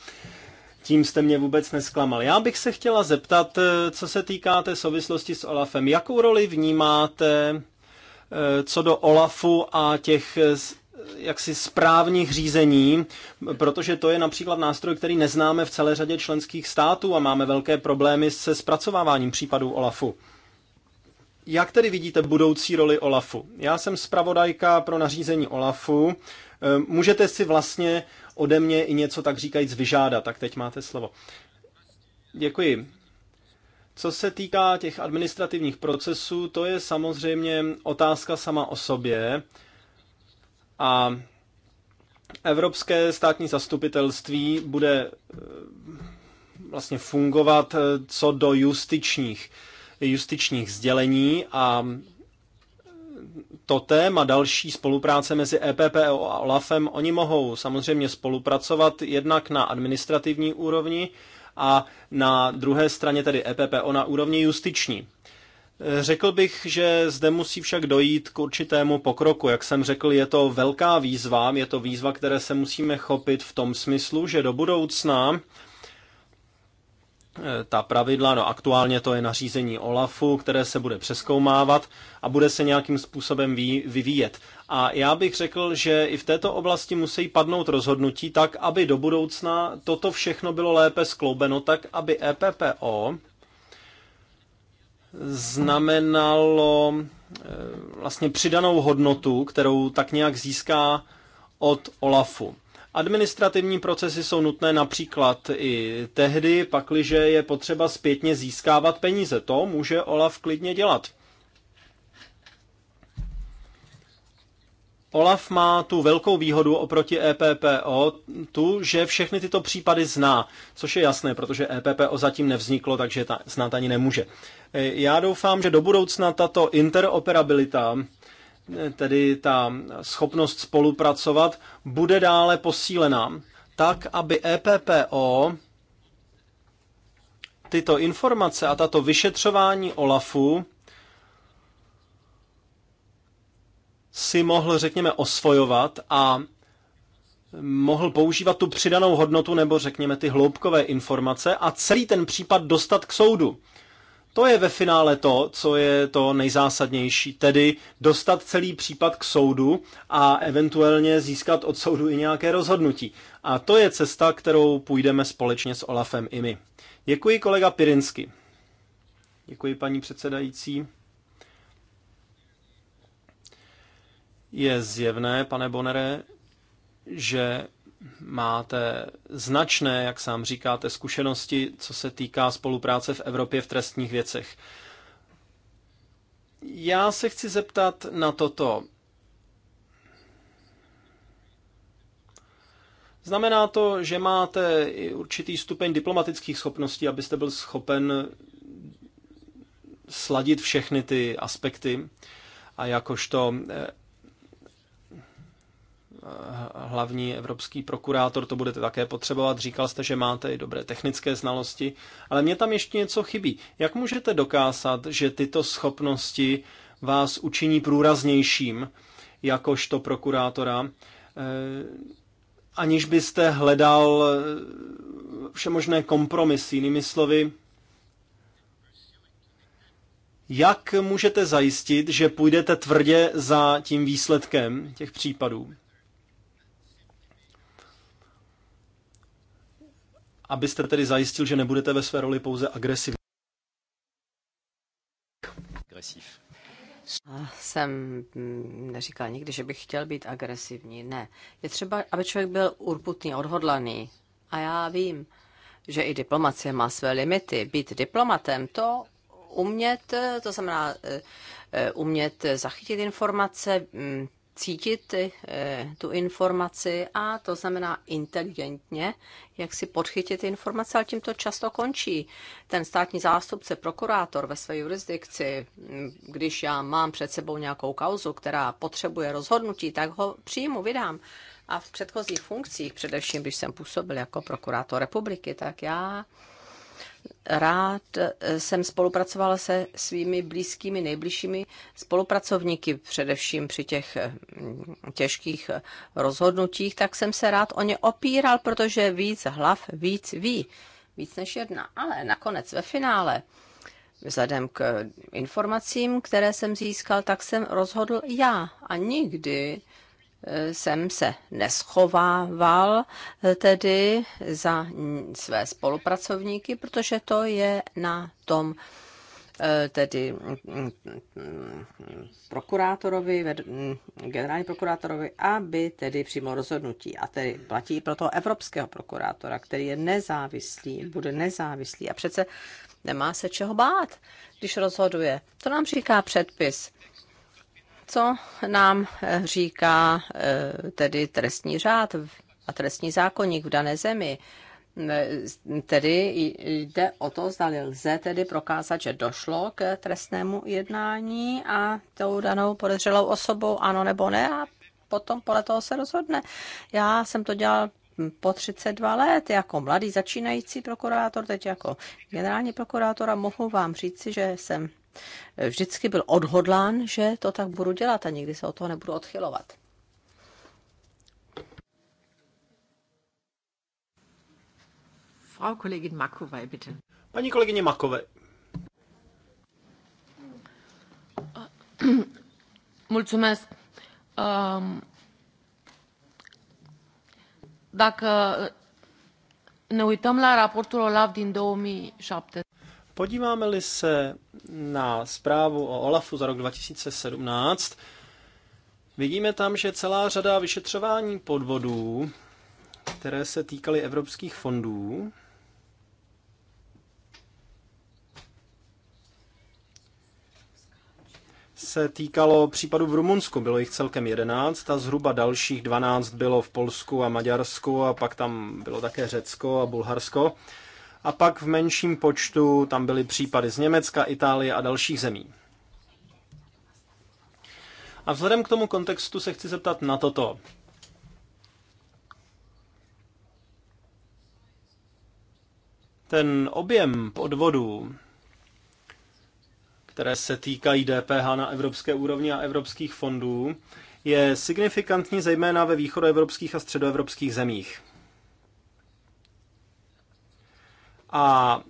Tím jste mě vůbec nesklamal. Já bych se chtěla zeptat, eh, co se týká té souvislosti s Olafem. Jakou roli vnímáte eh, co do Olafu a těch jaksi správních řízení, protože to je například nástroj, který neznáme v celé řadě členských států a máme velké problémy se zpracováváním případů OLAFu. Jak tedy vidíte budoucí roli OLAFu? Já jsem zpravodajka pro nařízení OLAFu. Eh, můžete si vlastně ode mě i něco tak říkajíc vyžádat, tak teď máte slovo. Děkuji. Co se týká těch administrativních procesů, to je samozřejmě otázka sama o sobě a Evropské státní zastupitelství bude eh, vlastně fungovat eh, co do justičních, justičních sdělení a to téma další spolupráce mezi EPPO a OLAFem, oni mohou samozřejmě spolupracovat jednak na administrativní úrovni a na druhé straně tedy EPPO na úrovni justiční. Řekl bych, že zde musí však dojít k určitému pokroku. Jak jsem řekl, je to velká výzva, je to výzva, které se musíme chopit v tom smyslu, že do budoucna eh, ta pravidla, no aktuálně to je nařízení OLAFu, které se bude přeskoumávat a bude se nějakým způsobem vyvíjet. A já bych řekl, že i v této oblasti musí padnout rozhodnutí tak, aby do budoucna toto všechno bylo lépe skloubeno, tak aby EPPO znamenalo eh, vlastně přidanou hodnotu, kterou tak nějak získá od OLAFu. Administrativní procesy jsou nutné například i tehdy, pakliže je potřeba zpětně získávat peníze. To může OLAF klidně dělat. Olaf má tu velkou výhodu oproti EPPO, tu, že všechny tyto případy zná, což je jasné, protože EPPO zatím nevzniklo, takže ta znát ani nemůže. Já doufám, že do budoucna tato interoperabilita, tedy ta schopnost spolupracovat, bude dále posílená, tak aby EPPO tyto informace a tato vyšetřování OLAFu si mohl, řekněme, osvojovat a mohl používat tu přidanou hodnotu nebo, řekněme, ty hloubkové informace a celý ten případ dostat k soudu. To je ve finále to, co je to nejzásadnější, tedy dostat celý případ k soudu a eventuálně získat od soudu i nějaké rozhodnutí. A to je cesta, kterou půjdeme společně s Olafem i my. Děkuji kolega Pirinsky. Děkuji paní předsedající. Je zjevné, pane Bonere, že máte značné, jak sám říkáte, zkušenosti, co se týká spolupráce v Evropě v trestních věcech. Já se chci zeptat na toto. Znamená to, že máte i určitý stupeň diplomatických schopností, abyste byl schopen sladit všechny ty aspekty. A jakožto eh, hlavní evropský prokurátor, to budete také potřebovat. Říkal jste, že máte i dobré technické znalosti, ale mě tam ještě něco chybí. Jak můžete dokázat, že tyto schopnosti vás učiní průraznějším jakožto prokurátora, eh, aniž byste hledal eh, všemožné kompromisy, jinými slovy, jak můžete zajistit, že půjdete tvrdě za tím výsledkem těch případů? abyste tedy zajistil, že nebudete ve své roli pouze agresivní. Agresiv. Jsem mm, neříkal nikdy, že bych chtěl být agresivní. Ne. Je třeba, aby člověk byl urputný, odhodlaný. A já vím, že i diplomacie má své limity. Být diplomatem, to umět, to znamená eh, eh, umět zachytit informace, mm, cítit eh, tu informaci a to znamená inteligentně, jak si podchytit informace, ale tím to často končí. Ten státní zástupce, prokurátor ve své jurisdikci, mm, když já mám před sebou nějakou kauzu, která potřebuje rozhodnutí, tak ho přijmu, vydám. A v předchozích funkcích, především když jsem působil jako prokurátor republiky, tak já rád eh, jsem spolupracovala se svými blízkými, nejbližšími spolupracovníky, především při těch mm, těžkých eh, rozhodnutích, tak jsem se rád o ně opíral, protože víc hlav víc ví, víc než jedna. Ale nakonec ve finále, vzhledem k informacím, které jsem získal, tak jsem rozhodl já a nikdy jsem se neschovával tedy za své spolupracovníky, protože to je na tom eh, tedy mm, prokurátorovi, mm, generální prokurátorovi, aby tedy přímo rozhodnutí. A tedy platí pro toho evropského prokurátora, který je nezávislý, bude nezávislý. A přece nemá se čeho bát, když rozhoduje. To nám říká předpis co nám eh, říká eh, tedy trestní řád a trestní zákonník v dané zemi. Eh, tedy jde o to, zda lze tedy prokázat, že došlo k trestnému jednání a tou danou podezřelou osobou ano nebo ne a potom podle toho se rozhodne. Já jsem to dělal po 32 let jako mladý začínající prokurátor, teď jako generální prokurátor a mohu vám říci, že jsem vždycky byl odhodlán, že to tak budu dělat a nikdy se o toho nebudu odchylovat. Frau Kollegin Makovej, bitte. Paní kolegyně Makové. Mulțumesc. Um, dacă ne uităm la raportul OLAF din 2007. Podíváme-li se na zprávu o OLAFu za rok 2017, vidíme tam, že celá řada vyšetřování podvodů, které se týkaly evropských fondů, se týkalo případů v Rumunsku. Bylo jich celkem 11 a zhruba dalších 12 bylo v Polsku a Maďarsku a pak tam bylo také Řecko a Bulharsko a pak v menším počtu tam byly případy z Německa, Itálie a dalších zemí. A vzhledem k tomu kontextu se chci zeptat na toto. Ten objem podvodů, které se týkají DPH na evropské úrovni a evropských fondů, je signifikantní zejména ve východoevropských a středoevropských zemích. A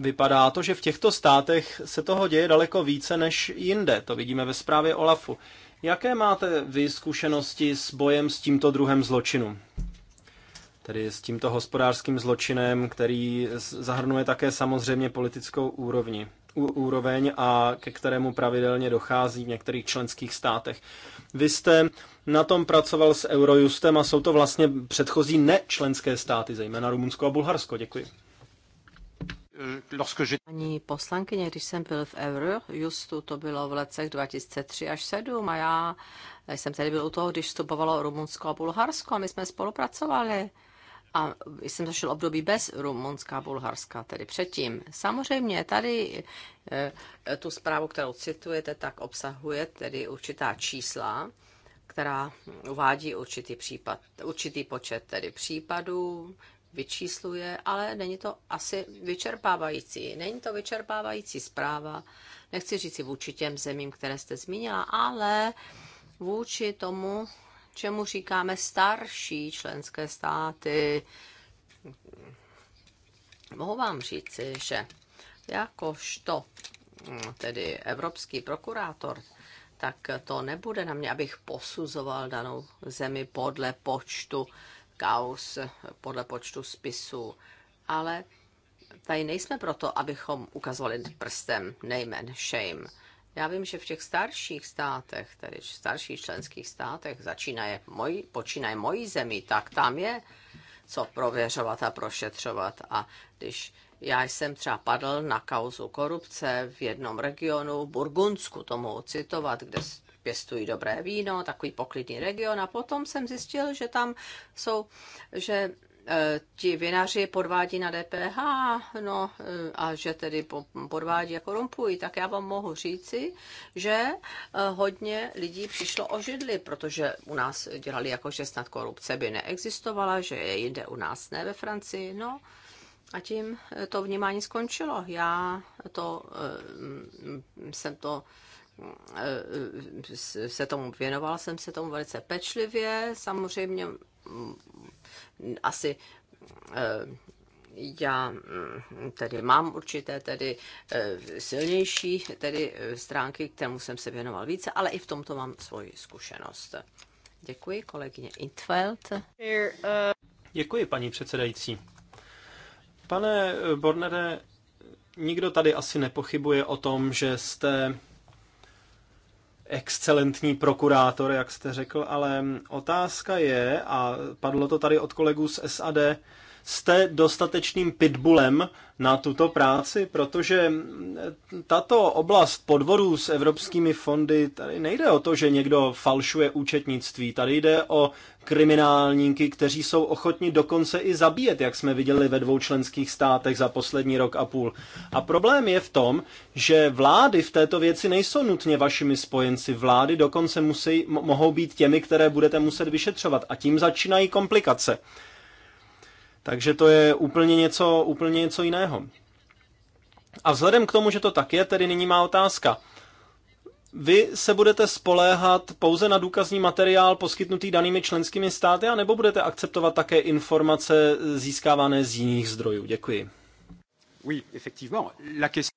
vypadá to, že v těchto státech se toho děje daleko více než jinde. To vidíme ve zprávě OLAFu. Jaké máte vy zkušenosti s bojem s tímto druhem zločinu? Tedy s tímto hospodářským zločinem, který zahrnuje také samozřejmě politickou úrovni, úroveň a ke kterému pravidelně dochází v některých členských státech. Vy jste na tom pracoval s Eurojustem a jsou to vlastně předchozí nečlenské státy, zejména Rumunsko a Bulharsko. Děkuji. Eh, Paní poslankyně, když jsem byl v Eurojustu, to bylo v letech 2003 až 7 a já jsem tedy byl u toho, když vstupovalo Rumunsko a Bulharsko a my jsme spolupracovali. A jsem zašel období bez Rumunska a Bulharska, tedy předtím. Samozřejmě tady eh, tu zprávu, kterou citujete, tak obsahuje tedy určitá čísla, která uvádí určitý, případ, určitý počet tedy případů, vyčísluje, ale není to asi vyčerpávající. Není to vyčerpávající zpráva, nechci říct si vůči těm zemím, které jste zmínila, ale vůči tomu, čemu říkáme starší členské státy. Mohu vám říci, že jakožto mm, tedy evropský prokurátor, tak to nebude na mě, abych posuzoval danou zemi podle počtu kaos eh, podle počtu spisů, ale tady nejsme proto, abychom ukazovali prstem nejmen, shame. Já vím, že v těch starších státech, tedy v starších členských státech, začínaje moj, počínaje mojí zemí, tak tam je co prověřovat a prošetřovat. A když já jsem třeba padl na kauzu korupce v jednom regionu, v Burgundsku, to mohu citovat, kde pěstují dobré víno, takový poklidný region a potom jsem zjistil, že tam jsou, že e, ti vinaři podvádí na DPH, no e, a že tedy podvádí a korumpují, tak já vám mohu říci, že e, hodně lidí přišlo o židli, protože u nás dělali jako, že snad korupce by neexistovala, že je jinde u nás ne ve Francii, no a tím to vnímání skončilo. Já to jsem to Eh, se tomu věnoval jsem se tomu velice pečlivě, samozřejmě mm, asi eh, já mm, tedy mám určité tedy eh, silnější tedy stránky, kterému jsem se věnoval více, ale i v tomto mám svoji zkušenost. Děkuji, kolegyně Intfeld. Děkuji, paní předsedající. Pane Bornere, nikdo tady asi nepochybuje o tom, že jste excelentní prokurátor, jak jste řekl, ale otázka je, a padlo to tady od kolegů z SAD, jste dostatečným pitbulem na tuto práci, protože tato oblast podvodů s evropskými fondy, tady nejde o to, že někdo falšuje účetnictví, tady jde o kriminálníky, kteří jsou ochotni dokonce i zabíjet, jak jsme viděli ve dvou členských státech za poslední rok a půl. A problém je v tom, že vlády v této věci nejsou nutně vašimi spojenci. Vlády dokonce musí, mohou být těmi, které budete muset vyšetřovat. A tím začínají komplikace. Takže to je úplně něco, úplně něco jiného. A vzhledem k tomu, že to tak je, tedy nyní má otázka. Vy se budete spoléhat pouze na důkazní materiál poskytnutý danými členskými státy, anebo budete akceptovat také informace získávané z jiných zdrojů? Děkuji.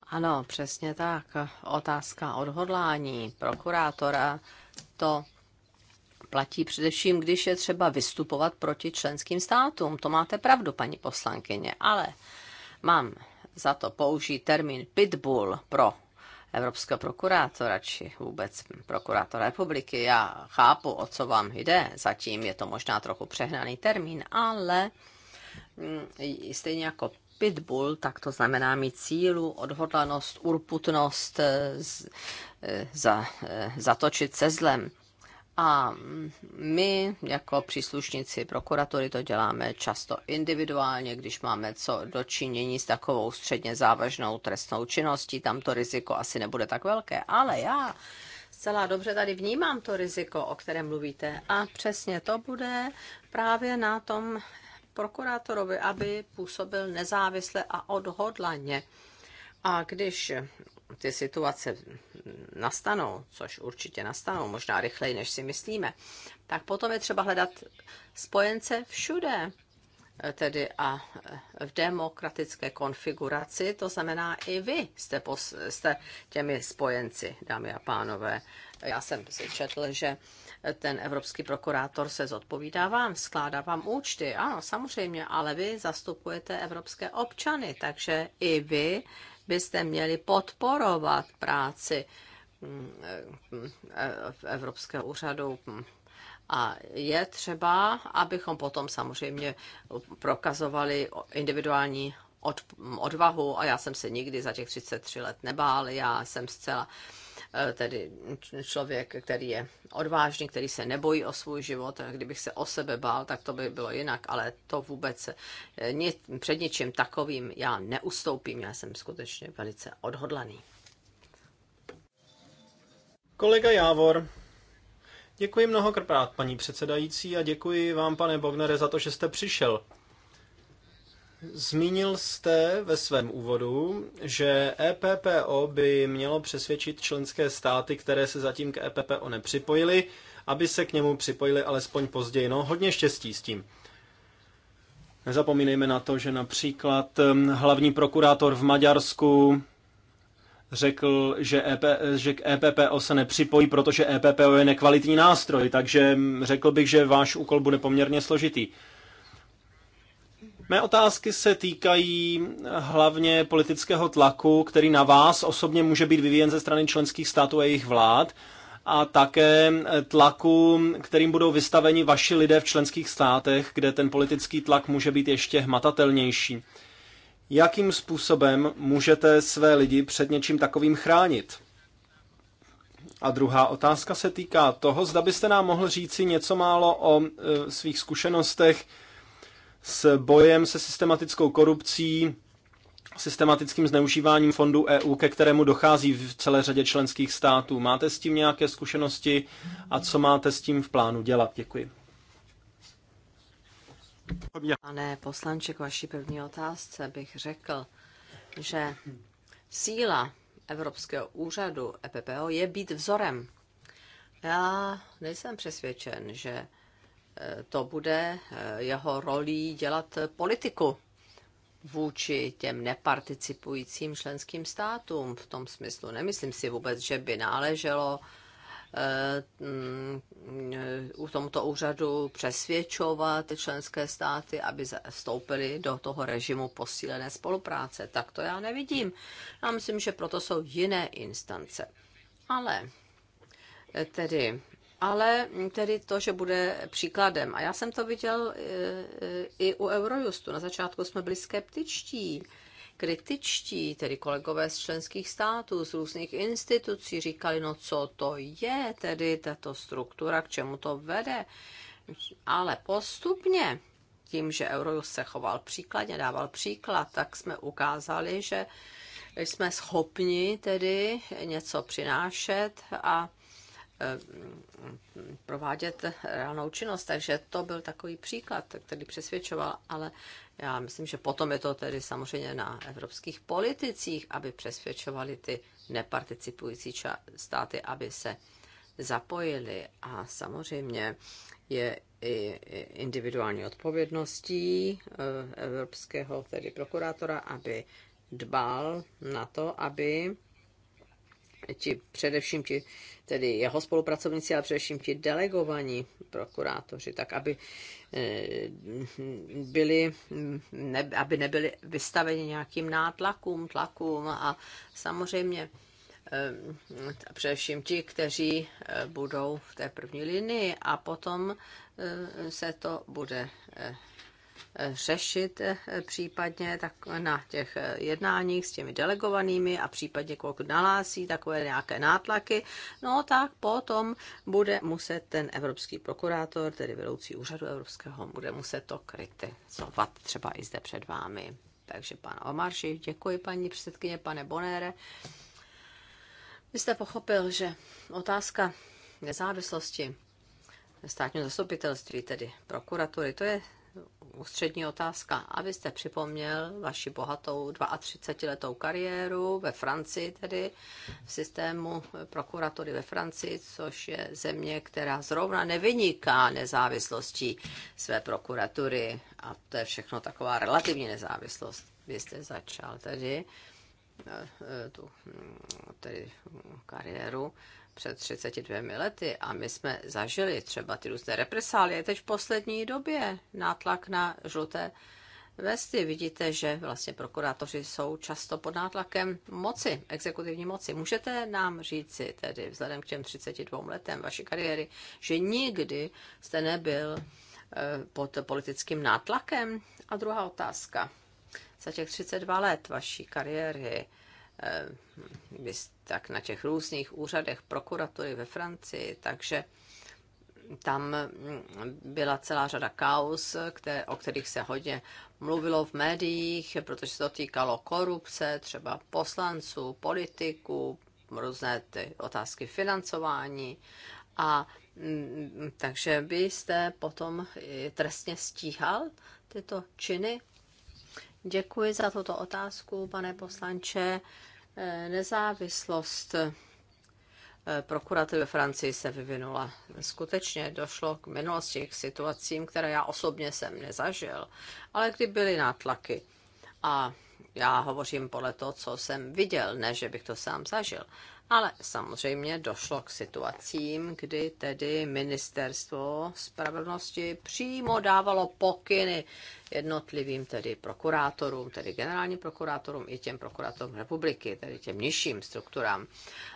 Ano, přesně tak. Otázka odhodlání prokurátora, to platí především, když je třeba vystupovat proti členským státům. To máte pravdu, paní poslankyně, ale mám za to použít termín pitbull pro evropského prokurátora, či vůbec prokurátora republiky. Já chápu, o co vám jde, zatím je to možná trochu přehnaný termín, ale mm, stejně jako pitbull, tak to znamená mít cílu, odhodlanost, urputnost, eh, eh, za, eh, zatočit se zlem. A my jako příslušníci prokuratury to děláme často individuálně, když máme co dočinění s takovou středně závažnou trestnou činností, tam to riziko asi nebude tak velké. Ale já zcela dobře tady vnímám to riziko, o kterém mluvíte. A přesně to bude právě na tom prokurátorovi, aby působil nezávisle a odhodlaně. A když ty situace nastanou, což určitě nastanou, možná rychleji, než si myslíme, tak potom je třeba hledat spojence všude, tedy a v demokratické konfiguraci, to znamená i vy jste, pos, jste těmi spojenci, dámy a pánové. Já jsem si četl, že ten evropský prokurátor se zodpovídá vám, skládá vám účty, ano, samozřejmě, ale vy zastupujete evropské občany, takže i vy byste měli podporovat práci mm, e, e, Evropského úřadu a je třeba, abychom potom samozřejmě prokazovali individuální odvahu a já jsem se nikdy za těch 33 let nebál, já jsem zcela Eh, tedy člověk, který je odvážný, který se nebojí o svůj život. Kdybych se o sebe bál, tak to by bylo jinak, ale to vůbec eh, před ničím takovým já neustoupím. Já jsem skutečně velice odhodlaný. Kolega Jávor, děkuji mnohokrát, paní předsedající, a děkuji vám, pane Bognere, za to, že jste přišel. Zmínil jste ve svém úvodu, že EPPO by mělo přesvědčit členské státy, které se zatím k EPPO nepřipojily, aby se k němu připojili alespoň později. No, hodně štěstí s tím. Nezapomínejme na to, že například hm, hlavní prokurátor v Maďarsku řekl, že, EP, že k EPPO se nepřipojí, protože EPPO je nekvalitní nástroj, takže hm, řekl bych, že váš úkol bude poměrně složitý. Mé otázky se týkají hlavně politického tlaku, který na vás osobně může být vyvíjen ze strany členských států a jejich vlád a také tlaku, kterým budou vystaveni vaši lidé v členských státech, kde ten politický tlak může být ještě hmatatelnější. Jakým způsobem můžete své lidi před něčím takovým chránit? A druhá otázka se týká toho, zda byste nám mohl říci něco málo o e, svých zkušenostech s bojem se systematickou korupcí, systematickým zneužíváním fondů EU, ke kterému dochází v celé řadě členských států. Máte s tím nějaké zkušenosti a co máte s tím v plánu dělat? Děkuji. Pane poslanče, k vaší první otázce bych řekl, že síla Evropského úřadu EPPO je být vzorem. Já nejsem přesvědčen, že to bude eh, jeho rolí dělat politiku vůči těm neparticipujícím členským státům v tom smyslu. Nemyslím si vůbec, že by náleželo eh, mm, u tomto úřadu přesvědčovat členské státy, aby vstoupili do toho režimu posílené spolupráce. Tak to já nevidím. Já myslím, že proto jsou jiné instance. Ale eh, tedy ale tedy to, že bude příkladem. A já jsem to viděl e, e, i u Eurojustu. Na začátku jsme byli skeptičtí, kritičtí, tedy kolegové z členských států, z různých institucí, říkali, no co to je, tedy tato struktura, k čemu to vede. Ale postupně, tím, že Eurojust se choval příkladně, dával příklad, tak jsme ukázali, že jsme schopni tedy něco přinášet a Eh, provádět reálnou činnost. Takže to byl takový příklad, který přesvědčoval, ale já myslím, že potom je to tedy samozřejmě na evropských politicích, aby přesvědčovali ty neparticipující státy, aby se zapojili. A samozřejmě je i individuální odpovědností eh, evropského tedy prokurátora, aby dbal na to, aby ti, především ti, tedy jeho spolupracovníci, ale především ti delegovaní prokurátoři, tak aby eh, byli, ne, aby nebyli vystaveni nějakým nátlakům, tlakům a samozřejmě eh, a především ti, kteří eh, budou v té první linii a potom se to bude řešit eh, případně tak na těch eh, jednáních s těmi delegovanými a případně kolik nalásí takové nějaké nátlaky, no tak potom bude muset ten evropský prokurátor, tedy vedoucí úřadu evropského, bude muset to kritizovat třeba i zde před vámi. Takže pan Omarši, děkuji paní předsedkyně, pane Bonére. Vy jste pochopil, že otázka nezávislosti státního zastupitelství, tedy prokuratury, to je ústřední otázka. A vy jste připomněl vaši bohatou 32-letou kariéru ve Francii, tedy v systému prokuratury ve Francii, což je země, která zrovna nevyniká nezávislostí své prokuratury. A to je všechno taková relativní nezávislost. Vy jste začal tedy eh, eh, tu hm, tedy kariéru před 32 lety a my jsme zažili třeba ty různé represálie. Teď v poslední době nátlak na žluté vesty. Vidíte, že vlastně prokurátoři jsou často pod nátlakem moci, exekutivní moci. Můžete nám říci, tedy vzhledem k těm 32 letem vaší kariéry, že nikdy jste nebyl eh, pod politickým nátlakem? A druhá otázka. Za těch 32 let vaší kariéry eh, vy jste tak na těch různých úřadech prokuratury ve Francii, takže tam byla celá řada kaus, které, o kterých se hodně mluvilo v médiích, protože se to týkalo korupce, třeba poslanců, politiků, různé ty otázky financování. A mm, takže byste potom trestně stíhal tyto činy? Děkuji za tuto otázku, pane poslanče. Eh, nezávislost eh, prokuratury ve Francii se vyvinula. Skutečně došlo k minulosti k situacím, které já osobně jsem nezažil, ale kdy byly nátlaky. A já hovořím podle toho, co jsem viděl, ne, že bych to sám zažil. Ale samozřejmě došlo k situacím, kdy tedy ministerstvo spravedlnosti přímo dávalo pokyny jednotlivým tedy prokurátorům, tedy generálním prokurátorům i těm prokurátorům republiky, tedy těm nižším strukturám.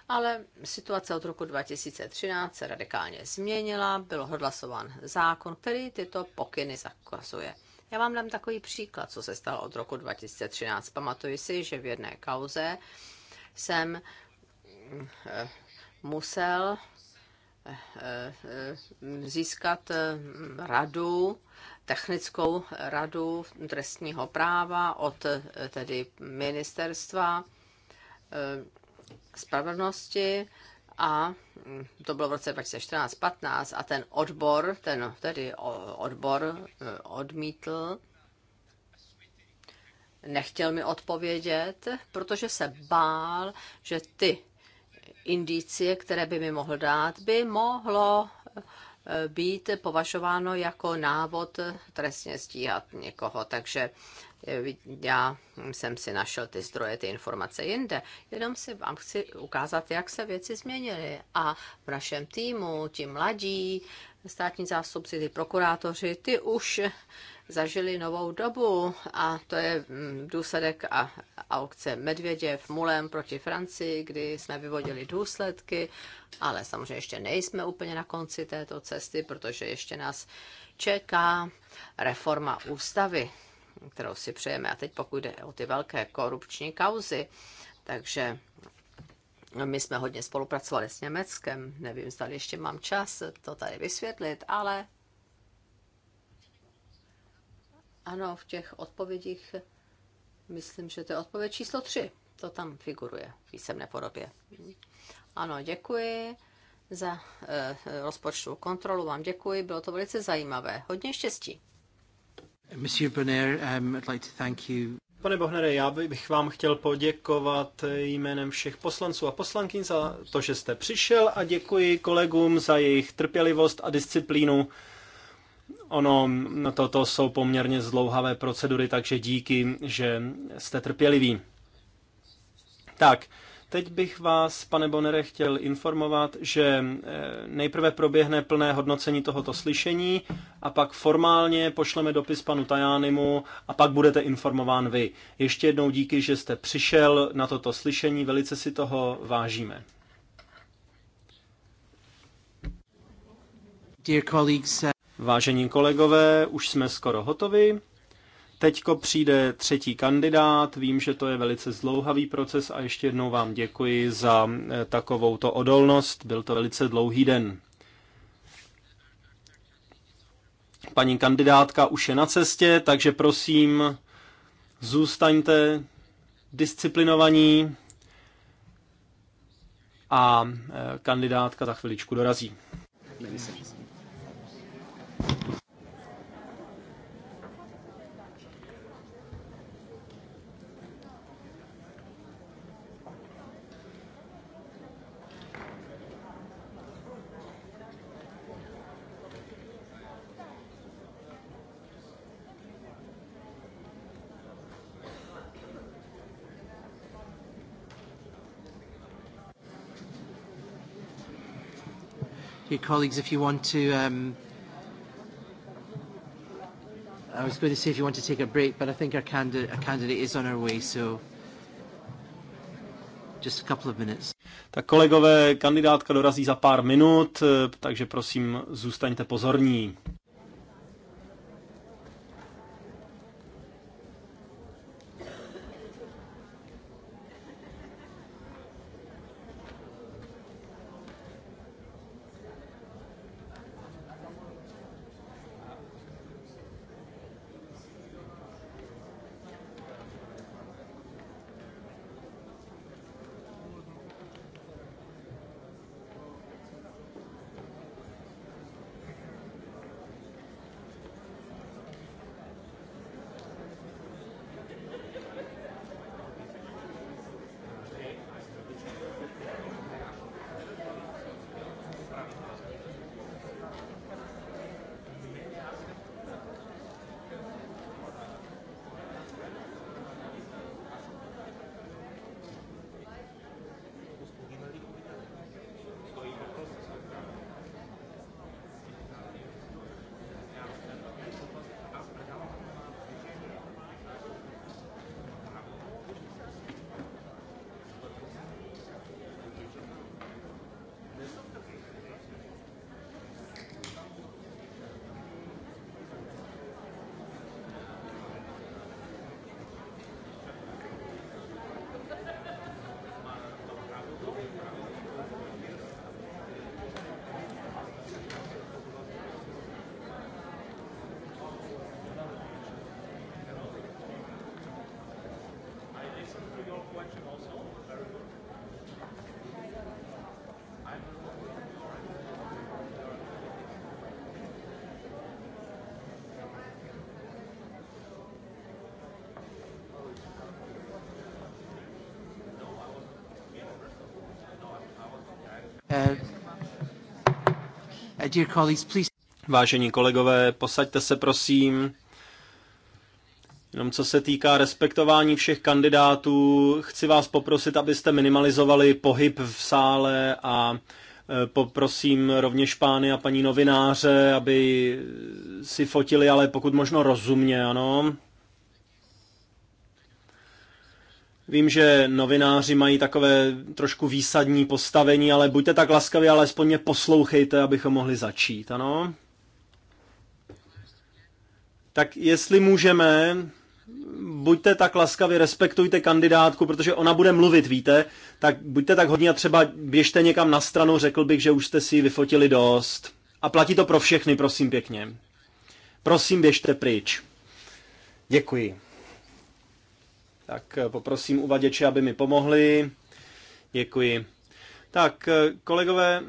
Ale situace od roku 2013 se radikálně změnila, byl hodlasován zákon, který tyto pokyny zakazuje. Já vám dám takový příklad, co se stalo od roku 2013. Pamatuji si, že v jedné kauze jsem Eh, musel eh, eh, získat radu, technickou radu trestního práva od tedy ministerstva spravedlnosti a mm, to bylo v roce 2014-15 a ten odbor, ten tedy odbor odmítl, nechtěl mi odpovědět, protože se bál, že ty indicie, které by mi mohl dát, by mohlo eh, být považováno jako návod trestně stíhat někoho. Takže eh, já jsem si našel ty zdroje, ty informace jinde. Jenom si vám chci ukázat, jak se věci změnily. A v našem týmu, ti mladí, státní zástupci, ty prokurátoři, ty už zažili novou dobu a to je mm, důsledek a aukce v mulem proti Francii, kdy jsme vyvodili důsledky, ale samozřejmě ještě nejsme úplně na konci této cesty, protože ještě nás čeká reforma ústavy, kterou si přejeme. A teď pokud jde o ty velké korupční kauzy, takže my jsme hodně spolupracovali s Německem, nevím, zda ještě mám čas to tady vysvětlit, ale ano, v těch odpovědích, myslím, že to je odpověď číslo 3. To tam figuruje v písemné podobě. Ano, děkuji za eh, eh rozpočtovou kontrolu. Vám děkuji, bylo to velice zajímavé. Hodně štěstí. Monsieur Bonner, um, I'd like to thank you. Pane Bohnere, já bych vám chtěl poděkovat jménem všech poslanců a poslankyň za to, že jste přišel a děkuji kolegům za jejich trpělivost a disciplínu. Ono, toto jsou poměrně zdlouhavé procedury, takže díky, že jste trpěliví. Tak, teď bych vás, pane Bonere, chtěl informovat, že eh, nejprve proběhne plné hodnocení tohoto slyšení a pak formálně pošleme dopis panu Tajánimu a pak budete informován vy. Ještě jednou díky, že jste přišel na toto slyšení, velice si toho vážíme. Dear colleagues, Vážení kolegové, už jsme skoro hotovi. Teďko přijde třetí kandidát. Vím, že to je velice zdlouhavý proces a ještě jednou vám děkuji za eh, takovouto odolnost. Byl to velice dlouhý den. Paní kandidátka už je na cestě, takže prosím, zůstaňte disciplinovaní a eh, kandidátka za chviličku dorazí. Medicine colleagues, if you want to um, i was going to say if you want to take a break, but I think our candidate, our candidate is on our way, so just a couple of minutes. Tak kolegové, kandidátka dorazí za pár minut, eh, takže prosím, zůstaňte pozorní. dear colleagues, please. Vážení kolegové, posaďte se prosím. Jenom co se týká respektování všech kandidátů, chci vás poprosit, abyste minimalizovali pohyb v sále a e, poprosím rovněž pány a paní novináře, aby si fotili, ale pokud možno rozumně, ano. Vím, že novináři mají takové trošku výsadní postavení, ale buďte tak laskaví, aspoň mě poslouchejte, abychom mohli začít, ano? Tak jestli můžeme, buďte tak laskaví, respektujte kandidátku, protože ona bude mluvit, víte, tak buďte tak hodně a třeba běžte někam na stranu, řekl bych, že už jste si ji vyfotili dost. A platí to pro všechny, prosím pěkně. Prosím, běžte pryč. Děkuji. Tak eh, poprosím uvaděče, aby mi pomohli. Děkuji. Tak, eh, kolegové,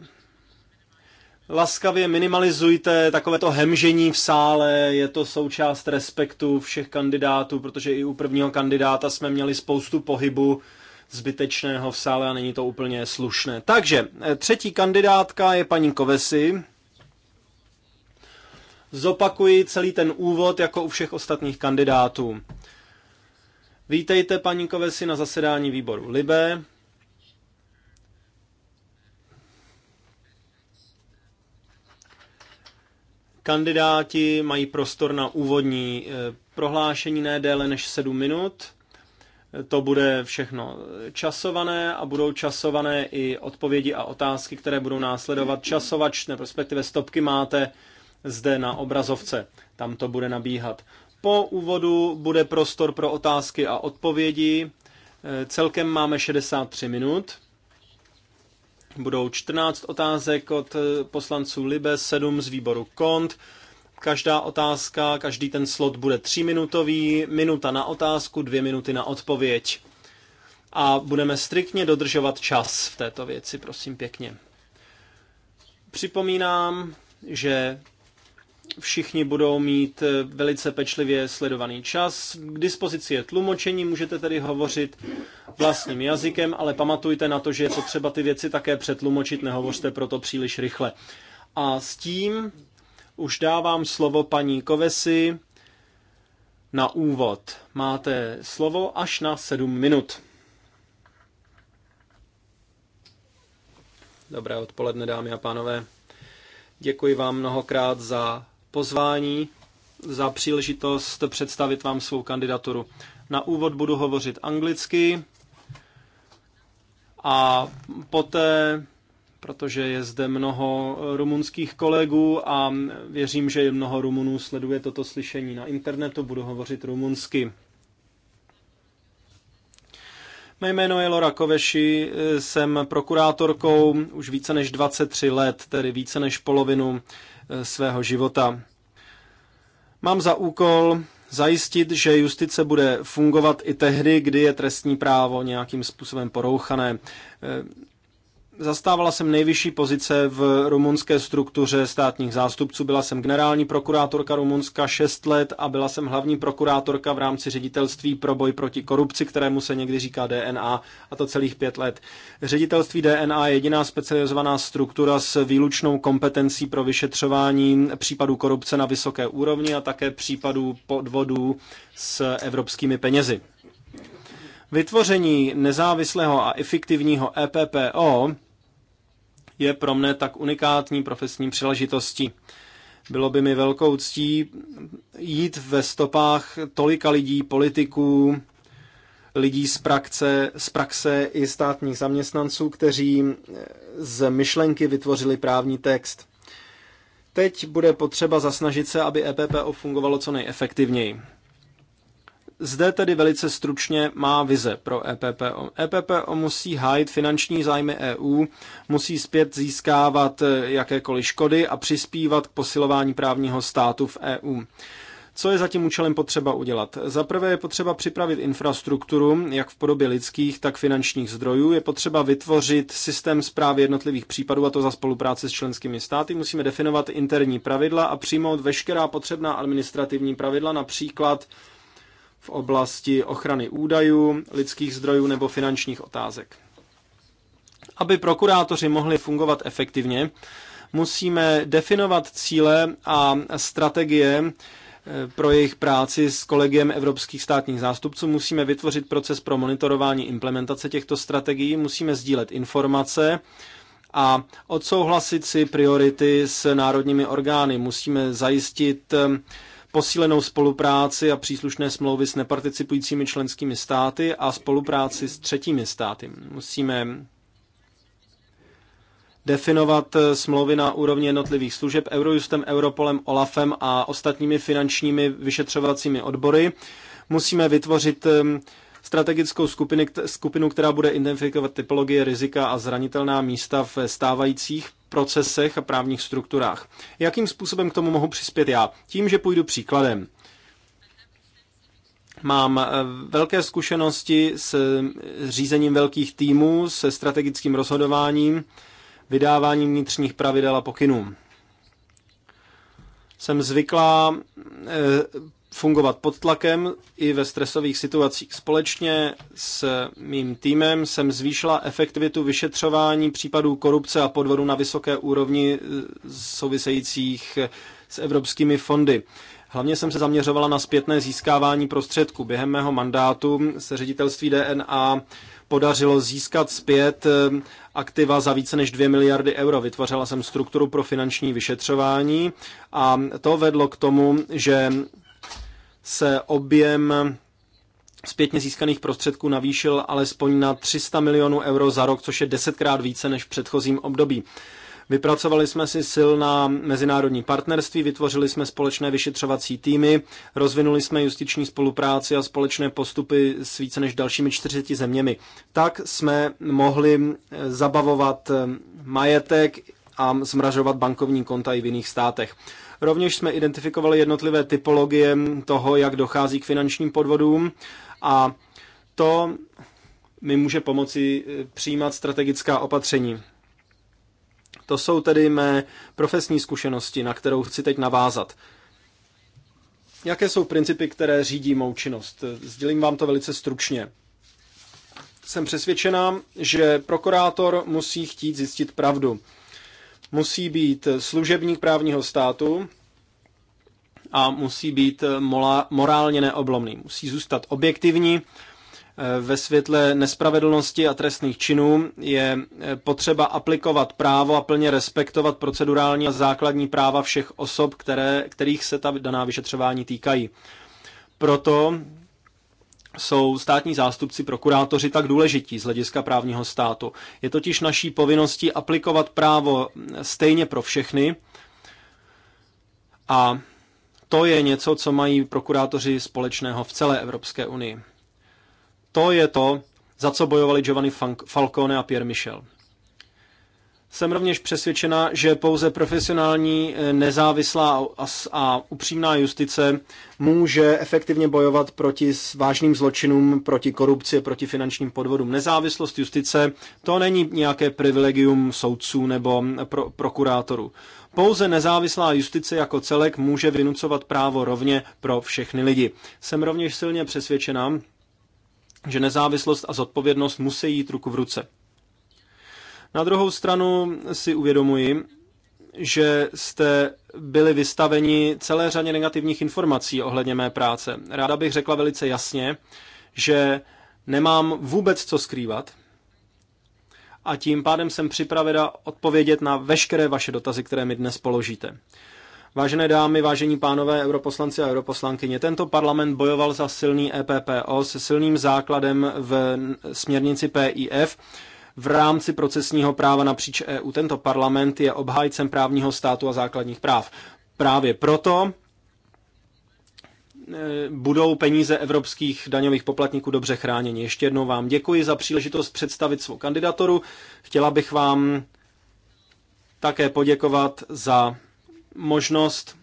laskavě minimalizujte takovéto hemžení v sále, je to součást respektu všech kandidátů, protože i u prvního kandidáta jsme měli spoustu pohybu zbytečného v sále a není to úplně slušné. Takže eh, třetí kandidátka je paní Kovesi. Zopakuji celý ten úvod jako u všech ostatních kandidátů. Vítejte, paní Kovesi, na zasedání výboru Libé. Kandidáti mají prostor na úvodní eh, prohlášení ne déle než 7 minut. To bude všechno časované a budou časované i odpovědi a otázky, které budou následovat. Časovač, respektive stopky máte zde na obrazovce. Tam to bude nabíhat. Po úvodu bude prostor pro otázky a odpovědi. Eh, celkem máme 63 minut. Budou 14 otázek od eh, poslanců Libe, 7 z výboru KONT. Každá otázka, každý ten slot bude 3 minutový, minuta na otázku, 2 minuty na odpověď. A budeme striktně dodržovat čas v této věci, prosím pěkně. Připomínám, že Všichni budou mít eh, velice pečlivě sledovaný čas. K dispozici je tlumočení, můžete tedy hovořit vlastním jazykem, ale pamatujte na to, že je potřeba ty věci také přetlumočit, nehovořte proto příliš rychle. A s tím už dávám slovo paní Kovesi na úvod. Máte slovo až na sedm minut. Dobré odpoledne, dámy a pánové. Děkuji vám mnohokrát za pozvání, za příležitost představit vám svou kandidaturu. Na úvod budu hovořit anglicky a poté, protože je zde mnoho rumunských kolegů a věřím, že mnoho Rumunů sleduje toto slyšení na internetu, budu hovořit rumunsky. Mé jméno je Lora Koveši, jsem prokurátorkou už více než 23 let, tedy více než polovinu Eh, svého života. Mám za úkol zajistit, že justice bude fungovat i tehdy, kdy je trestní právo nějakým způsobem porouchané. Eh, Zastávala jsem nejvyšší pozice v rumunské struktuře státních zástupců. Byla jsem generální prokurátorka Rumunska 6 let a byla jsem hlavní prokurátorka v rámci ředitelství pro boj proti korupci, kterému se někdy říká DNA, a to celých pět let. Ředitelství DNA je jediná specializovaná struktura s výlučnou kompetencí pro vyšetřování případů korupce na vysoké úrovni a také případů podvodů s evropskými penězi. Vytvoření nezávislého a efektivního EPPO je pro mne tak unikátní profesní příležitostí. Bylo by mi velkou ctí jít ve stopách tolika lidí, politiků, lidí z praxe, z praxe i státních zaměstnanců, kteří z myšlenky vytvořili právní text. Teď bude potřeba zasnažit se, aby EPPO fungovalo co nejefektivněji. Zde tedy velice stručně má vize pro EPPO. EPPO musí hájit finanční zájmy EU, musí zpět získávat eh, jakékoliv škody a přispívat k posilování právního státu v EU. Co je za tím účelem potřeba udělat? Za prvé je potřeba připravit infrastrukturu, jak v podobě lidských, tak finančních zdrojů. Je potřeba vytvořit systém zprávy jednotlivých případů, a to za spolupráce s členskými státy. Musíme definovat interní pravidla a přijmout veškerá potřebná administrativní pravidla, například v oblasti ochrany údajů, lidských zdrojů nebo finančních otázek. Aby prokurátoři mohli fungovat efektivně, musíme definovat cíle a strategie eh, pro jejich práci s kolegiem evropských státních zástupců. Musíme vytvořit proces pro monitorování implementace těchto strategií, musíme sdílet informace, a odsouhlasit si priority s národními orgány. Musíme zajistit eh, posílenou spolupráci a příslušné smlouvy s neparticipujícími členskými státy a spolupráci s třetími státy. Musíme definovat smlouvy na úrovni jednotlivých služeb Eurojustem, Europolem, Olafem a ostatními finančními vyšetřovacími odbory. Musíme vytvořit strategickou skupiny, skupinu, která bude identifikovat typologie rizika a zranitelná místa v stávajících procesech a právních strukturách. Jakým způsobem k tomu mohu přispět já? Tím, že půjdu příkladem. Mám eh, velké zkušenosti s eh, řízením velkých týmů, se strategickým rozhodováním, vydáváním vnitřních pravidel a pokynů. Jsem zvyklá eh, fungovat pod tlakem i ve stresových situacích. Společně s mým týmem jsem zvýšila efektivitu vyšetřování případů korupce a podvodu na vysoké úrovni e, souvisejících s evropskými fondy. Hlavně jsem se zaměřovala na zpětné získávání prostředků. Během mého mandátu se ředitelství DNA podařilo získat zpět e, aktiva za více než 2 miliardy euro. Vytvořila jsem strukturu pro finanční vyšetřování a to vedlo k tomu, že se objem zpětně získaných prostředků navýšil alespoň na 300 milionů euro za rok, což je desetkrát více než v předchozím období. Vypracovali jsme si silná mezinárodní partnerství, vytvořili jsme společné vyšetřovací týmy, rozvinuli jsme justiční spolupráci a společné postupy s více než dalšími 40 zeměmi. Tak jsme mohli eh, zabavovat eh, majetek a zmražovat bankovní konta i v jiných státech. Rovněž jsme identifikovali jednotlivé typologie toho, jak dochází k finančním podvodům a to mi může pomoci eh, přijímat strategická opatření. To jsou tedy mé profesní zkušenosti, na kterou chci teď navázat. Jaké jsou principy, které řídí mou činnost? Sdělím vám to velice stručně. Jsem přesvědčená, že prokurátor musí chtít zjistit pravdu musí být služebník právního státu a musí být morálně neoblomný. Musí zůstat objektivní. Eh, ve světle nespravedlnosti a trestných činů je eh, potřeba aplikovat právo a plně respektovat procedurální a základní práva všech osob, které, kterých se ta daná vyšetřování týkají. Proto jsou státní zástupci prokurátoři tak důležití z hlediska právního státu. Je totiž naší povinností aplikovat právo stejně pro všechny a to je něco, co mají prokurátoři společného v celé Evropské unii. To je to, za co bojovali Giovanni Falcone a Pierre Michel. Jsem rovněž přesvědčena, že pouze profesionální, eh, nezávislá a upřímná justice může efektivně bojovat proti vážným zločinům, proti korupci, proti finančním podvodům. Nezávislost justice to není nějaké privilegium soudců nebo mm, pro, prokurátorů. Pouze nezávislá justice jako celek může vynucovat právo rovně pro všechny lidi. Jsem rovněž silně přesvědčena, že nezávislost a zodpovědnost musí jít ruku v ruce. Na druhou stranu si uvědomuji, že jste byli vystaveni celé řadě negativních informací ohledně mé práce. Ráda bych řekla velice jasně, že nemám vůbec co skrývat a tím pádem jsem připravena odpovědět na veškeré vaše dotazy, které mi dnes položíte. Vážené dámy, vážení pánové, europoslanci a europoslankyně, tento parlament bojoval za silný EPPO se silným základem v směrnici PIF, v rámci procesního práva napříč EU. Tento parlament je obhájcem právního státu a základních práv. Právě proto e, budou peníze evropských daňových poplatníků dobře chráněni. Ještě jednou vám děkuji za příležitost představit svou kandidaturu. Chtěla bych vám také poděkovat za možnost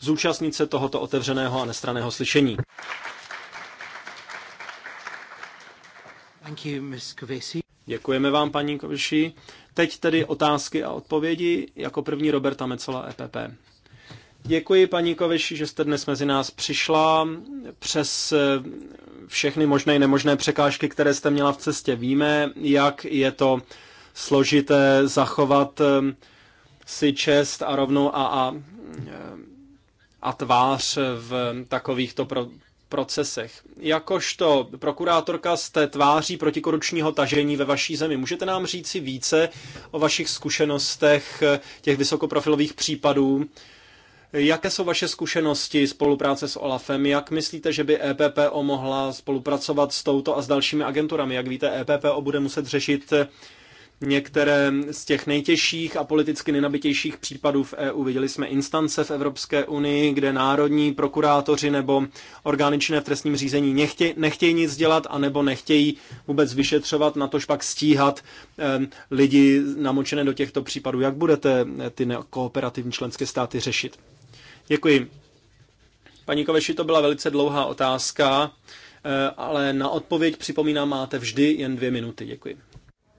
zúčastnit se tohoto otevřeného a nestraného slyšení. Thank you, Ms. Děkujeme vám, paní Koviši. Teď tedy otázky a odpovědi. Jako první Roberta Mecola, EPP. Děkuji, paní Koviši, že jste dnes mezi nás přišla. Přes eh, všechny možné i nemožné překážky, které jste měla v cestě, víme, jak je to složité zachovat eh, si čest a rovnou a, a, eh, a tvář v takovýchto pro, procesech. Jakožto prokurátorka jste tváří protikorupčního tažení ve vaší zemi. Můžete nám říci více o vašich zkušenostech těch vysokoprofilových případů? Jaké jsou vaše zkušenosti spolupráce s OLAFem? Jak myslíte, že by EPPO mohla spolupracovat s touto a s dalšími agenturami? Jak víte, EPPO bude muset řešit některé z těch nejtěžších a politicky nejnabitějších případů v EU. Viděli jsme instance v Evropské unii, kde národní prokurátoři nebo orgány činné v trestním řízení nechtějí, nechtějí nic dělat a nebo nechtějí vůbec vyšetřovat, na tož pak stíhat ehm, lidi namočené do těchto případů. Jak budete eh, ty kooperativní členské státy řešit? Děkuji. Paní Koveši, to byla velice dlouhá otázka, eh, ale na odpověď připomínám, máte vždy jen dvě minuty. Děkuji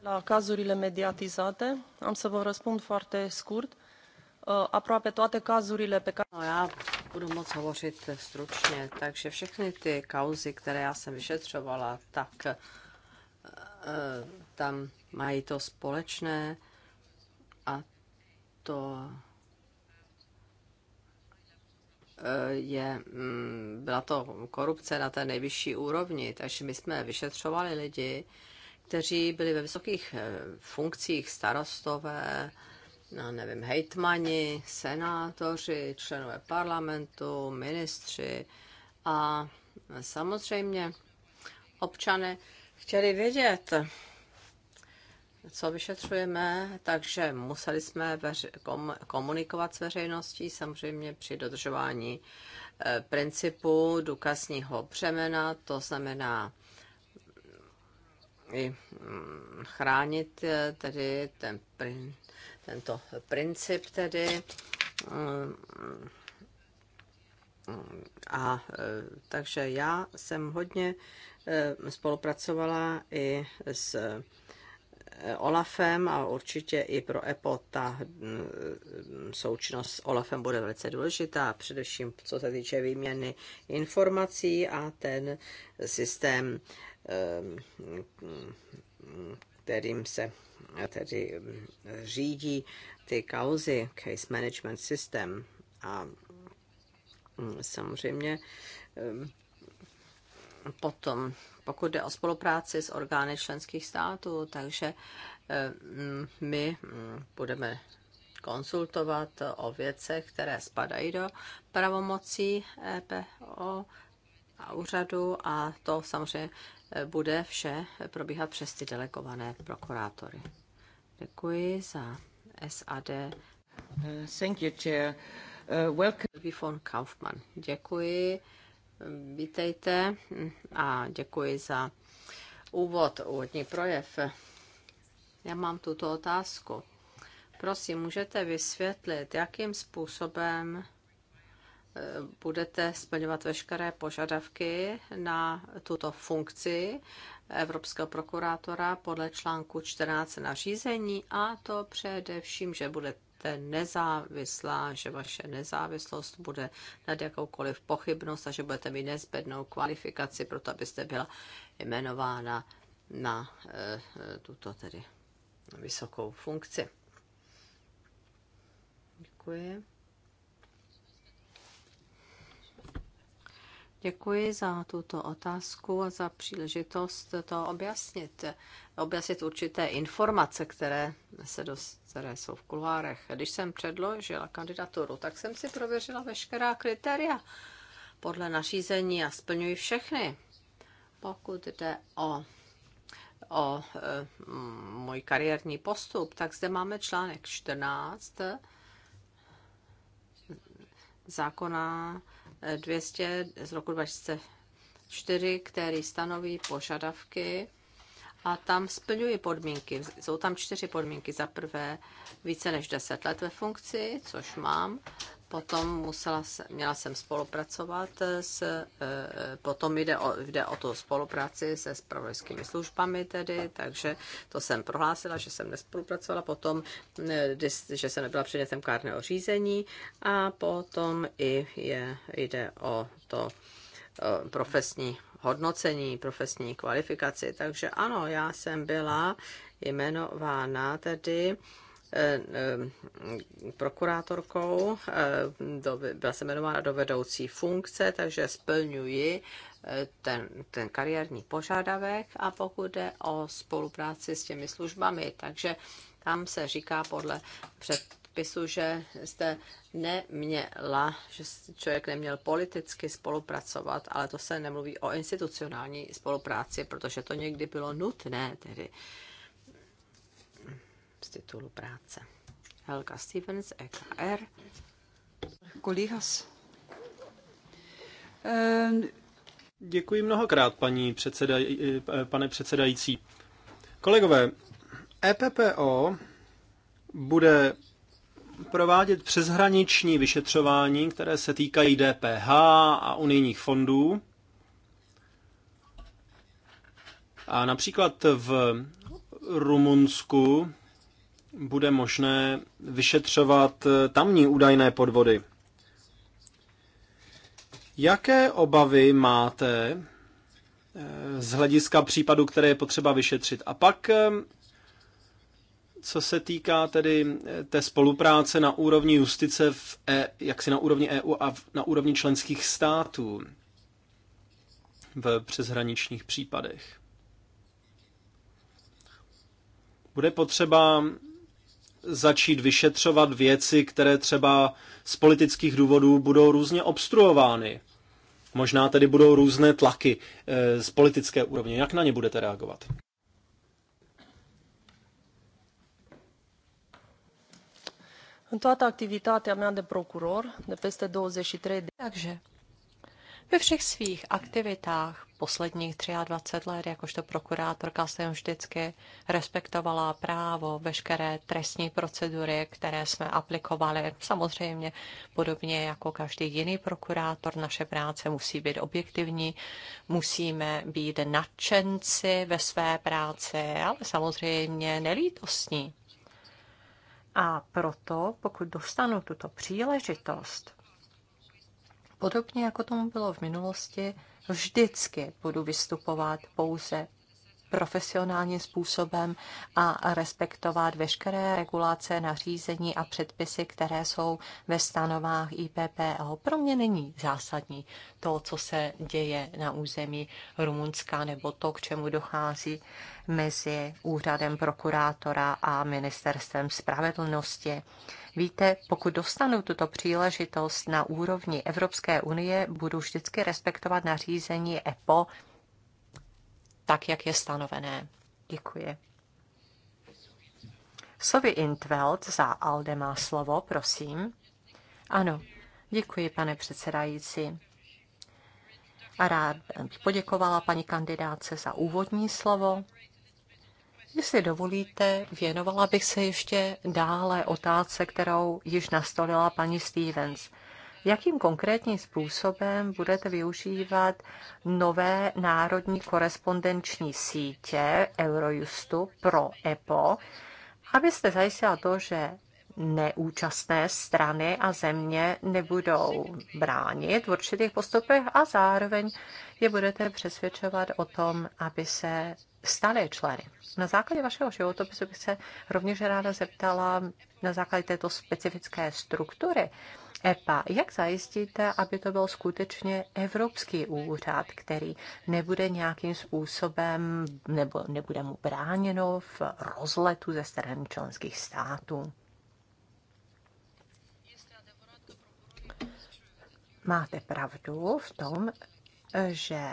la cazurile mediatizate. Am să vă răspund foarte scurt. Uh, aproape toate cazurile pe care... No, já budu moc hovořit stručně, takže všechny ty kauzy, které já jsem vyšetřovala, tak eh, tam mají to společné a to eh, je, mm, byla to korupce na té nejvyšší úrovni, takže my jsme vyšetřovali lidi, kteří byli ve vysokých eh, funkcích starostové, no, nevím, hejtmani, senátoři, členové parlamentu, ministři a samozřejmě občany chtěli vědět, co vyšetřujeme, takže museli jsme komunikovat s veřejností, samozřejmě při dodržování eh, principu důkazního břemena, to znamená i mm, chránit eh, tedy ten, tento princip tedy mm, mm, a eh, takže já jsem hodně eh, spolupracovala i s Olafem a určitě i pro EPO ta součinnost s Olafem bude velice důležitá, především co se týče výměny informací a ten systém Eh, kterým se tedy řídí ty kauzy, case management system a mm, samozřejmě eh, potom, pokud jde o spolupráci s orgány členských států, takže eh, my mm, budeme konsultovat o věcech, které spadají do pravomocí EPO a úřadu a to samozřejmě bude vše probíhat přes ty delegované prokurátory. Děkuji za SAD. Thank you, Chair. Uh, welcome. von Kaufmann. Děkuji. Vítejte a děkuji za úvod, úvodní projev. Já mám tuto otázku. Prosím, můžete vysvětlit, jakým způsobem budete splňovat veškeré požadavky na tuto funkci evropského prokurátora podle článku 14 nařízení a to především, že budete nezávislá, že vaše nezávislost bude nad jakoukoliv pochybnost a že budete mít nezbednou kvalifikaci pro to, abyste byla jmenována na eh, tuto tedy vysokou funkci. Děkuji. Děkuji za tuto otázku a za příležitost to objasnit. Objasnit určité informace, které, se dost, které jsou v kulvárech. Když jsem předložila kandidaturu, tak jsem si prověřila veškerá kritéria podle nařízení a splňuji všechny. Pokud jde o, o e, můj kariérní postup, tak zde máme článek 14 zákona 200 z roku 2004, který stanoví požadavky a tam splňuji podmínky. Jsou tam čtyři podmínky. Za prvé více než 10 let ve funkci, což mám potom musela, měla jsem spolupracovat s, e, potom jde o, jde o tu spolupráci se spravodajskými službami tedy, takže to jsem prohlásila, že jsem nespolupracovala, potom, e, že jsem nebyla předmětem kárného řízení a potom i je, jde o to e, profesní hodnocení, profesní kvalifikaci. Takže ano, já jsem byla jmenována tedy Eh, prokurátorkou, eh, do, byla jsem jmenována do vedoucí funkce, takže splňuji eh, ten, ten kariérní požadavek a pokud jde o spolupráci s těmi službami, takže tam se říká podle předpisu, že jste neměla, že člověk neměl politicky spolupracovat, ale to se nemluví o institucionální spolupráci, protože to někdy bylo nutné tedy. Uh, titulu práce. Helga Stevens, EKR. Kolíhas. Eh, děkuji mnohokrát, paní předseda, eh, eh, pane předsedající. Kolegové, EPPO bude provádět přeshraniční vyšetřování, které se týkají DPH a unijních fondů. A například v Rumunsku bude možné vyšetřovat eh, tamní údajné podvody. Jaké obavy máte eh, z hlediska případu, které je potřeba vyšetřit? A pak, eh, co se týká tedy té spolupráce na úrovni justice, v e, jaksi na úrovni EU a na úrovni členských států v přeshraničních případech? Bude potřeba začít vyšetřovat věci, které třeba z politických důvodů budou různě obstruovány. Možná tedy budou různé tlaky eh, z politické úrovně. Jak na ně budete reagovat? În toată activitatea mea de procuror, de peste 23 de... Takže ve všech svých aktivitách posledních 23 let, jakožto prokurátorka, jsem vždycky respektovala právo, veškeré trestní procedury, které jsme aplikovali. Samozřejmě, podobně jako každý jiný prokurátor, naše práce musí být objektivní, musíme být nadšenci ve své práci, ale samozřejmě nelítostní. A proto, pokud dostanu tuto příležitost, Podobně jako tomu bylo v minulosti, vždycky budu vystupovat pouze profesionálním způsobem a respektovat veškeré regulace, nařízení a předpisy, které jsou ve stanovách IPPO. Pro mě není zásadní to, co se děje na území Rumunska nebo to, k čemu dochází mezi úřadem prokurátora a ministerstvem spravedlnosti. Víte, pokud dostanu tuto příležitost na úrovni Evropské unie, budu vždycky respektovat nařízení EPO tak, jak je stanovené. Děkuji. Sovi Intveld za Alde má slovo, prosím. Ano, děkuji, pane předsedající. A rád poděkovala paní kandidáce za úvodní slovo Jestli dovolíte, věnovala bych se ještě dále otázce, kterou již nastolila paní Stevens. Jakým konkrétním způsobem budete využívat nové národní korespondenční sítě Eurojustu pro EPO, abyste zajistila to, že neúčastné strany a země nebudou bránit v určitých postupech a zároveň je budete přesvědčovat o tom, aby se staly členy. Na základě vašeho životopisu bych se rovněž ráda zeptala na základě této specifické struktury EPA, jak zajistíte, aby to byl skutečně evropský úřad, který nebude nějakým způsobem nebo nebude mu bráněno v rozletu ze strany členských států? máte pravdu v tom, že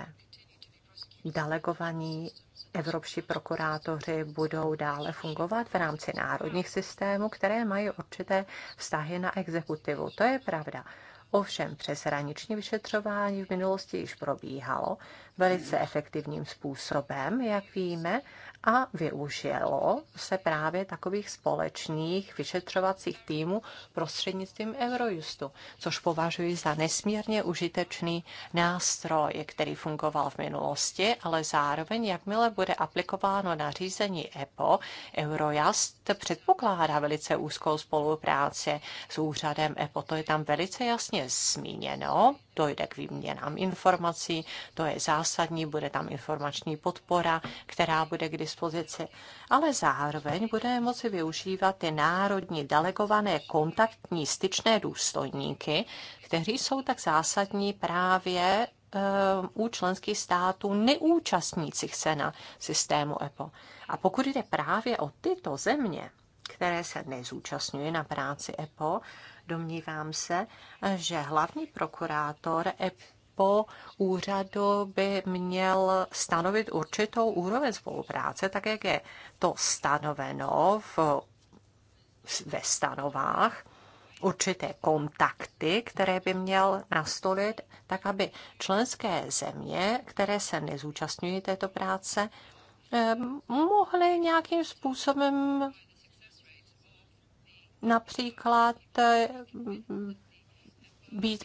delegovaní evropští prokurátoři budou dále fungovat v rámci národních systémů, které mají určité vztahy na exekutivu. To je pravda. Ovšem přeshraniční vyšetřování v minulosti již probíhalo velice efektivním způsobem, jak víme, a využilo se právě takových společných vyšetřovacích týmů prostřednictvím Eurojustu, což považuji za nesmírně užitečný nástroj, který fungoval v minulosti, ale zároveň, jakmile bude aplikováno na řízení EPO, Eurojust předpokládá velice úzkou spolupráci s úřadem EPO. To je tam velice jasně zmíněno dojde k výměnám informací, to je zásadní, bude tam informační podpora, která bude k dispozici, ale zároveň bude moci využívat ty národní delegované kontaktní styčné důstojníky, kteří jsou tak zásadní právě eh, u členských států neúčastnících se na systému EPO. A pokud jde právě o tyto země, které se nezúčastňují na práci EPO, Domnívám se, že hlavní prokurátor e po úřadu by měl stanovit určitou úroveň spolupráce, tak jak je to stanoveno v, ve stanovách, určité kontakty, které by měl nastolit, tak aby členské země, které se nezúčastňují této práce, eh, mohly nějakým způsobem například eh, být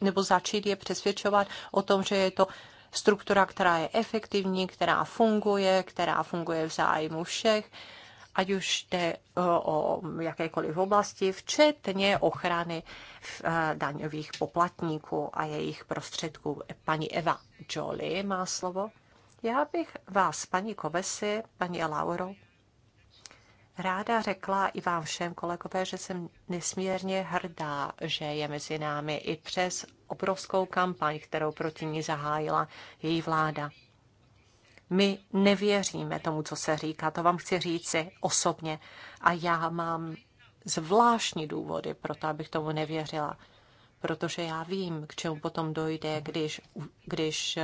nebo začít je přesvědčovat o tom, že je to struktura, která je efektivní, která funguje, která funguje v zájmu všech, ať už jde eh, o jakékoliv oblasti, včetně ochrany eh, daňových poplatníků a jejich prostředků. Paní Eva Jolie má slovo. Já bych vás, paní Kovesi, paní Lauro, ráda řekla i vám všem, kolegové, že jsem nesmírně hrdá, že je mezi námi i přes obrovskou kampaň, kterou proti ní zahájila její vláda. My nevěříme tomu, co se říká, to vám chci říci osobně. A já mám zvláštní důvody pro to, abych tomu nevěřila. Protože já vím, k čemu potom dojde, když, když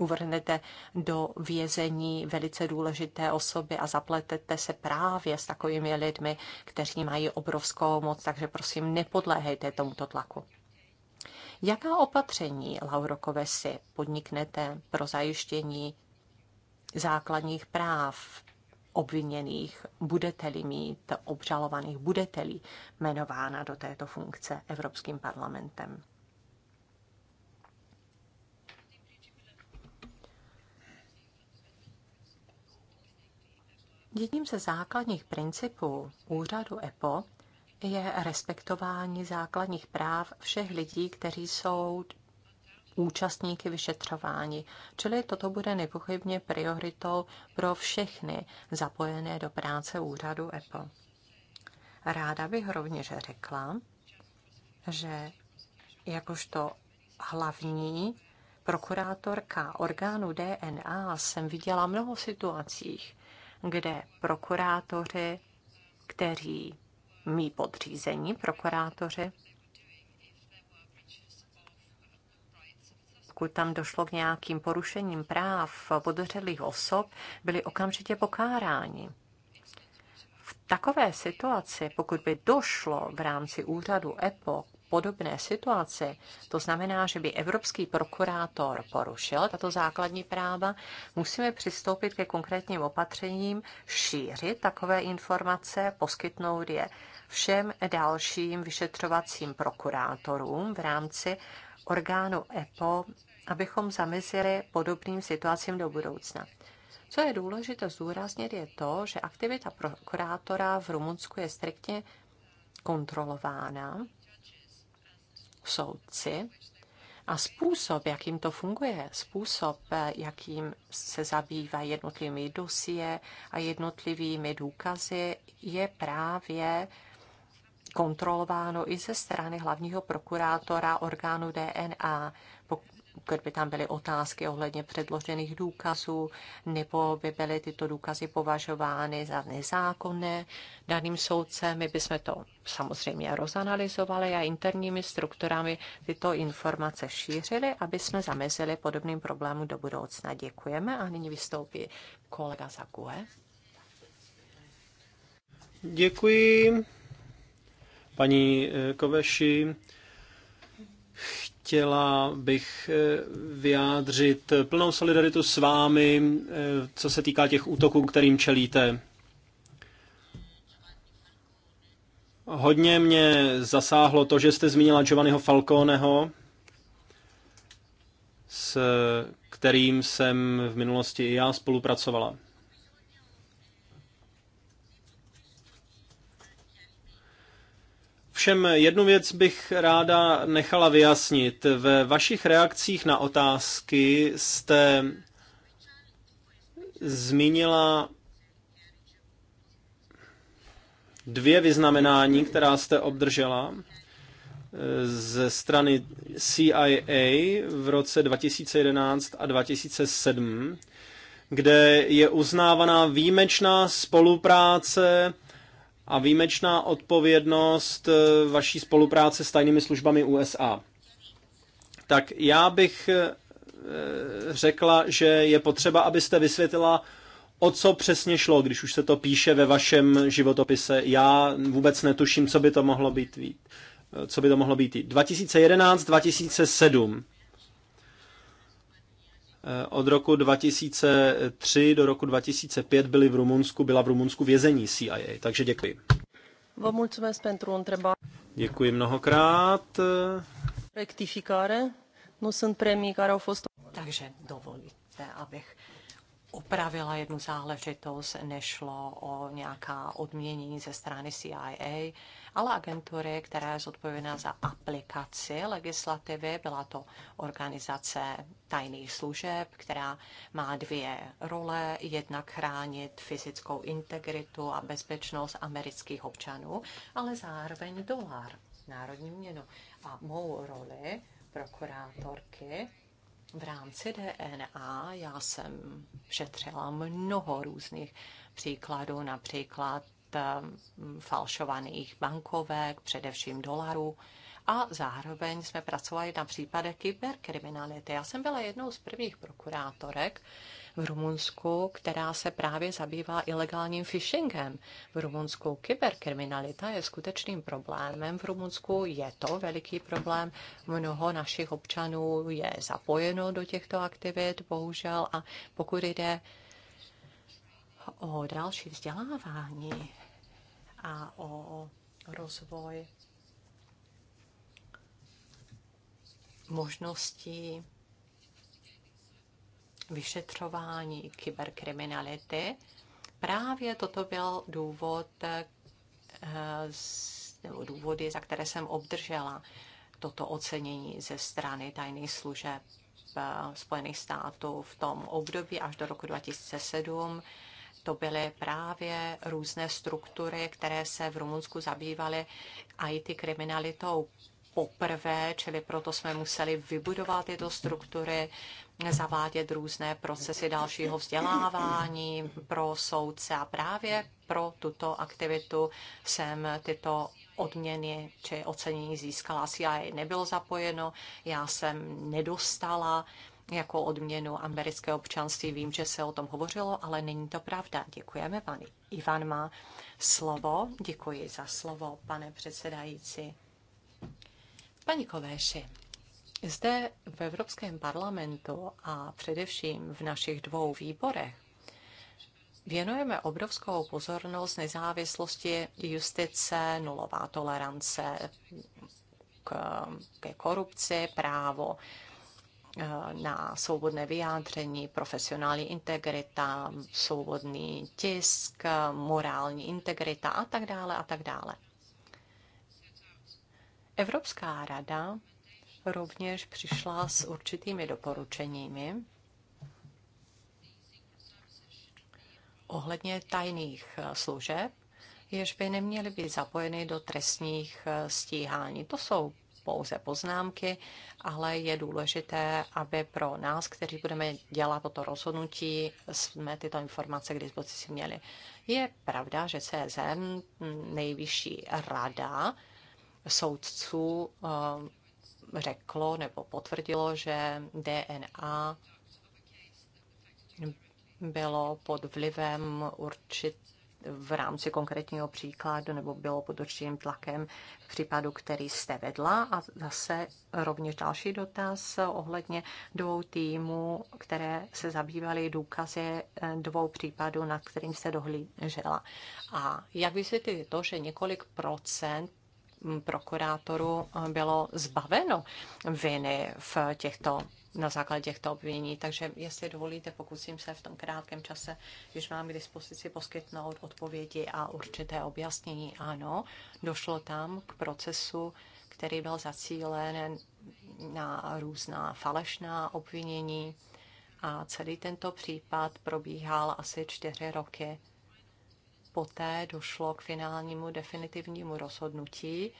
uvrhnete do vězení velice důležité osoby a zapletete se právě s takovými lidmi, kteří mají obrovskou moc, takže prosím, nepodléhejte tomuto tlaku. Jaká opatření, Lauro Kovesi, podniknete pro zajištění základních práv obviněných, budete-li mít obžalovaných, budete-li jmenována do této funkce Evropským parlamentem? Jedním ze základních principů úřadu EPO je respektování základních práv všech lidí, kteří jsou účastníky vyšetřování. Čili toto bude nepochybně prioritou pro všechny zapojené do práce úřadu EPO. Ráda bych rovněž řekla, že jakožto hlavní prokurátorka orgánu DNA jsem viděla mnoho situacích, kde prokurátoři, kteří mý podřízení prokurátoři, pokud tam došlo k nějakým porušením práv podezřelých osob, byli okamžitě pokáráni. V takové situaci, pokud by došlo v rámci úřadu EPO k podobné situaci, to znamená, že by evropský prokurátor porušil tato základní práva, musíme přistoupit ke konkrétním opatřením, šířit takové informace, poskytnout je všem dalším vyšetřovacím prokurátorům v rámci orgánu EPO, abychom zamezili podobným situacím do budoucna. Co je důležité zdůraznit, je to, že aktivita prokurátora v Rumunsku je striktně kontrolována soudci a způsob, jakým to funguje, způsob, jakým se zabývá jednotlivými dosie a jednotlivými důkazy, je právě kontrolováno i ze strany hlavního prokurátora orgánu DNA pokud by tam byly otázky ohledně předložených důkazů, nebo by byly tyto důkazy považovány za nezákonné daným soudcem. My bychom to samozřejmě rozanalizovali a interními strukturami tyto informace šířili, aby jsme zamezili podobným problémům do budoucna. Děkujeme a nyní vystoupí kolega Zakue. Děkuji, paní eh, Koveši chtěla bych eh, vyjádřit plnou solidaritu s vámi, eh, co se týká těch útoků, kterým čelíte. Hodně mě zasáhlo to, že jste zmínila Giovanniho Falconeho, s kterým jsem v minulosti i já spolupracovala. Ovšem jednu věc bych ráda nechala vyjasnit. Ve vašich reakcích na otázky jste zmínila dvě vyznamenání, která jste obdržela eh, ze strany CIA v roce 2011 a 2007, kde je uznávaná výjimečná spolupráce a výjimečná odpovědnost eh, vaší spolupráce s tajnými službami USA. Tak já bych eh, řekla, že je potřeba, abyste vysvětlila, o co přesně šlo, když už se to píše ve vašem životopise. Já vůbec netuším, co by to mohlo být. Eh, co by to mohlo být? 2011-2007. Eh, od roku 2003 do roku 2005 byli v Rumunsku, byla v Rumunsku vězení CIA, takže děkuji. Vă mulțumesc pentru întrebare. Děkuji mnohokrát. Rectificare. Nu sunt premii care au fost... Takže dovolíte, abych upravila jednu záležitost, nešlo o nějaká odměnění ze strany CIA, ale agentury, která je zodpovědná za aplikaci legislativy. Byla to organizace tajných služeb, která má dvě role. Jednak chránit fyzickou integritu a bezpečnost amerických občanů, ale zároveň dolar, národní měnu. A mou roli prokurátorky v rámci DNA já jsem šetřila mnoho různých příkladů, například Eh, falšovaných bankovek, především dolarů. A zároveň jsme pracovali na případech kyberkriminality. Já jsem byla jednou z prvních prokurátorek v Rumunsku, která se právě zabývá ilegálním phishingem. V Rumunsku kyberkriminalita je skutečným problémem. V Rumunsku je to veliký problém. Mnoho našich občanů je zapojeno do těchto aktivit, bohužel. A pokud jde o další vzdělávání a o rozvoj možností vyšetřování kyberkriminality. Právě toto byl důvod, eh, nebo důvody, za které jsem obdržela toto ocenění ze strany tajných služeb eh, Spojených států v tom období až do roku 2007 to byly právě různé struktury, které se v Rumunsku zabývaly IT kriminalitou poprvé, čili proto jsme museli vybudovat tyto struktury, zavádět různé procesy dalšího vzdělávání pro soudce a právě pro tuto aktivitu jsem tyto odměny či ocenění získala. Asi já nebylo zapojeno, já jsem nedostala jako odměnu americké občanství. Vím, že se o tom hovořilo, ale není to pravda. Děkujeme, pan Ivan má slovo. Děkuji za slovo, pane předsedající. Paní Kovéši, zde v Evropském parlamentu a především v našich dvou výborech Věnujeme obrovskou pozornost nezávislosti justice, nulová tolerance k, ke korupci, právo Eh, na svobodné vyjádření, profesionální integrita, svobodný tisk, morální integrita a tak dále a tak dále. Evropská rada rovněž přišla s určitými doporučeními ohledně tajných služeb, jež by neměly být zapojeny do trestních stíhání. To jsou pouze poznámky, ale je důležité, aby pro nás, kteří budeme dělat toto rozhodnutí, jsme tyto informace k dispozici měli. Je pravda, že CZM, mm, nejvyšší rada soudců, eh, řeklo nebo potvrdilo, že DNA bylo pod vlivem určit v rámci konkrétního příkladu nebo bylo pod určitým tlakem v případu, který jste vedla. A zase rovněž další dotaz ohledně dvou týmů, které se zabývaly důkazy eh, dvou případů, nad kterým jste dohlížela. A jak vysvětlíte to, že několik procent mm, prokurátoru eh, bylo zbaveno viny v těchto na základě těchto obvinění. Takže jestli dovolíte, pokusím se v tom krátkém čase, když mám k dispozici, poskytnout odpovědi a určité objasnění. Ano, došlo tam k procesu, který byl zacílen na různá falešná obvinění a celý tento případ probíhal asi čtyři roky. Poté došlo k finálnímu definitivnímu rozhodnutí,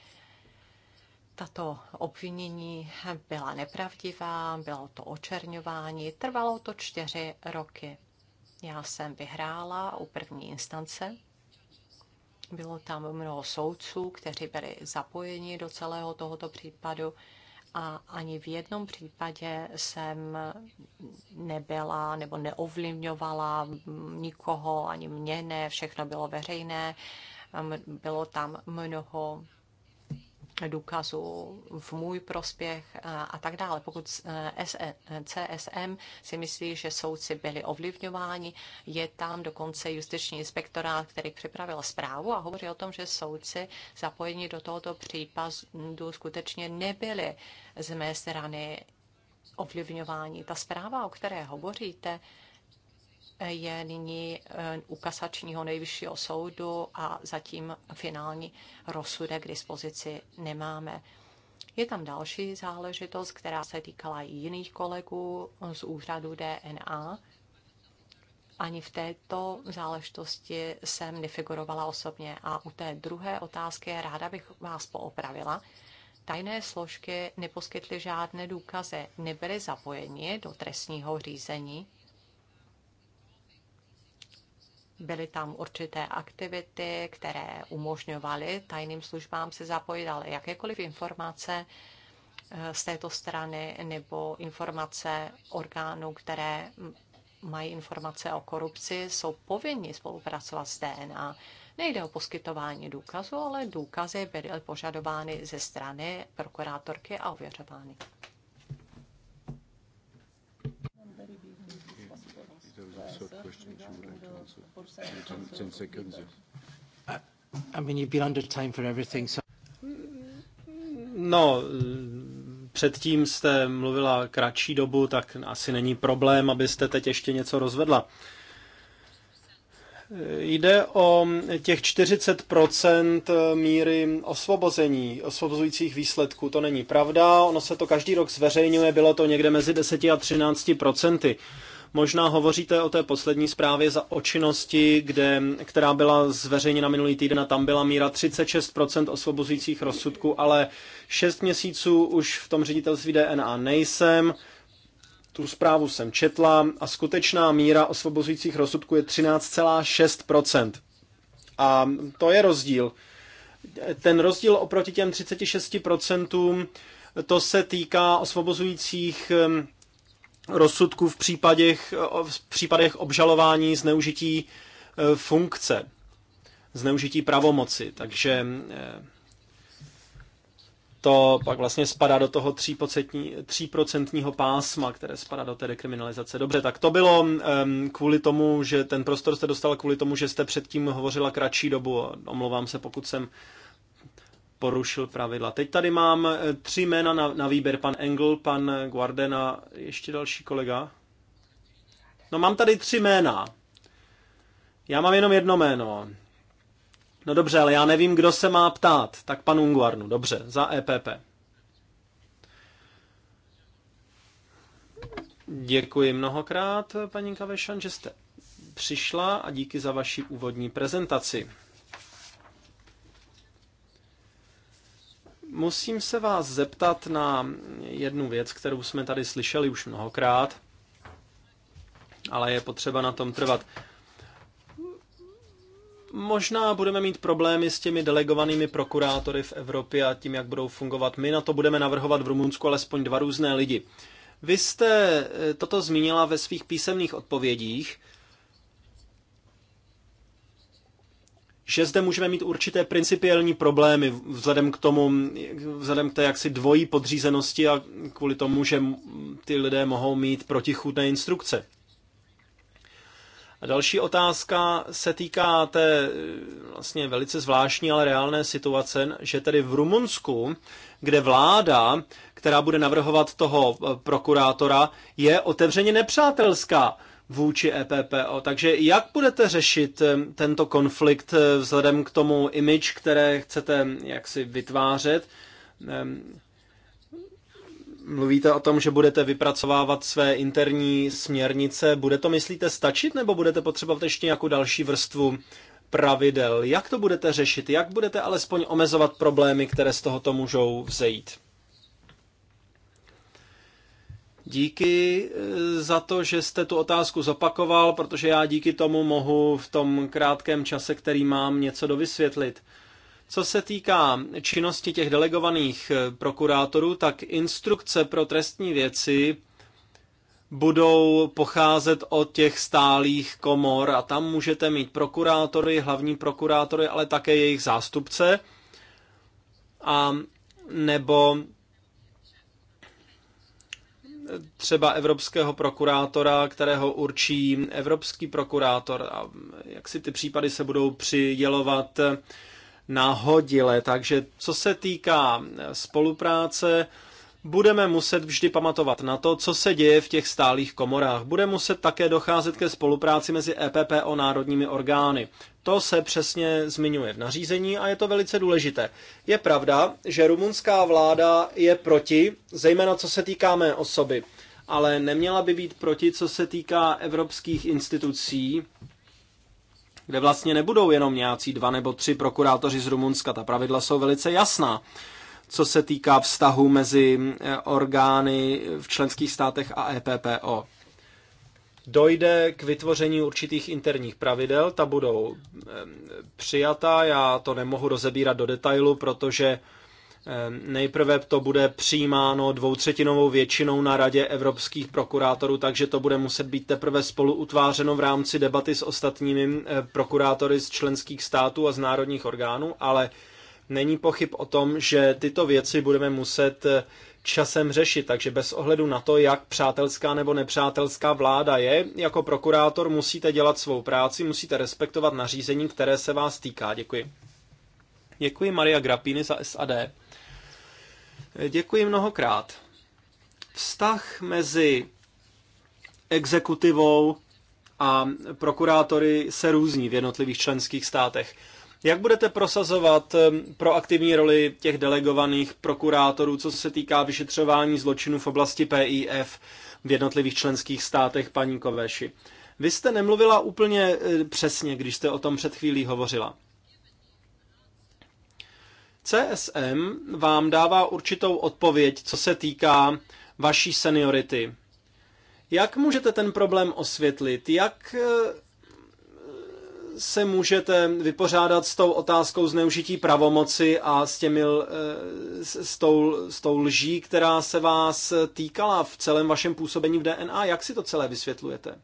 tato obvinění byla nepravdivá, bylo to očerňování, trvalo to čtyři roky. Já jsem vyhrála u první instance. Bylo tam mnoho soudců, kteří byli zapojeni do celého tohoto případu a ani v jednom případě jsem nebyla nebo neovlivňovala nikoho, ani mě ne, všechno bylo veřejné, bylo tam mnoho důkazů v můj prospěch a tak dále. Pokud eh, e, CSM si myslí, že soudci byli ovlivňováni, je tam dokonce justiční inspektorát, který připravil zprávu a hovoří o tom, že soudci zapojení do tohoto případu skutečně nebyli z mé strany ovlivňováni. Ta zpráva, o které hovoříte, je nyní eh, u kasačního nejvyššího soudu a zatím finální rozsudek k dispozici nemáme. Je tam další záležitost, která se týkala i jiných kolegů z úřadu DNA. Ani v této záležitosti jsem nefigurovala osobně. A u té druhé otázky ráda bych vás poopravila. Tajné složky neposkytly žádné důkazy, nebyly zapojeni do trestního řízení byly tam určité aktivity, které umožňovaly tajným službám se zapojit, ale jakékoliv informace eh, z této strany nebo informace orgánů, které mají informace o korupci, jsou povinni spolupracovat s DNA. Nejde o poskytování důkazu, ale důkazy byly požadovány ze strany prokurátorky a ověřovány. you would like to answer. seconds, I, I mean, you've been under time for everything, so... No, předtím jste mluvila kratší dobu, tak asi není problém, abyste teď ještě něco rozvedla. Jde o těch 40% míry osvobození, osvobozujících výsledků. To není pravda, ono se to každý rok zveřejňuje, bylo to někde mezi 10 a 13%. Možná hovoříte o té poslední zprávě za očinnosti, kde, která byla zveřejněna minulý týden a tam byla míra 36% osvobozujících rozsudků, ale 6 měsíců už v tom ředitelství DNA nejsem. Tu zprávu jsem četla a skutečná míra osvobozujících rozsudků je 13,6%. A to je rozdíl. Ten rozdíl oproti těm 36%, to se týká osvobozujících rozsudků v případech, v případech obžalování zneužití e, funkce, zneužití pravomoci. Takže e, to pak vlastně spadá do toho 3%, pásma, které spadá do té dekriminalizace. Dobře, tak to bylo e, kvůli tomu, že ten prostor jste dostal kvůli tomu, že jste předtím hovořila kratší dobu. Omlouvám se, pokud jsem porušil pravidla. Teď tady mám eh, tři jména na, na výběr. Pan Engel, pan Guarden a ještě další kolega. No mám tady tři jména. Já mám jenom jedno jméno. No dobře, ale já nevím, kdo se má ptát. Tak pan Unguarnu, dobře, za EPP. Děkuji mnohokrát, paní Kavešan, že jste přišla a díky za vaši úvodní prezentaci. Musím se vás zeptat na jednu věc, kterou jsme tady slyšeli už mnohokrát, ale je potřeba na tom trvat. Možná budeme mít problémy s těmi delegovanými prokurátory v Evropě a tím, jak budou fungovat. My na to budeme navrhovat v Rumunsku alespoň dva různé lidi. Vy jste eh, toto zmínila ve svých písemných odpovědích že zde můžeme mít určité principiální problémy vzhledem k tomu, vzhledem k té jaksi dvojí podřízenosti a kvůli tomu, že ty lidé mohou mít protichůdné instrukce. A další otázka se týká té vlastně velice zvláštní, ale reálné situace, že tedy v Rumunsku, kde vláda, která bude navrhovat toho prokurátora, je otevřeně nepřátelská vůči EPPO. Takže jak budete řešit eh, tento konflikt eh, vzhledem k tomu image, které chcete jaksi vytvářet? Ehm, mluvíte o tom, že budete vypracovávat své interní směrnice. Bude to, myslíte, stačit, nebo budete potřebovat ještě nějakou další vrstvu pravidel? Jak to budete řešit? Jak budete alespoň omezovat problémy, které z tohoto můžou vzejít? Díky eh, za to, že jste tu otázku zopakoval, protože já díky tomu mohu v tom krátkém čase, který mám, něco dovysvětlit. Co se týká činnosti těch delegovaných eh, prokurátorů, tak instrukce pro trestní věci budou pocházet od těch stálých komor a tam můžete mít prokurátory, hlavní prokurátory, ale také jejich zástupce a nebo třeba evropského prokurátora, kterého určí evropský prokurátor a jak si ty případy se budou přidělovat náhodile. Takže co se týká spolupráce, budeme muset vždy pamatovat na to, co se děje v těch stálých komorách. Bude muset také docházet ke spolupráci mezi EPPO národními orgány. To se přesně zmiňuje v nařízení a je to velice důležité. Je pravda, že rumunská vláda je proti, zejména co se týká mé osoby, ale neměla by být proti, co se týká evropských institucí, kde vlastně nebudou jenom nějací dva nebo tři prokurátoři z Rumunska. Ta pravidla jsou velice jasná co se týká vztahu mezi eh, orgány v členských státech a EPPO. Dojde k vytvoření určitých interních pravidel, ta budou ehm, přijata, já to nemohu rozebírat do detailu, protože ehm, Nejprve to bude přijímáno dvoutřetinovou většinou na Radě evropských prokurátorů, takže to bude muset být teprve spolu utvářeno v rámci debaty s ostatními eh, prokurátory z členských států a z národních orgánů, ale není pochyb o tom, že tyto věci budeme muset eh, časem řešit, takže bez ohledu na to, jak přátelská nebo nepřátelská vláda je, jako prokurátor musíte dělat svou práci, musíte respektovat nařízení, které se vás týká. Děkuji. Děkuji Maria Grapíny za SAD. Eh, děkuji mnohokrát. Vztah mezi exekutivou a prokurátory se různí v jednotlivých členských státech. Jak budete prosazovat proaktivní roli těch delegovaných prokurátorů, co se týká vyšetřování zločinů v oblasti PIF v jednotlivých členských státech, paní Koveši? Vy jste nemluvila úplně e, přesně, když jste o tom před chvílí hovořila. CSM vám dává určitou odpověď, co se týká vaší seniority. Jak můžete ten problém osvětlit? Jak e, se můžete vypořádat s tou otázkou zneužití pravomoci a s, těmi, eh, s, tou, s tou lží, která se vás týkala v celém vašem působení v DNA? Jak si to celé vysvětlujete?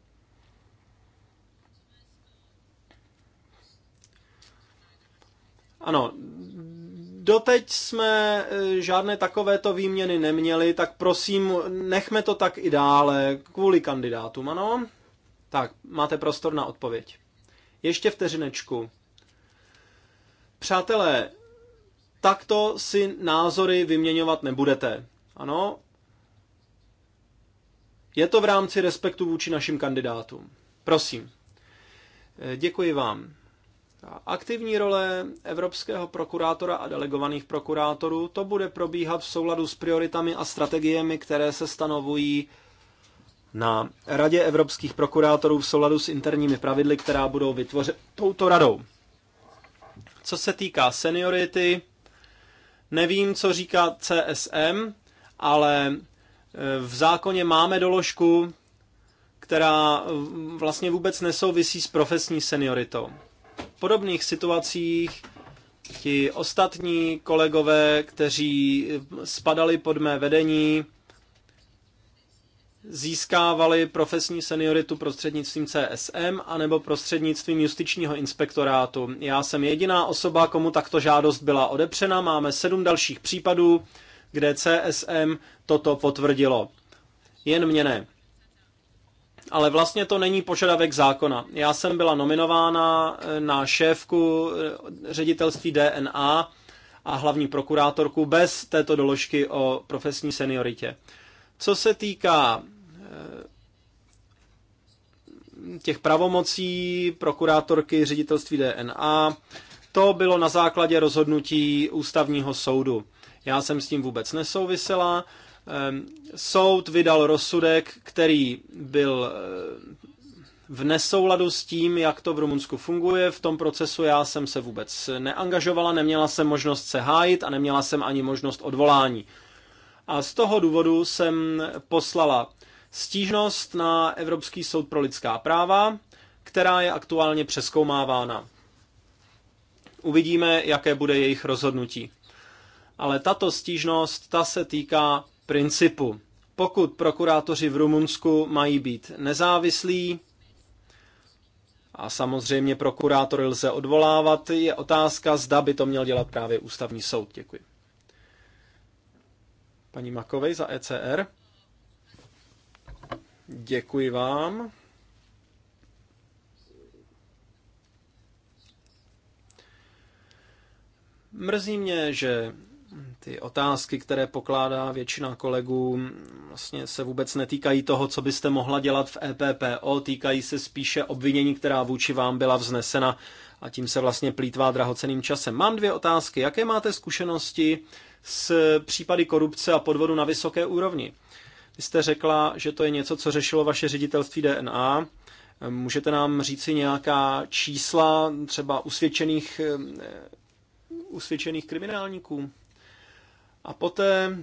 Ano, doteď jsme eh, žádné takovéto výměny neměli, tak prosím, nechme to tak i dále, kvůli kandidátům, ano? Tak, máte prostor na odpověď. Ještě vteřinečku. Přátelé, takto si názory vyměňovat nebudete. Ano? Je to v rámci respektu vůči našim kandidátům. Prosím. Eh, děkuji vám. Aktivní role evropského prokurátora a delegovaných prokurátorů to bude probíhat v souladu s prioritami a strategiemi, které se stanovují na Radě evropských prokurátorů v souladu s interními pravidly, která budou vytvořit touto radou. Co se týká seniority, nevím, co říká CSM, ale e, v zákoně máme doložku, která e, vlastně vůbec nesouvisí s profesní senioritou. V podobných situacích ti ostatní kolegové, kteří spadali pod mé vedení, získávali profesní senioritu prostřednictvím CSM anebo prostřednictvím justičního inspektorátu. Já jsem jediná osoba, komu takto žádost byla odepřena. Máme sedm dalších případů, kde CSM toto potvrdilo. Jen mě ne. Ale vlastně to není požadavek zákona. Já jsem byla nominována e, na šéfku e, ředitelství DNA a hlavní prokurátorku bez této doložky o profesní senioritě. Co se týká Eh, těch pravomocí prokurátorky ředitelství DNA, to bylo na základě rozhodnutí ústavního soudu. Já jsem s tím vůbec nesouvisela. Eh, soud vydal rozsudek, který byl eh, v nesouladu s tím, jak to v Rumunsku funguje. V tom procesu já jsem se vůbec neangažovala, neměla jsem možnost se hájit a neměla jsem ani možnost odvolání. A z toho důvodu jsem poslala stížnost na Evropský soud pro lidská práva, která je aktuálně přeskoumávána. Uvidíme, jaké bude jejich rozhodnutí. Ale tato stížnost, ta se týká principu. Pokud prokurátoři v Rumunsku mají být nezávislí, a samozřejmě prokurátory lze odvolávat, je otázka, zda by to měl dělat právě ústavní soud. Děkuji. Paní Makovej za ECR. Děkuji vám. Mrzí mě, že ty otázky, které pokládá většina kolegů, vlastně se vůbec netýkají toho, co byste mohla dělat v EPPO, týkají se spíše obvinění, která vůči vám byla vznesena a tím se vlastně plítvá drahoceným časem. Mám dvě otázky. Jaké máte zkušenosti s případy korupce a podvodu na vysoké úrovni? Vy jste řekla, že to je něco, co řešilo vaše ředitelství DNA. Můžete nám říci nějaká čísla třeba usvědčených, eh, usvědčených kriminálníků? A poté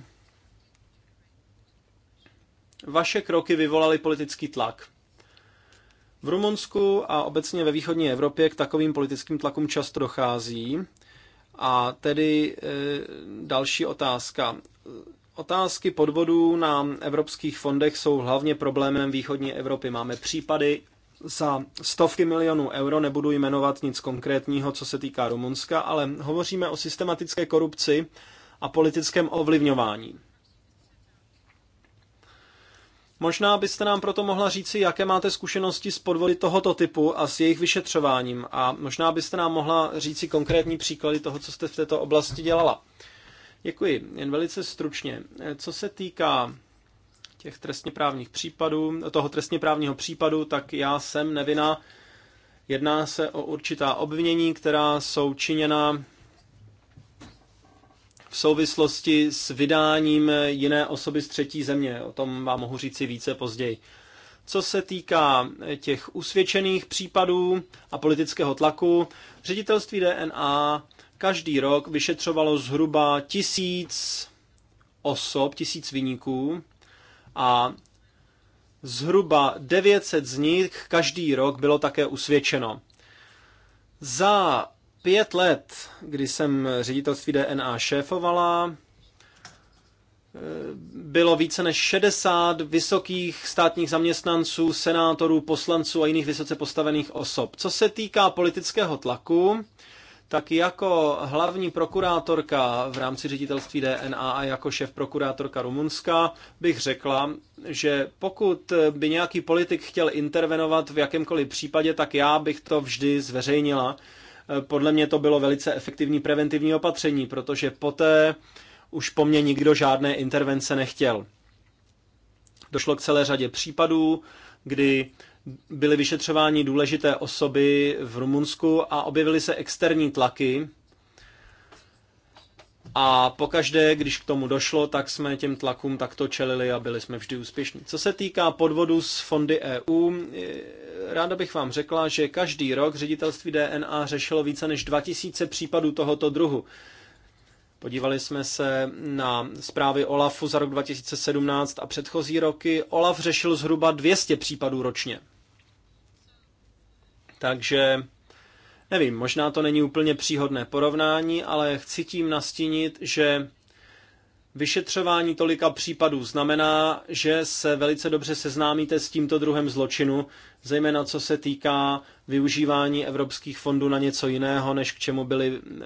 vaše kroky vyvolaly politický tlak. V Rumunsku a obecně ve východní Evropě k takovým politickým tlakům často dochází. A tedy e, další otázka. Otázky podvodů na evropských fondech jsou hlavně problémem východní Evropy. Máme případy za stovky milionů euro, nebudu jmenovat nic konkrétního, co se týká Rumunska, ale hovoříme o systematické korupci a politickém ovlivňování. Možná byste nám proto mohla říci, jaké máte zkušenosti s podvody tohoto typu a s jejich vyšetřováním a možná byste nám mohla říci konkrétní příklady toho, co jste v této oblasti dělala. Děkuji. Jen velice stručně. Co se týká těch trestně právních případů, toho trestně právního případu, tak já jsem nevina. Jedná se o určitá obvinění, která jsou činěna v souvislosti s vydáním jiné osoby z třetí země. O tom vám mohu říci více později. Co se týká těch usvědčených případů a politického tlaku, ředitelství DNA každý rok vyšetřovalo zhruba tisíc osob, tisíc vyníků a zhruba 900 z nich každý rok bylo také usvědčeno. Za pět let, kdy jsem ředitelství DNA šéfovala, eh, bylo více než 60 vysokých státních zaměstnanců, senátorů, poslanců a jiných vysoce postavených osob. Co se týká politického tlaku, tak jako hlavní prokurátorka v rámci ředitelství DNA a jako šéf prokurátorka Rumunska bych řekla, že pokud by nějaký politik chtěl intervenovat v jakémkoliv případě, tak já bych to vždy zveřejnila. Podle mě to bylo velice efektivní preventivní opatření, protože poté už po mně nikdo žádné intervence nechtěl. Došlo k celé řadě případů, kdy byly vyšetřováni důležité osoby v Rumunsku a objevily se externí tlaky. A pokaždé, když k tomu došlo, tak jsme těm tlakům takto čelili a byli jsme vždy úspěšní. Co se týká podvodu s fondy EU, ráda bych vám řekla, že každý rok ředitelství DNA řešilo více než 2000 případů tohoto druhu. Podívali jsme se na zprávy OLAFu za rok 2017 a předchozí roky. OLAF řešil zhruba 200 případů ročně. Takže nevím, možná to není úplně příhodné porovnání, ale chci tím nastínit, že vyšetřování tolika případů znamená, že se velice dobře seznámíte s tímto druhem zločinu, zejména co se týká využívání evropských fondů na něco jiného, než k čemu byly eh,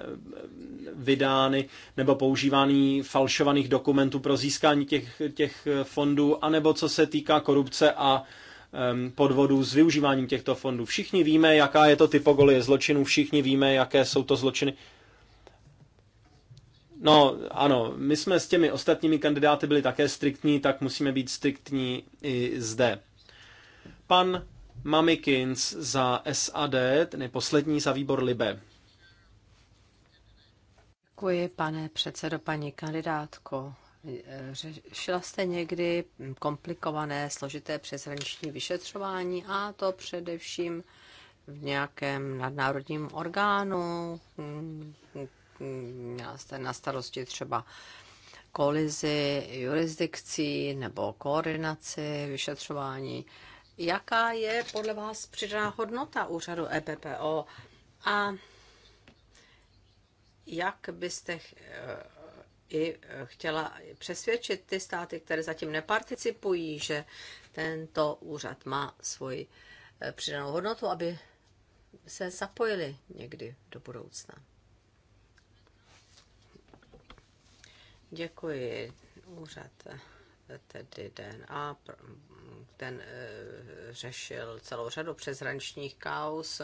vydány nebo používání falšovaných dokumentů pro získání těch, těch eh, fondů, anebo co se týká korupce a podvodů s využíváním těchto fondů. Všichni víme, jaká je to typogolie zločinů, všichni víme, jaké jsou to zločiny. No, ano, my jsme s těmi ostatními kandidáty byli také striktní, tak musíme být striktní i zde. Pan Mamikins za SAD, ten je poslední za výbor Libe. Děkuji, pane předsedo, paní kandidátko. Řešila jste někdy komplikované, složité přeshraniční vyšetřování a to především v nějakém nadnárodním orgánu. Měla jste na starosti třeba kolizi jurisdikcí nebo koordinaci vyšetřování. Jaká je podle vás přidaná hodnota úřadu EPPO a jak byste eh, i eh, chtěla přesvědčit ty státy, které zatím neparticipují, že tento úřad má svoji eh, přidanou hodnotu, aby se zapojili někdy do budoucna. Děkuji, úřad tedy DNA, ten e, řešil celou řadu přeshraničních kaus.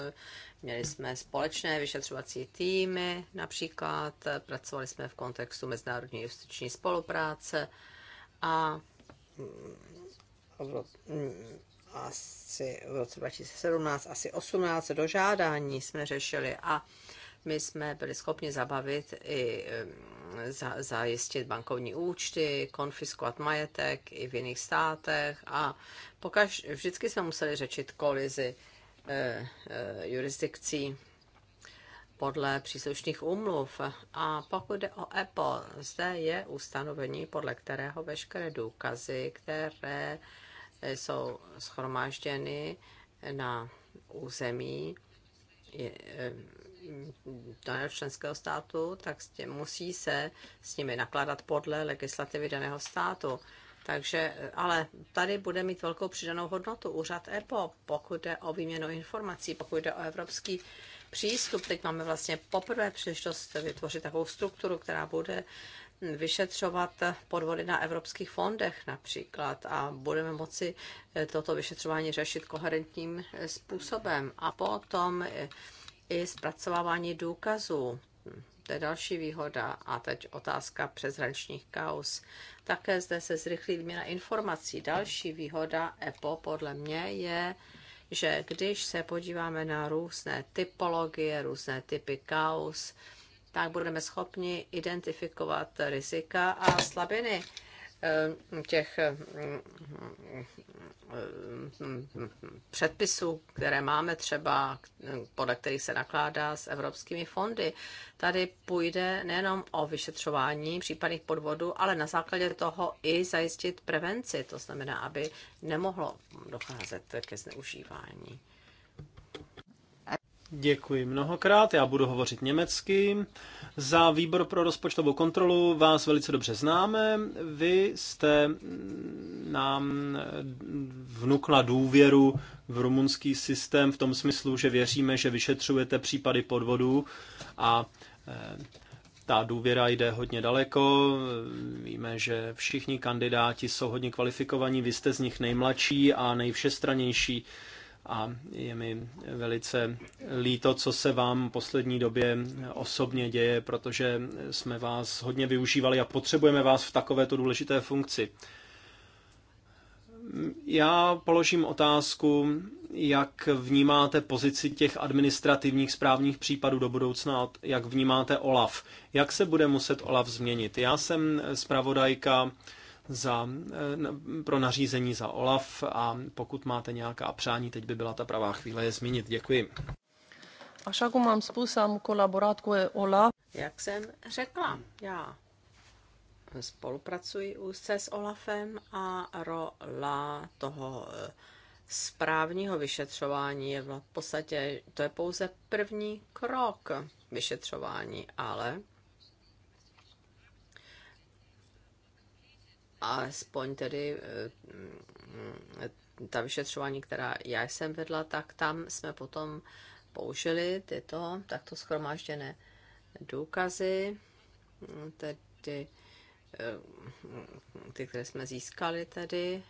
Měli jsme společné vyšetřovací týmy, například pracovali jsme v kontextu mezinárodní justiční spolupráce a mm, mm, asi v roce 2017 asi 18 dožádání jsme řešili a my jsme byli schopni zabavit i za, zajistit bankovní účty, konfiskovat majetek i v jiných státech a pokaž, vždycky jsme museli řečit kolizi eh, eh, jurisdikcí podle příslušných úmluv. A pokud jde o EPO, zde je ustanovení, podle kterého veškeré důkazy, které eh, jsou schromážděny na území, je, daného členského státu, tak s tím musí se s nimi nakládat podle legislativy daného státu. Takže, ale tady bude mít velkou přidanou hodnotu úřad EPO, pokud jde o výměnu informací, pokud jde o evropský přístup. Teď máme vlastně poprvé příležitost vytvořit takovou strukturu, která bude vyšetřovat podvody na evropských fondech například a budeme moci toto vyšetřování řešit koherentním způsobem. A potom i zpracovávání důkazů. To je další výhoda. A teď otázka přeshraničních kaus. Také zde se zrychlí výměna informací. Další výhoda EPO podle mě je, že když se podíváme na různé typologie, různé typy kaus, tak budeme schopni identifikovat rizika a slabiny Eh, těch eh, předpisů, které máme třeba, podle kterých se nakládá s evropskými fondy. Tady půjde nejenom o vyšetřování případných podvodů, ale na základě toho i zajistit prevenci, to znamená, aby nemohlo docházet ke zneužívání. Děkuji mnohokrát, já budu hovořit německy. Za výbor pro rozpočtovou kontrolu vás velice dobře známe. Vy jste nám vnukla důvěru v rumunský systém v tom smyslu, že věříme, že vyšetřujete případy podvodů a eh, ta důvěra jde hodně daleko. Víme, že všichni kandidáti jsou hodně kvalifikovaní, vy jste z nich nejmladší a nejvšestranější a je mi velice líto, co se vám v poslední době osobně děje, protože jsme vás hodně využívali a potřebujeme vás v takovéto důležité funkci. Já položím otázku, jak vnímáte pozici těch administrativních správních případů do budoucna, jak vnímáte OLAF. Jak se bude muset OLAF změnit? Já jsem zpravodajka za, eh, pro nařízení za OLAF a pokud máte nějaká přání, teď by byla ta pravá chvíle je zmínit. Děkuji. A šaku mám způsob am je OLAF. Jak jsem řekla, já spolupracuji úzce s OLAFem a rola toho eh, správního vyšetřování je v podstatě, to je pouze první krok vyšetřování, ale alespoň tedy eh, ta vyšetřování, která já jsem vedla, tak tam jsme potom použili tyto takto schromážděné důkazy, tedy eh, ty, které jsme získali tedy.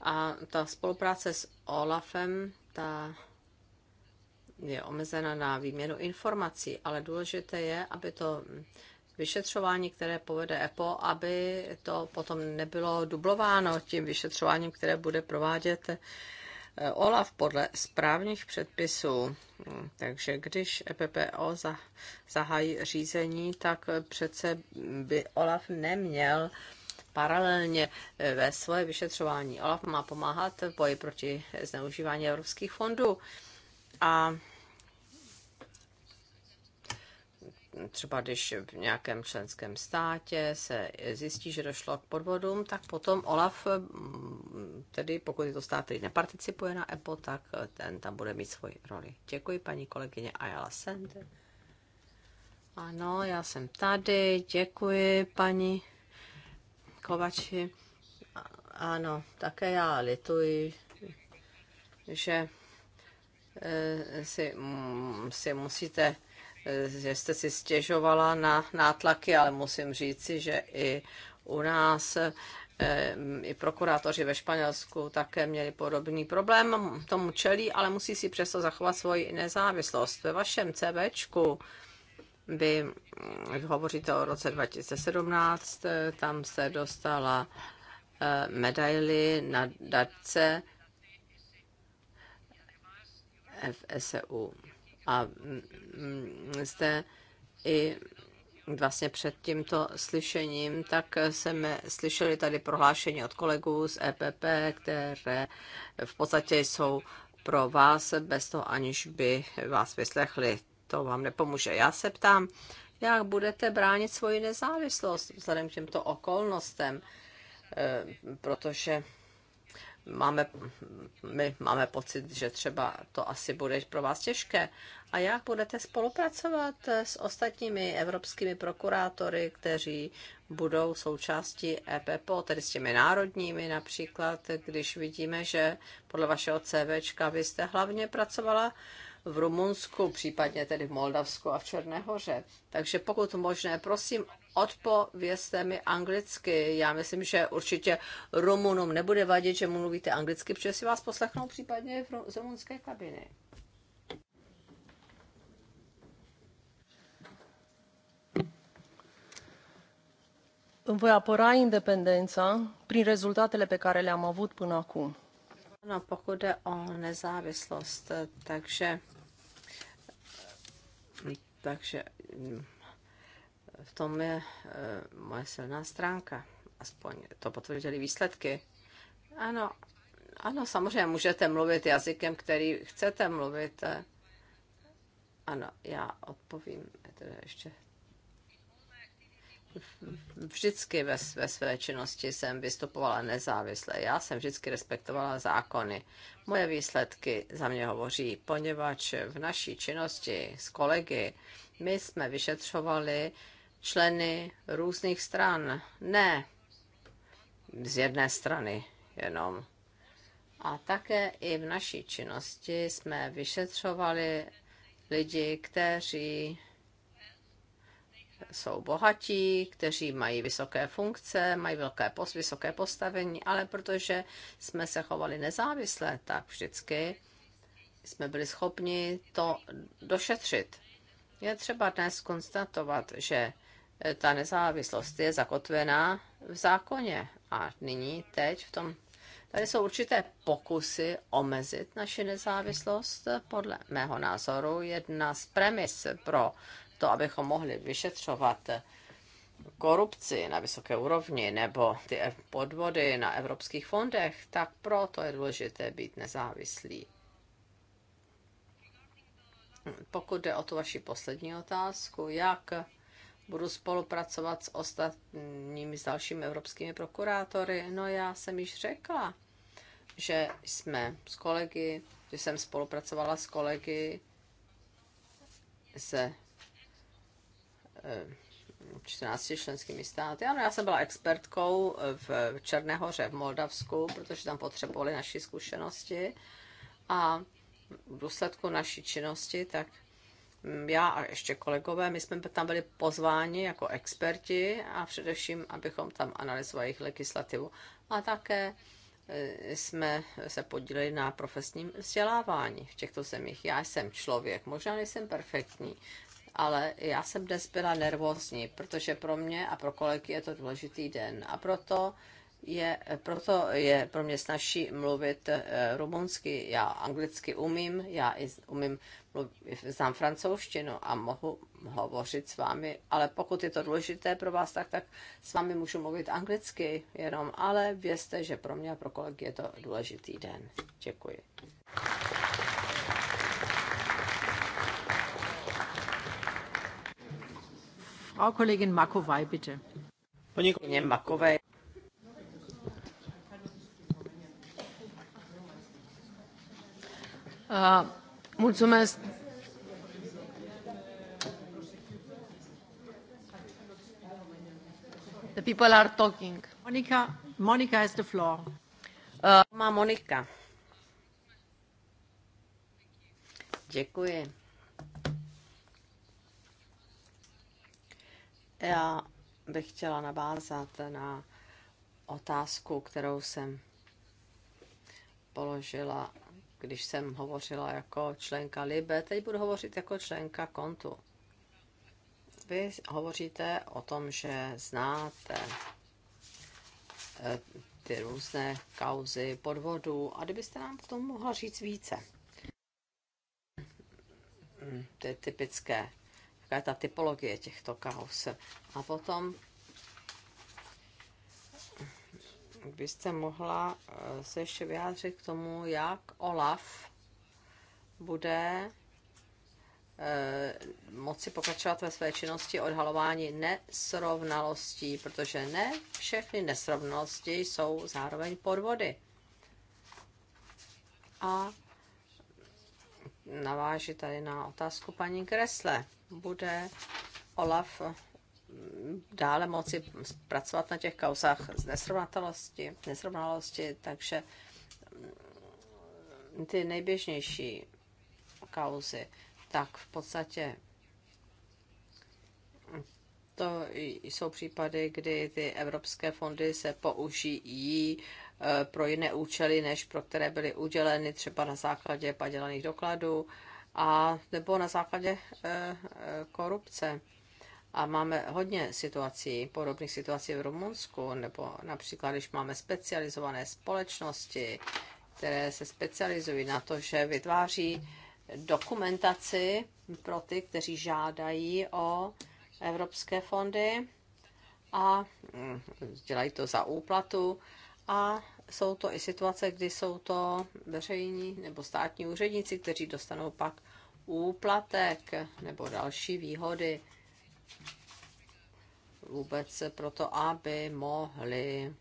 A ta spolupráce s OLAFem, ta je omezena na výměnu informací, ale důležité je, aby to vyšetřování, které povede EPO, aby to potom nebylo dublováno tím vyšetřováním, které bude provádět eh, OLAF podle správních předpisů. Hmm, takže když EPPO zahájí řízení, tak přece by OLAF neměl paralelně eh, ve svoje vyšetřování. OLAF má pomáhat v boji proti zneužívání evropských fondů. A třeba když v nějakém členském státě se zjistí, že došlo k podvodům, tak potom OLAF, mm, tedy pokud je to stát, který neparticipuje na EPO, tak ten tam bude mít svoji roli. Děkuji paní kolegyně Ayala Sender. Ano, já jsem tady, děkuji paní Kovači. Ano, také já lituji, že eh, si, mm, si musíte že jste si stěžovala na nátlaky, ale musím říci, že i u nás eh, i prokurátoři ve Španělsku také měli podobný problém, tomu čelí, ale musí si přesto zachovat svoji nezávislost. Ve vašem CVčku vy eh, hovoříte o roce 2017, eh, tam se dostala medaily na darce FSU. A mm, mm, zde i vlastně před tímto slyšením, tak jsme slyšeli tady prohlášení od kolegů z EPP, které v podstatě jsou pro vás bez toho, aniž by vás vyslechli. To vám nepomůže. Já se ptám, jak budete bránit svoji nezávislost vzhledem k těmto okolnostem, e, protože máme, my máme pocit, že třeba to asi bude pro vás těžké. A jak budete spolupracovat s ostatními evropskými prokurátory, kteří budou součástí EPPO, tedy s těmi národními například, když vidíme, že podle vašeho CVčka vy jste hlavně pracovala v Rumunsku, případně tedy v Moldavsku a v Černé Takže pokud možné, prosím, odpověste mi anglicky. Já myslím, že určitě Rumunům nebude vadit, že mluvíte anglicky, protože si vás poslechnou případně z rumunské kabiny. Îmi voi apăra independența prin rezultatele pe care le-am avut până acum. No, pokud de o nezávislost, takže, takže v tom je eh, moje silná stránka. Aspoň to potvrdili výsledky. Ano, ano, samozřejmě můžete mluvit jazykem, který chcete mluvit. Eh, ano, já odpovím teda ještě. Vždycky ve, ve své činnosti jsem vystupovala nezávisle. Já jsem vždycky respektovala zákony. Moje výsledky za mě hovoří, poněvadž v naší činnosti s kolegy my jsme vyšetřovali uh, členy různých stran. Ne z jedné strany jenom. A také i v naší činnosti jsme vyšetřovali lidi, kteří jsou bohatí, kteří mají vysoké funkce, mají velké post, vysoké postavení, ale protože jsme se chovali nezávisle, tak vždycky jsme byli schopni to došetřit. Je třeba dnes konstatovat, že Eh, ta nezávislost je zakotvená v zákoně. A nyní, teď, v tom, tady jsou určité pokusy omezit naši nezávislost. Podle mého názoru jedna z premis pro to, abychom mohli vyšetřovat korupci na vysoké úrovni nebo ty podvody na evropských fondech, tak proto je důležité být nezávislý. Pokud jde o tu vaši poslední otázku, jak budu spolupracovat s ostatními, s dalšími evropskými prokurátory. No já jsem již řekla, že jsme s kolegy, že jsem spolupracovala s kolegy se 14 eh, členskými státy. Ano, já jsem byla expertkou v Černéhoře v Moldavsku, protože tam potřebovali naši zkušenosti a v důsledku naší činnosti, tak já a ještě kolegové, my jsme tam byli pozváni jako experti a především, abychom tam analyzovali jejich legislativu. A také e, jsme se podíleli na profesním vzdělávání v těchto zemích. Já jsem člověk, možná nejsem perfektní, ale já jsem dnes byla nervózní, protože pro mě a pro kolegy je to důležitý den. A proto je, proto je pro mě snažší mluvit eh, rumunsky. Já anglicky umím, já i umím, mluvit, znám francouzštinu a mohu hovořit s vámi, ale pokud je to důležité pro vás, tak, tak s vámi můžu mluvit anglicky jenom, ale vězte, že pro mě a pro kolegy je to důležitý den. Děkuji. Frau Kollegin Makovej, bitte. Paní kolegyně Makovej. Uh, mulțumesc. The people are talking. Monica, Monica has the floor. Uh, má Monika. Děkuji. Já bych chtěla navázat na otázku, kterou jsem položila když jsem hovořila jako členka Libe, teď budu hovořit jako členka kontu. Vy hovoříte o tom, že znáte eh, ty různé kauzy podvodů a kdybyste nám k tomu mohla říct více. Ty typické, jaká je ta typologie těchto kauz. A potom byste mohla eh, se ještě vyjádřit k tomu, jak OLAF bude eh, moci pokračovat ve své činnosti odhalování nesrovnalostí, protože ne všechny nesrovnalosti jsou zároveň podvody. A naváži tady na otázku paní Kresle. Bude Olaf dále moci pracovat na těch kauzách z nesrovnatelnosti, nesrovnalosti, takže mm, ty nejběžnější kauzy, tak v podstatě to jsou případy, kdy ty evropské fondy se použijí e, pro jiné účely, než pro které byly uděleny, třeba na základě padělaných dokladů a nebo na základě e, e, korupce. A máme hodně situací, podobných situací v Rumunsku, nebo například, když máme specializované společnosti, které se specializují na to, že vytváří dokumentaci pro ty, kteří žádají o evropské fondy a mm, dělají to za úplatu. A jsou to i situace, kdy jsou to veřejní nebo státní úředníci, kteří dostanou pak úplatek nebo další výhody vůbec proto, aby mohli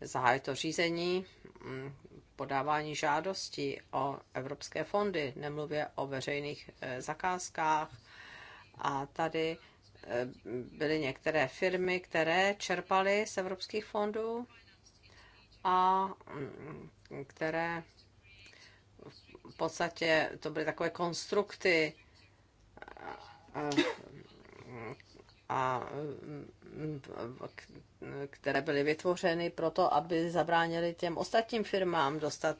zahájit to řízení mm, podávání žádostí o evropské fondy, nemluvě o veřejných e, zakázkách. A tady e, byly některé firmy, které čerpaly z evropských fondů a mm, které v podstatě to byly takové konstrukty e, a které byly vytvořeny proto, aby zabránili těm ostatním firmám dostat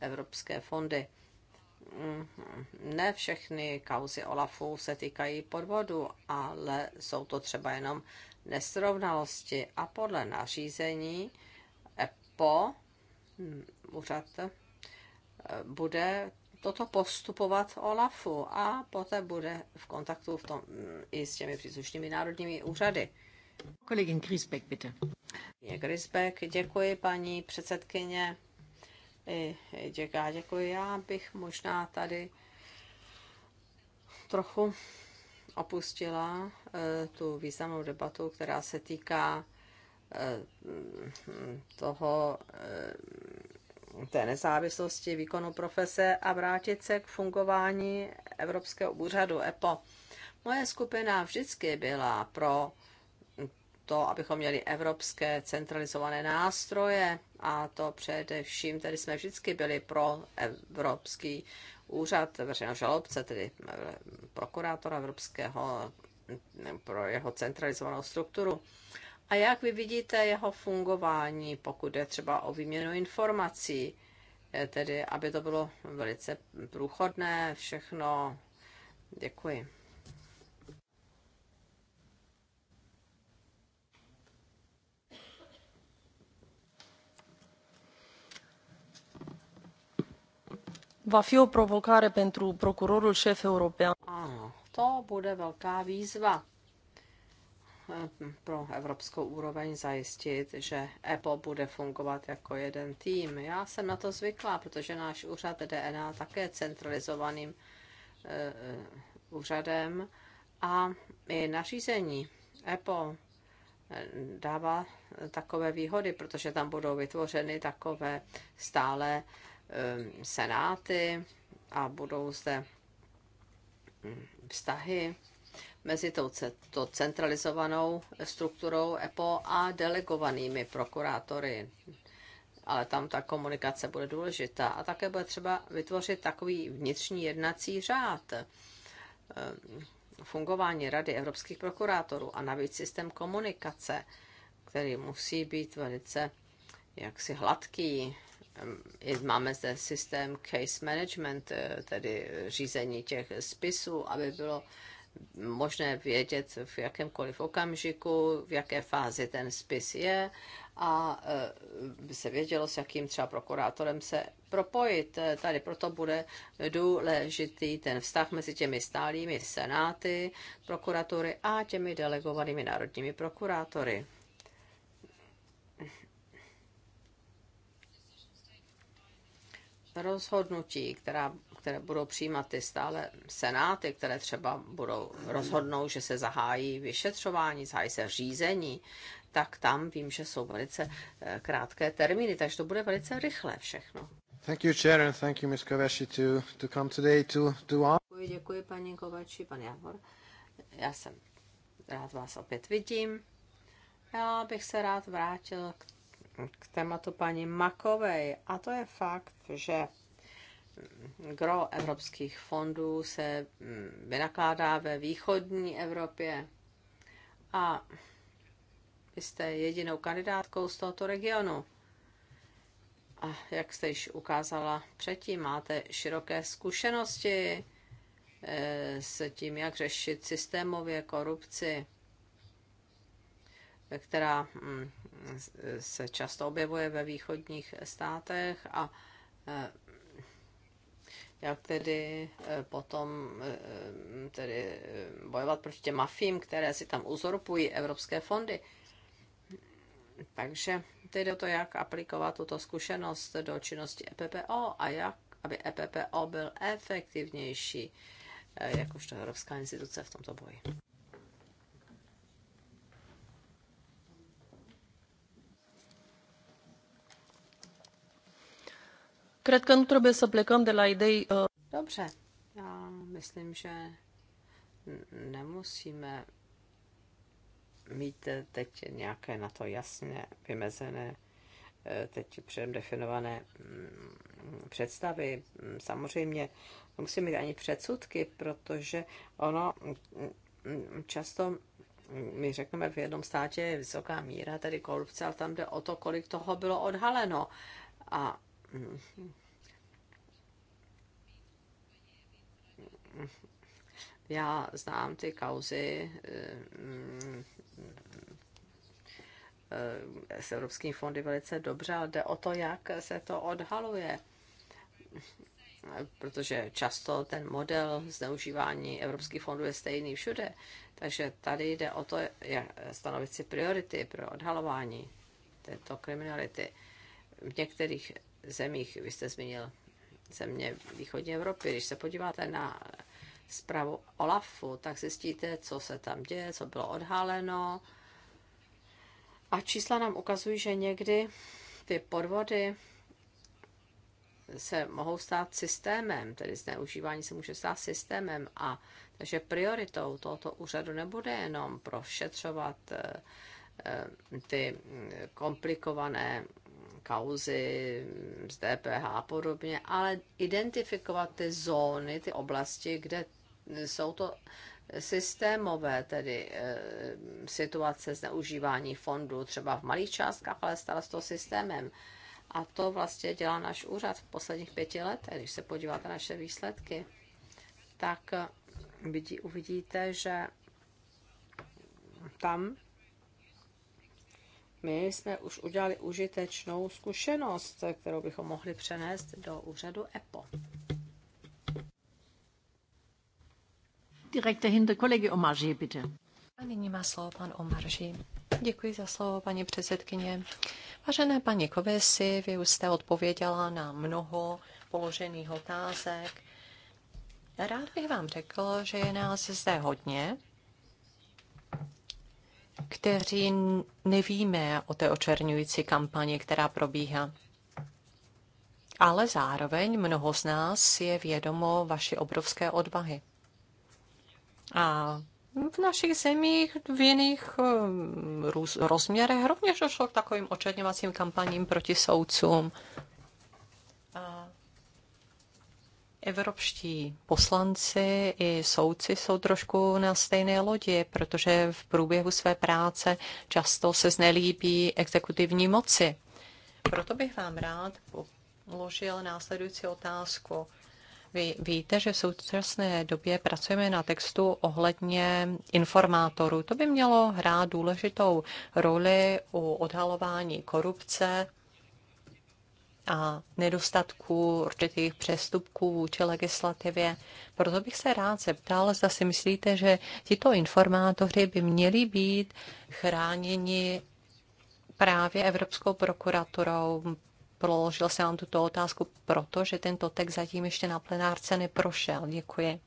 evropské fondy. Ne všechny kauzy Olafu se týkají podvodu, ale jsou to třeba jenom nesrovnalosti a podle nařízení EPO mm, úřad e, bude toto postupovat OLAFu a poté bude v kontaktu v tom, mm, i s těmi příslušnými národními úřady. Kolegin Grisbeck, bitte. Je Grisbeck, děkuji paní předsedkyně. Děká, děkuji. Já bych možná tady trochu opustila e, tu významnou debatu, která se týká e, toho, e, té nezávislosti výkonu profese a vrátit se k fungování Evropského úřadu EPO. Moje skupina vždycky byla pro to, abychom měli evropské centralizované nástroje a to především, tedy jsme vždycky byli pro Evropský úřad veřejného žalobce, tedy prokurátora evropského, pro jeho centralizovanou strukturu. A jak vy vidíte jeho fungování, pokud je třeba o výměnu informací, eh, tedy aby to bylo velice průchodné všechno. Děkuji. Va fi o provocare pentru procurorul șef european. Ah, to bude velká výzva pro evropskou úroveň zajistit, že EPO bude fungovat jako jeden tým. Já jsem na to zvyklá, protože náš úřad DNA také centralizovaným e, e, úřadem a i nařízení EPO e, dává takové výhody, protože tam budou vytvořeny takové stále senáty a budou zde vztahy mezi tou to centralizovanou strukturou EPO a delegovanými prokurátory. Ale tam ta komunikace bude důležitá. A také bude třeba vytvořit takový vnitřní jednací řád eh, fungování Rady evropských prokurátorů a navíc systém komunikace, který musí být velice jaksi hladký. Ehm, máme zde systém case management, eh, tedy řízení těch spisů, aby bylo možné vědět v jakémkoliv okamžiku, v jaké fázi ten spis je a eh, by se vědělo, s jakým třeba prokurátorem se propojit. Tady proto bude důležitý ten vztah mezi těmi stálými senáty prokuratury a těmi delegovanými národními prokurátory. Rozhodnutí, která které budou přijímat ty stále senáty, které třeba budou rozhodnout, že se zahájí vyšetřování, zahájí se řízení, tak tam vím, že jsou velice eh, krátké termíny, takže to bude velice rychle všechno. Thank you, Chair, and thank you, Ms. Kovaci, to, to come today to, to... Děkuji, děkuji, paní Kovaci, pan Javor. Já jsem rád vás opět vidím. Já bych se rád vrátil k, k tématu paní Makovej, a to je fakt, že gro evropských fondů se mm, vynakládá ve východní Evropě a vy jste jedinou kandidátkou z tohoto regionu. A jak jste již ukázala předtím, máte široké zkušenosti e, s tím, jak řešit systémově korupci, která mm, se často objevuje ve východních státech a e, jak tedy eh, potom eh, eh, tedy bojovat proti těm mafím, které si tam uzorupují evropské fondy. Takže teď o to, jak aplikovat tuto zkušenost do činnosti EPPO a jak, aby EPPO byl efektivnější jakožto evropská instituce v tomto boji. Cred că nu se să de la idej. Uh, Dobře, já myslím, že nemusíme mít teď nějaké na to jasně vymezené, eh, teď předem definované mm, představy. Samozřejmě musíme mít ani předsudky, protože ono mm, často mm, my řekneme v jednom státě je vysoká míra, tedy korupce, ale tam jde o to, kolik toho bylo odhaleno. A já znám ty kauzy eh, eh, s Evropským fondy velice dobře, ale jde o to, jak se to odhaluje. Protože často ten model zneužívání Evropských fondů je stejný všude. Takže tady jde o to, jak stanovit si priority pro odhalování této kriminality. V některých zemích. Vy jste zmínil země východní Evropy. Když se podíváte na zprávu OLAFu, tak zjistíte, co se tam děje, co bylo odhaleno. A čísla nám ukazují, že někdy ty podvody se mohou stát systémem, tedy zneužívání se může stát systémem a takže prioritou tohoto úřadu nebude jenom prošetřovat eh, eh, ty mm, komplikované kauzy z DPH a podobně, ale identifikovat ty zóny, ty oblasti, kde jsou to systémové tedy e, situace zneužívání fondů, třeba v malých částkách, ale stále s to systémem. A to vlastně dělá náš úřad v posledních pěti letech. Když se podíváte na naše výsledky, tak eh, vidí, uvidíte, že tam my jsme už udělali užitečnou zkušenost, kterou bychom mohli přenést do úřadu EPO. Direkt dahinter kolegy Omarži, bitte. A nyní má slovo pan Omarži. Děkuji za slovo, paní předsedkyně. Vážené paní Kovesi, vy už jste odpověděla na mnoho položených otázek. Rád bych vám řekl, že je nás zde hodně, kteří nevíme o té očerňující kampani, která probíhá. Ale zároveň mnoho z nás je vědomo vaší obrovské odvahy. A v našich zemích, v jiných eh, růz, rozměrech rovněž došlo k takovým očerňovacím kampaním proti soudcům. A Evropští poslanci i soudci jsou trošku na stejné lodi, protože v průběhu své práce často se znelíbí exekutivní moci. Proto bych vám rád položil následující otázku. Vy víte, že v současné době pracujeme na textu ohledně informátorů. To by mělo hrát důležitou roli u odhalování korupce a nedostatků určitých přestupků vůči legislativě. Proto bych se rád zeptal, zda si myslíte, že tito informátoři by měli být chráněni právě Evropskou prokuraturou. Položil jsem vám tuto otázku, protože tento text zatím ještě na plenárce neprošel. Děkuji.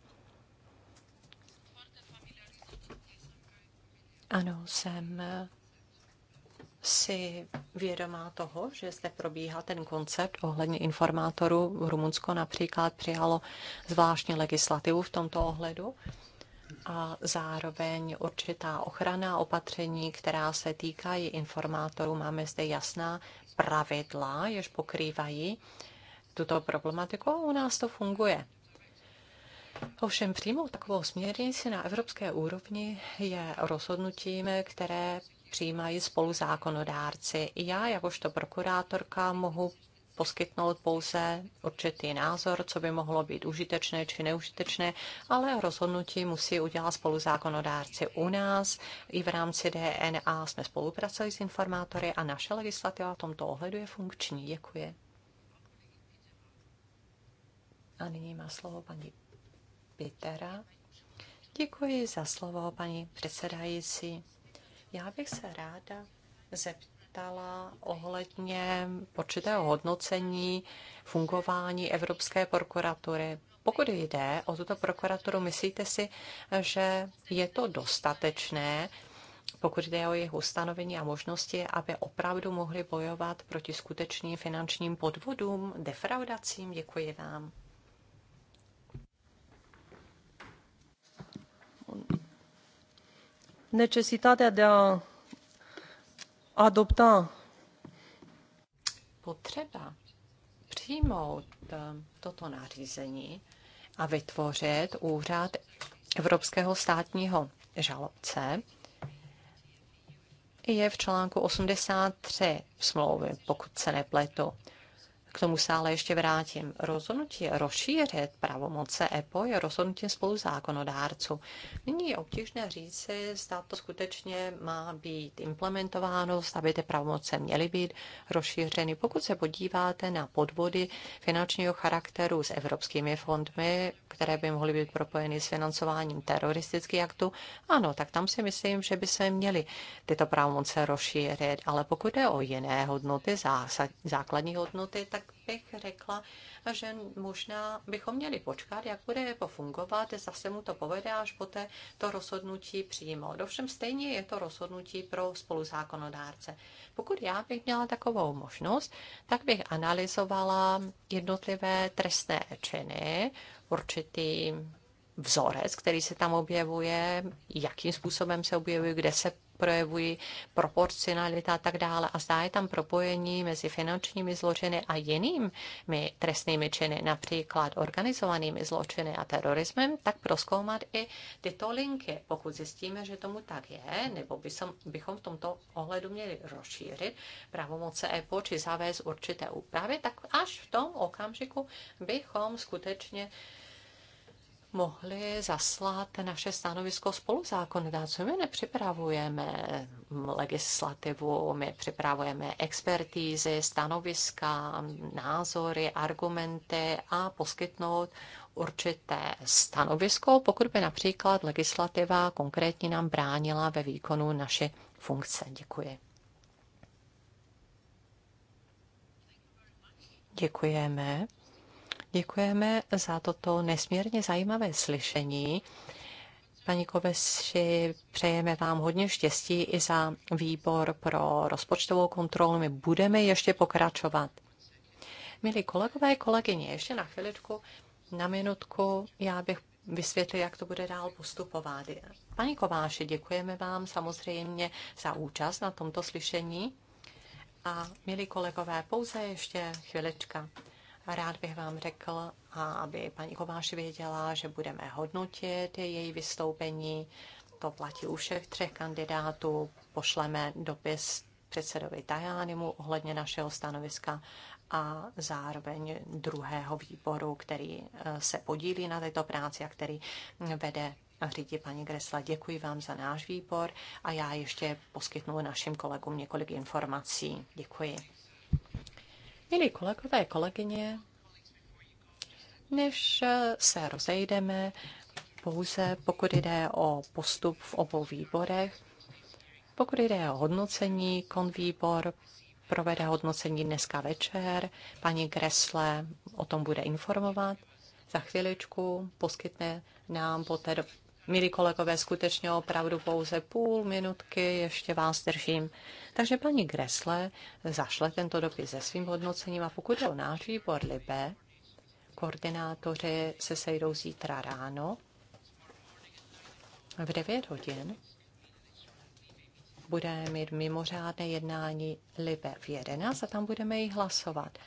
Ano, jsem si vědomá toho, že zde probíhá ten koncept ohledně informátorů. Rumunsko například přijalo zvláštní legislativu v tomto ohledu a zároveň určitá ochrana opatření, která se týkají informátorů. Máme zde jasná pravidla, jež pokrývají tuto problematiku a u nás to funguje. Ovšem přímo takovou směrnici na evropské úrovni je rozhodnutím, které přijímají spolu zákonodárci. Já jakožto prokurátorka mohu poskytnout pouze určitý názor, co by mohlo být užitečné či neužitečné, ale rozhodnutí musí udělat spoluzákonodárci u nás. I v rámci DNA jsme spolupracovali s informátory a naše legislativa v tomto ohledu je funkční. Děkuji. A nyní má slovo paní Pitera. Děkuji za slovo, paní předsedající. Já bych se ráda zeptala ohledně určitého hodnocení fungování Evropské prokuratury. Pokud jde o tuto prokuraturu, myslíte si, že je to dostatečné, pokud jde o jejich ustanovení a možnosti, aby opravdu mohli bojovat proti skutečným finančním podvodům, defraudacím? Děkuji vám. necesitatea de a adopta potřeba přijmout ehm, toto nařízení a vytvořit úřad Evropského státního žalobce je v článku 83 smlouvy, pokud se nepletu. K tomu se ale ještě vrátím. Rozhodnutí rozšířit pravomoce EPO je rozhodnutím spoluzákonodárců. Nyní je obtížné říci, zda to skutečně má být implementováno, zda by ty pravomoce měly být rozšířeny. Pokud se podíváte na podvody finančního charakteru s evropskými fondmi, které by mohly být propojeny s financováním teroristických aktů, ano, tak tam si myslím, že by se měly tyto pravomoce rozšířit. Ale pokud jde o jiné hodnoty, zásad, základní hodnoty, tak tak bych řekla, že možná bychom měli počkat, jak bude EPO fungovat, zase mu to povede, až poté to rozhodnutí přijímo. Dovšem stejně je to rozhodnutí pro spoluzákonodárce. Pokud já bych měla takovou možnost, tak bych analyzovala jednotlivé trestné činy, určitý vzorec, který se tam objevuje, jakým způsobem se objevuje, kde se projevují, proporcionalita a tak dále. A zdá je tam propojení mezi finančními zločiny a jinými trestnými činy, například organizovanými zločiny a terorismem, tak proskoumat i tyto linky. Pokud zjistíme, že tomu tak je, nebo bychom v tomto ohledu měli rozšířit pravomoce EPO či zavést určité úpravy, tak až v tom okamžiku bychom skutečně uh, mohli zaslat naše stanovisko spoluzákonodácům. My nepřipravujeme legislativu, my připravujeme expertízy, stanoviska, názory, argumenty a poskytnout určité stanovisko, pokud by například legislativa konkrétně nám bránila ve výkonu naše funkce. Děkuji. Děkujeme Děkujeme za toto nesmírně zajímavé slyšení. Paní Koveši, přejeme vám hodně štěstí i za výbor pro rozpočtovou kontrolu. My budeme ještě pokračovat. Milí kolegové, kolegyně, ještě na chviličku, na minutku, já bych vysvětlil, jak to bude dál postupovat. Paní Kováši, děkujeme vám samozřejmě za účast na tomto slyšení. A milí kolegové, pouze ještě chvilička rád bych vám řekl, a aby paní Kováš věděla, že budeme hodnotit její vystoupení. To platí u všech třech kandidátů. Pošleme dopis předsedovi Tajánimu ohledně našeho stanoviska a zároveň druhého výboru, který eh, se podílí na této práci a který vede a řídí paní Gresla. Děkuji vám za náš výbor a já ještě poskytnu našim kolegům několik informací. Děkuji. Milí kolegové, kolegyně, než se rozejdeme, pouze pokud jde o postup v obou výborech, pokud jde o hodnocení, konvýbor provede hodnocení dneska večer, paní Gresle o tom bude informovat. Za chviličku poskytne nám poté Milí kolegové, skutečně opravdu pouze půl minutky, ještě vás držím. Takže paní Gresle zašle tento dopis se svým hodnocením a pokud je o náš výbor Libe, koordinátoři se sejdou zítra ráno v 9 hodin. Budeme mít mimořádné jednání Libe v 11 a tam budeme i hlasovat.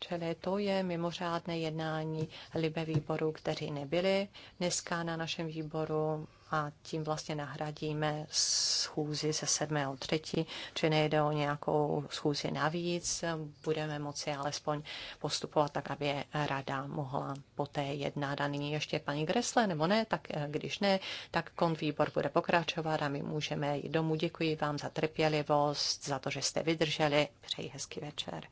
Čili to je mimořádné jednání Libe výboru, kteří nebyli dneska na našem výboru a tím vlastně nahradíme schůzi se 7. 3. Či nejde o nějakou schůzi navíc, budeme moci alespoň postupovat tak, aby rada mohla poté jednat. A nyní ještě paní Gresle, nebo ne, tak eh, když ne, tak konvýbor výbor bude pokračovat a my můžeme jít domů. Děkuji vám za trpělivost, za to, že jste vydrželi. Přeji hezký večer.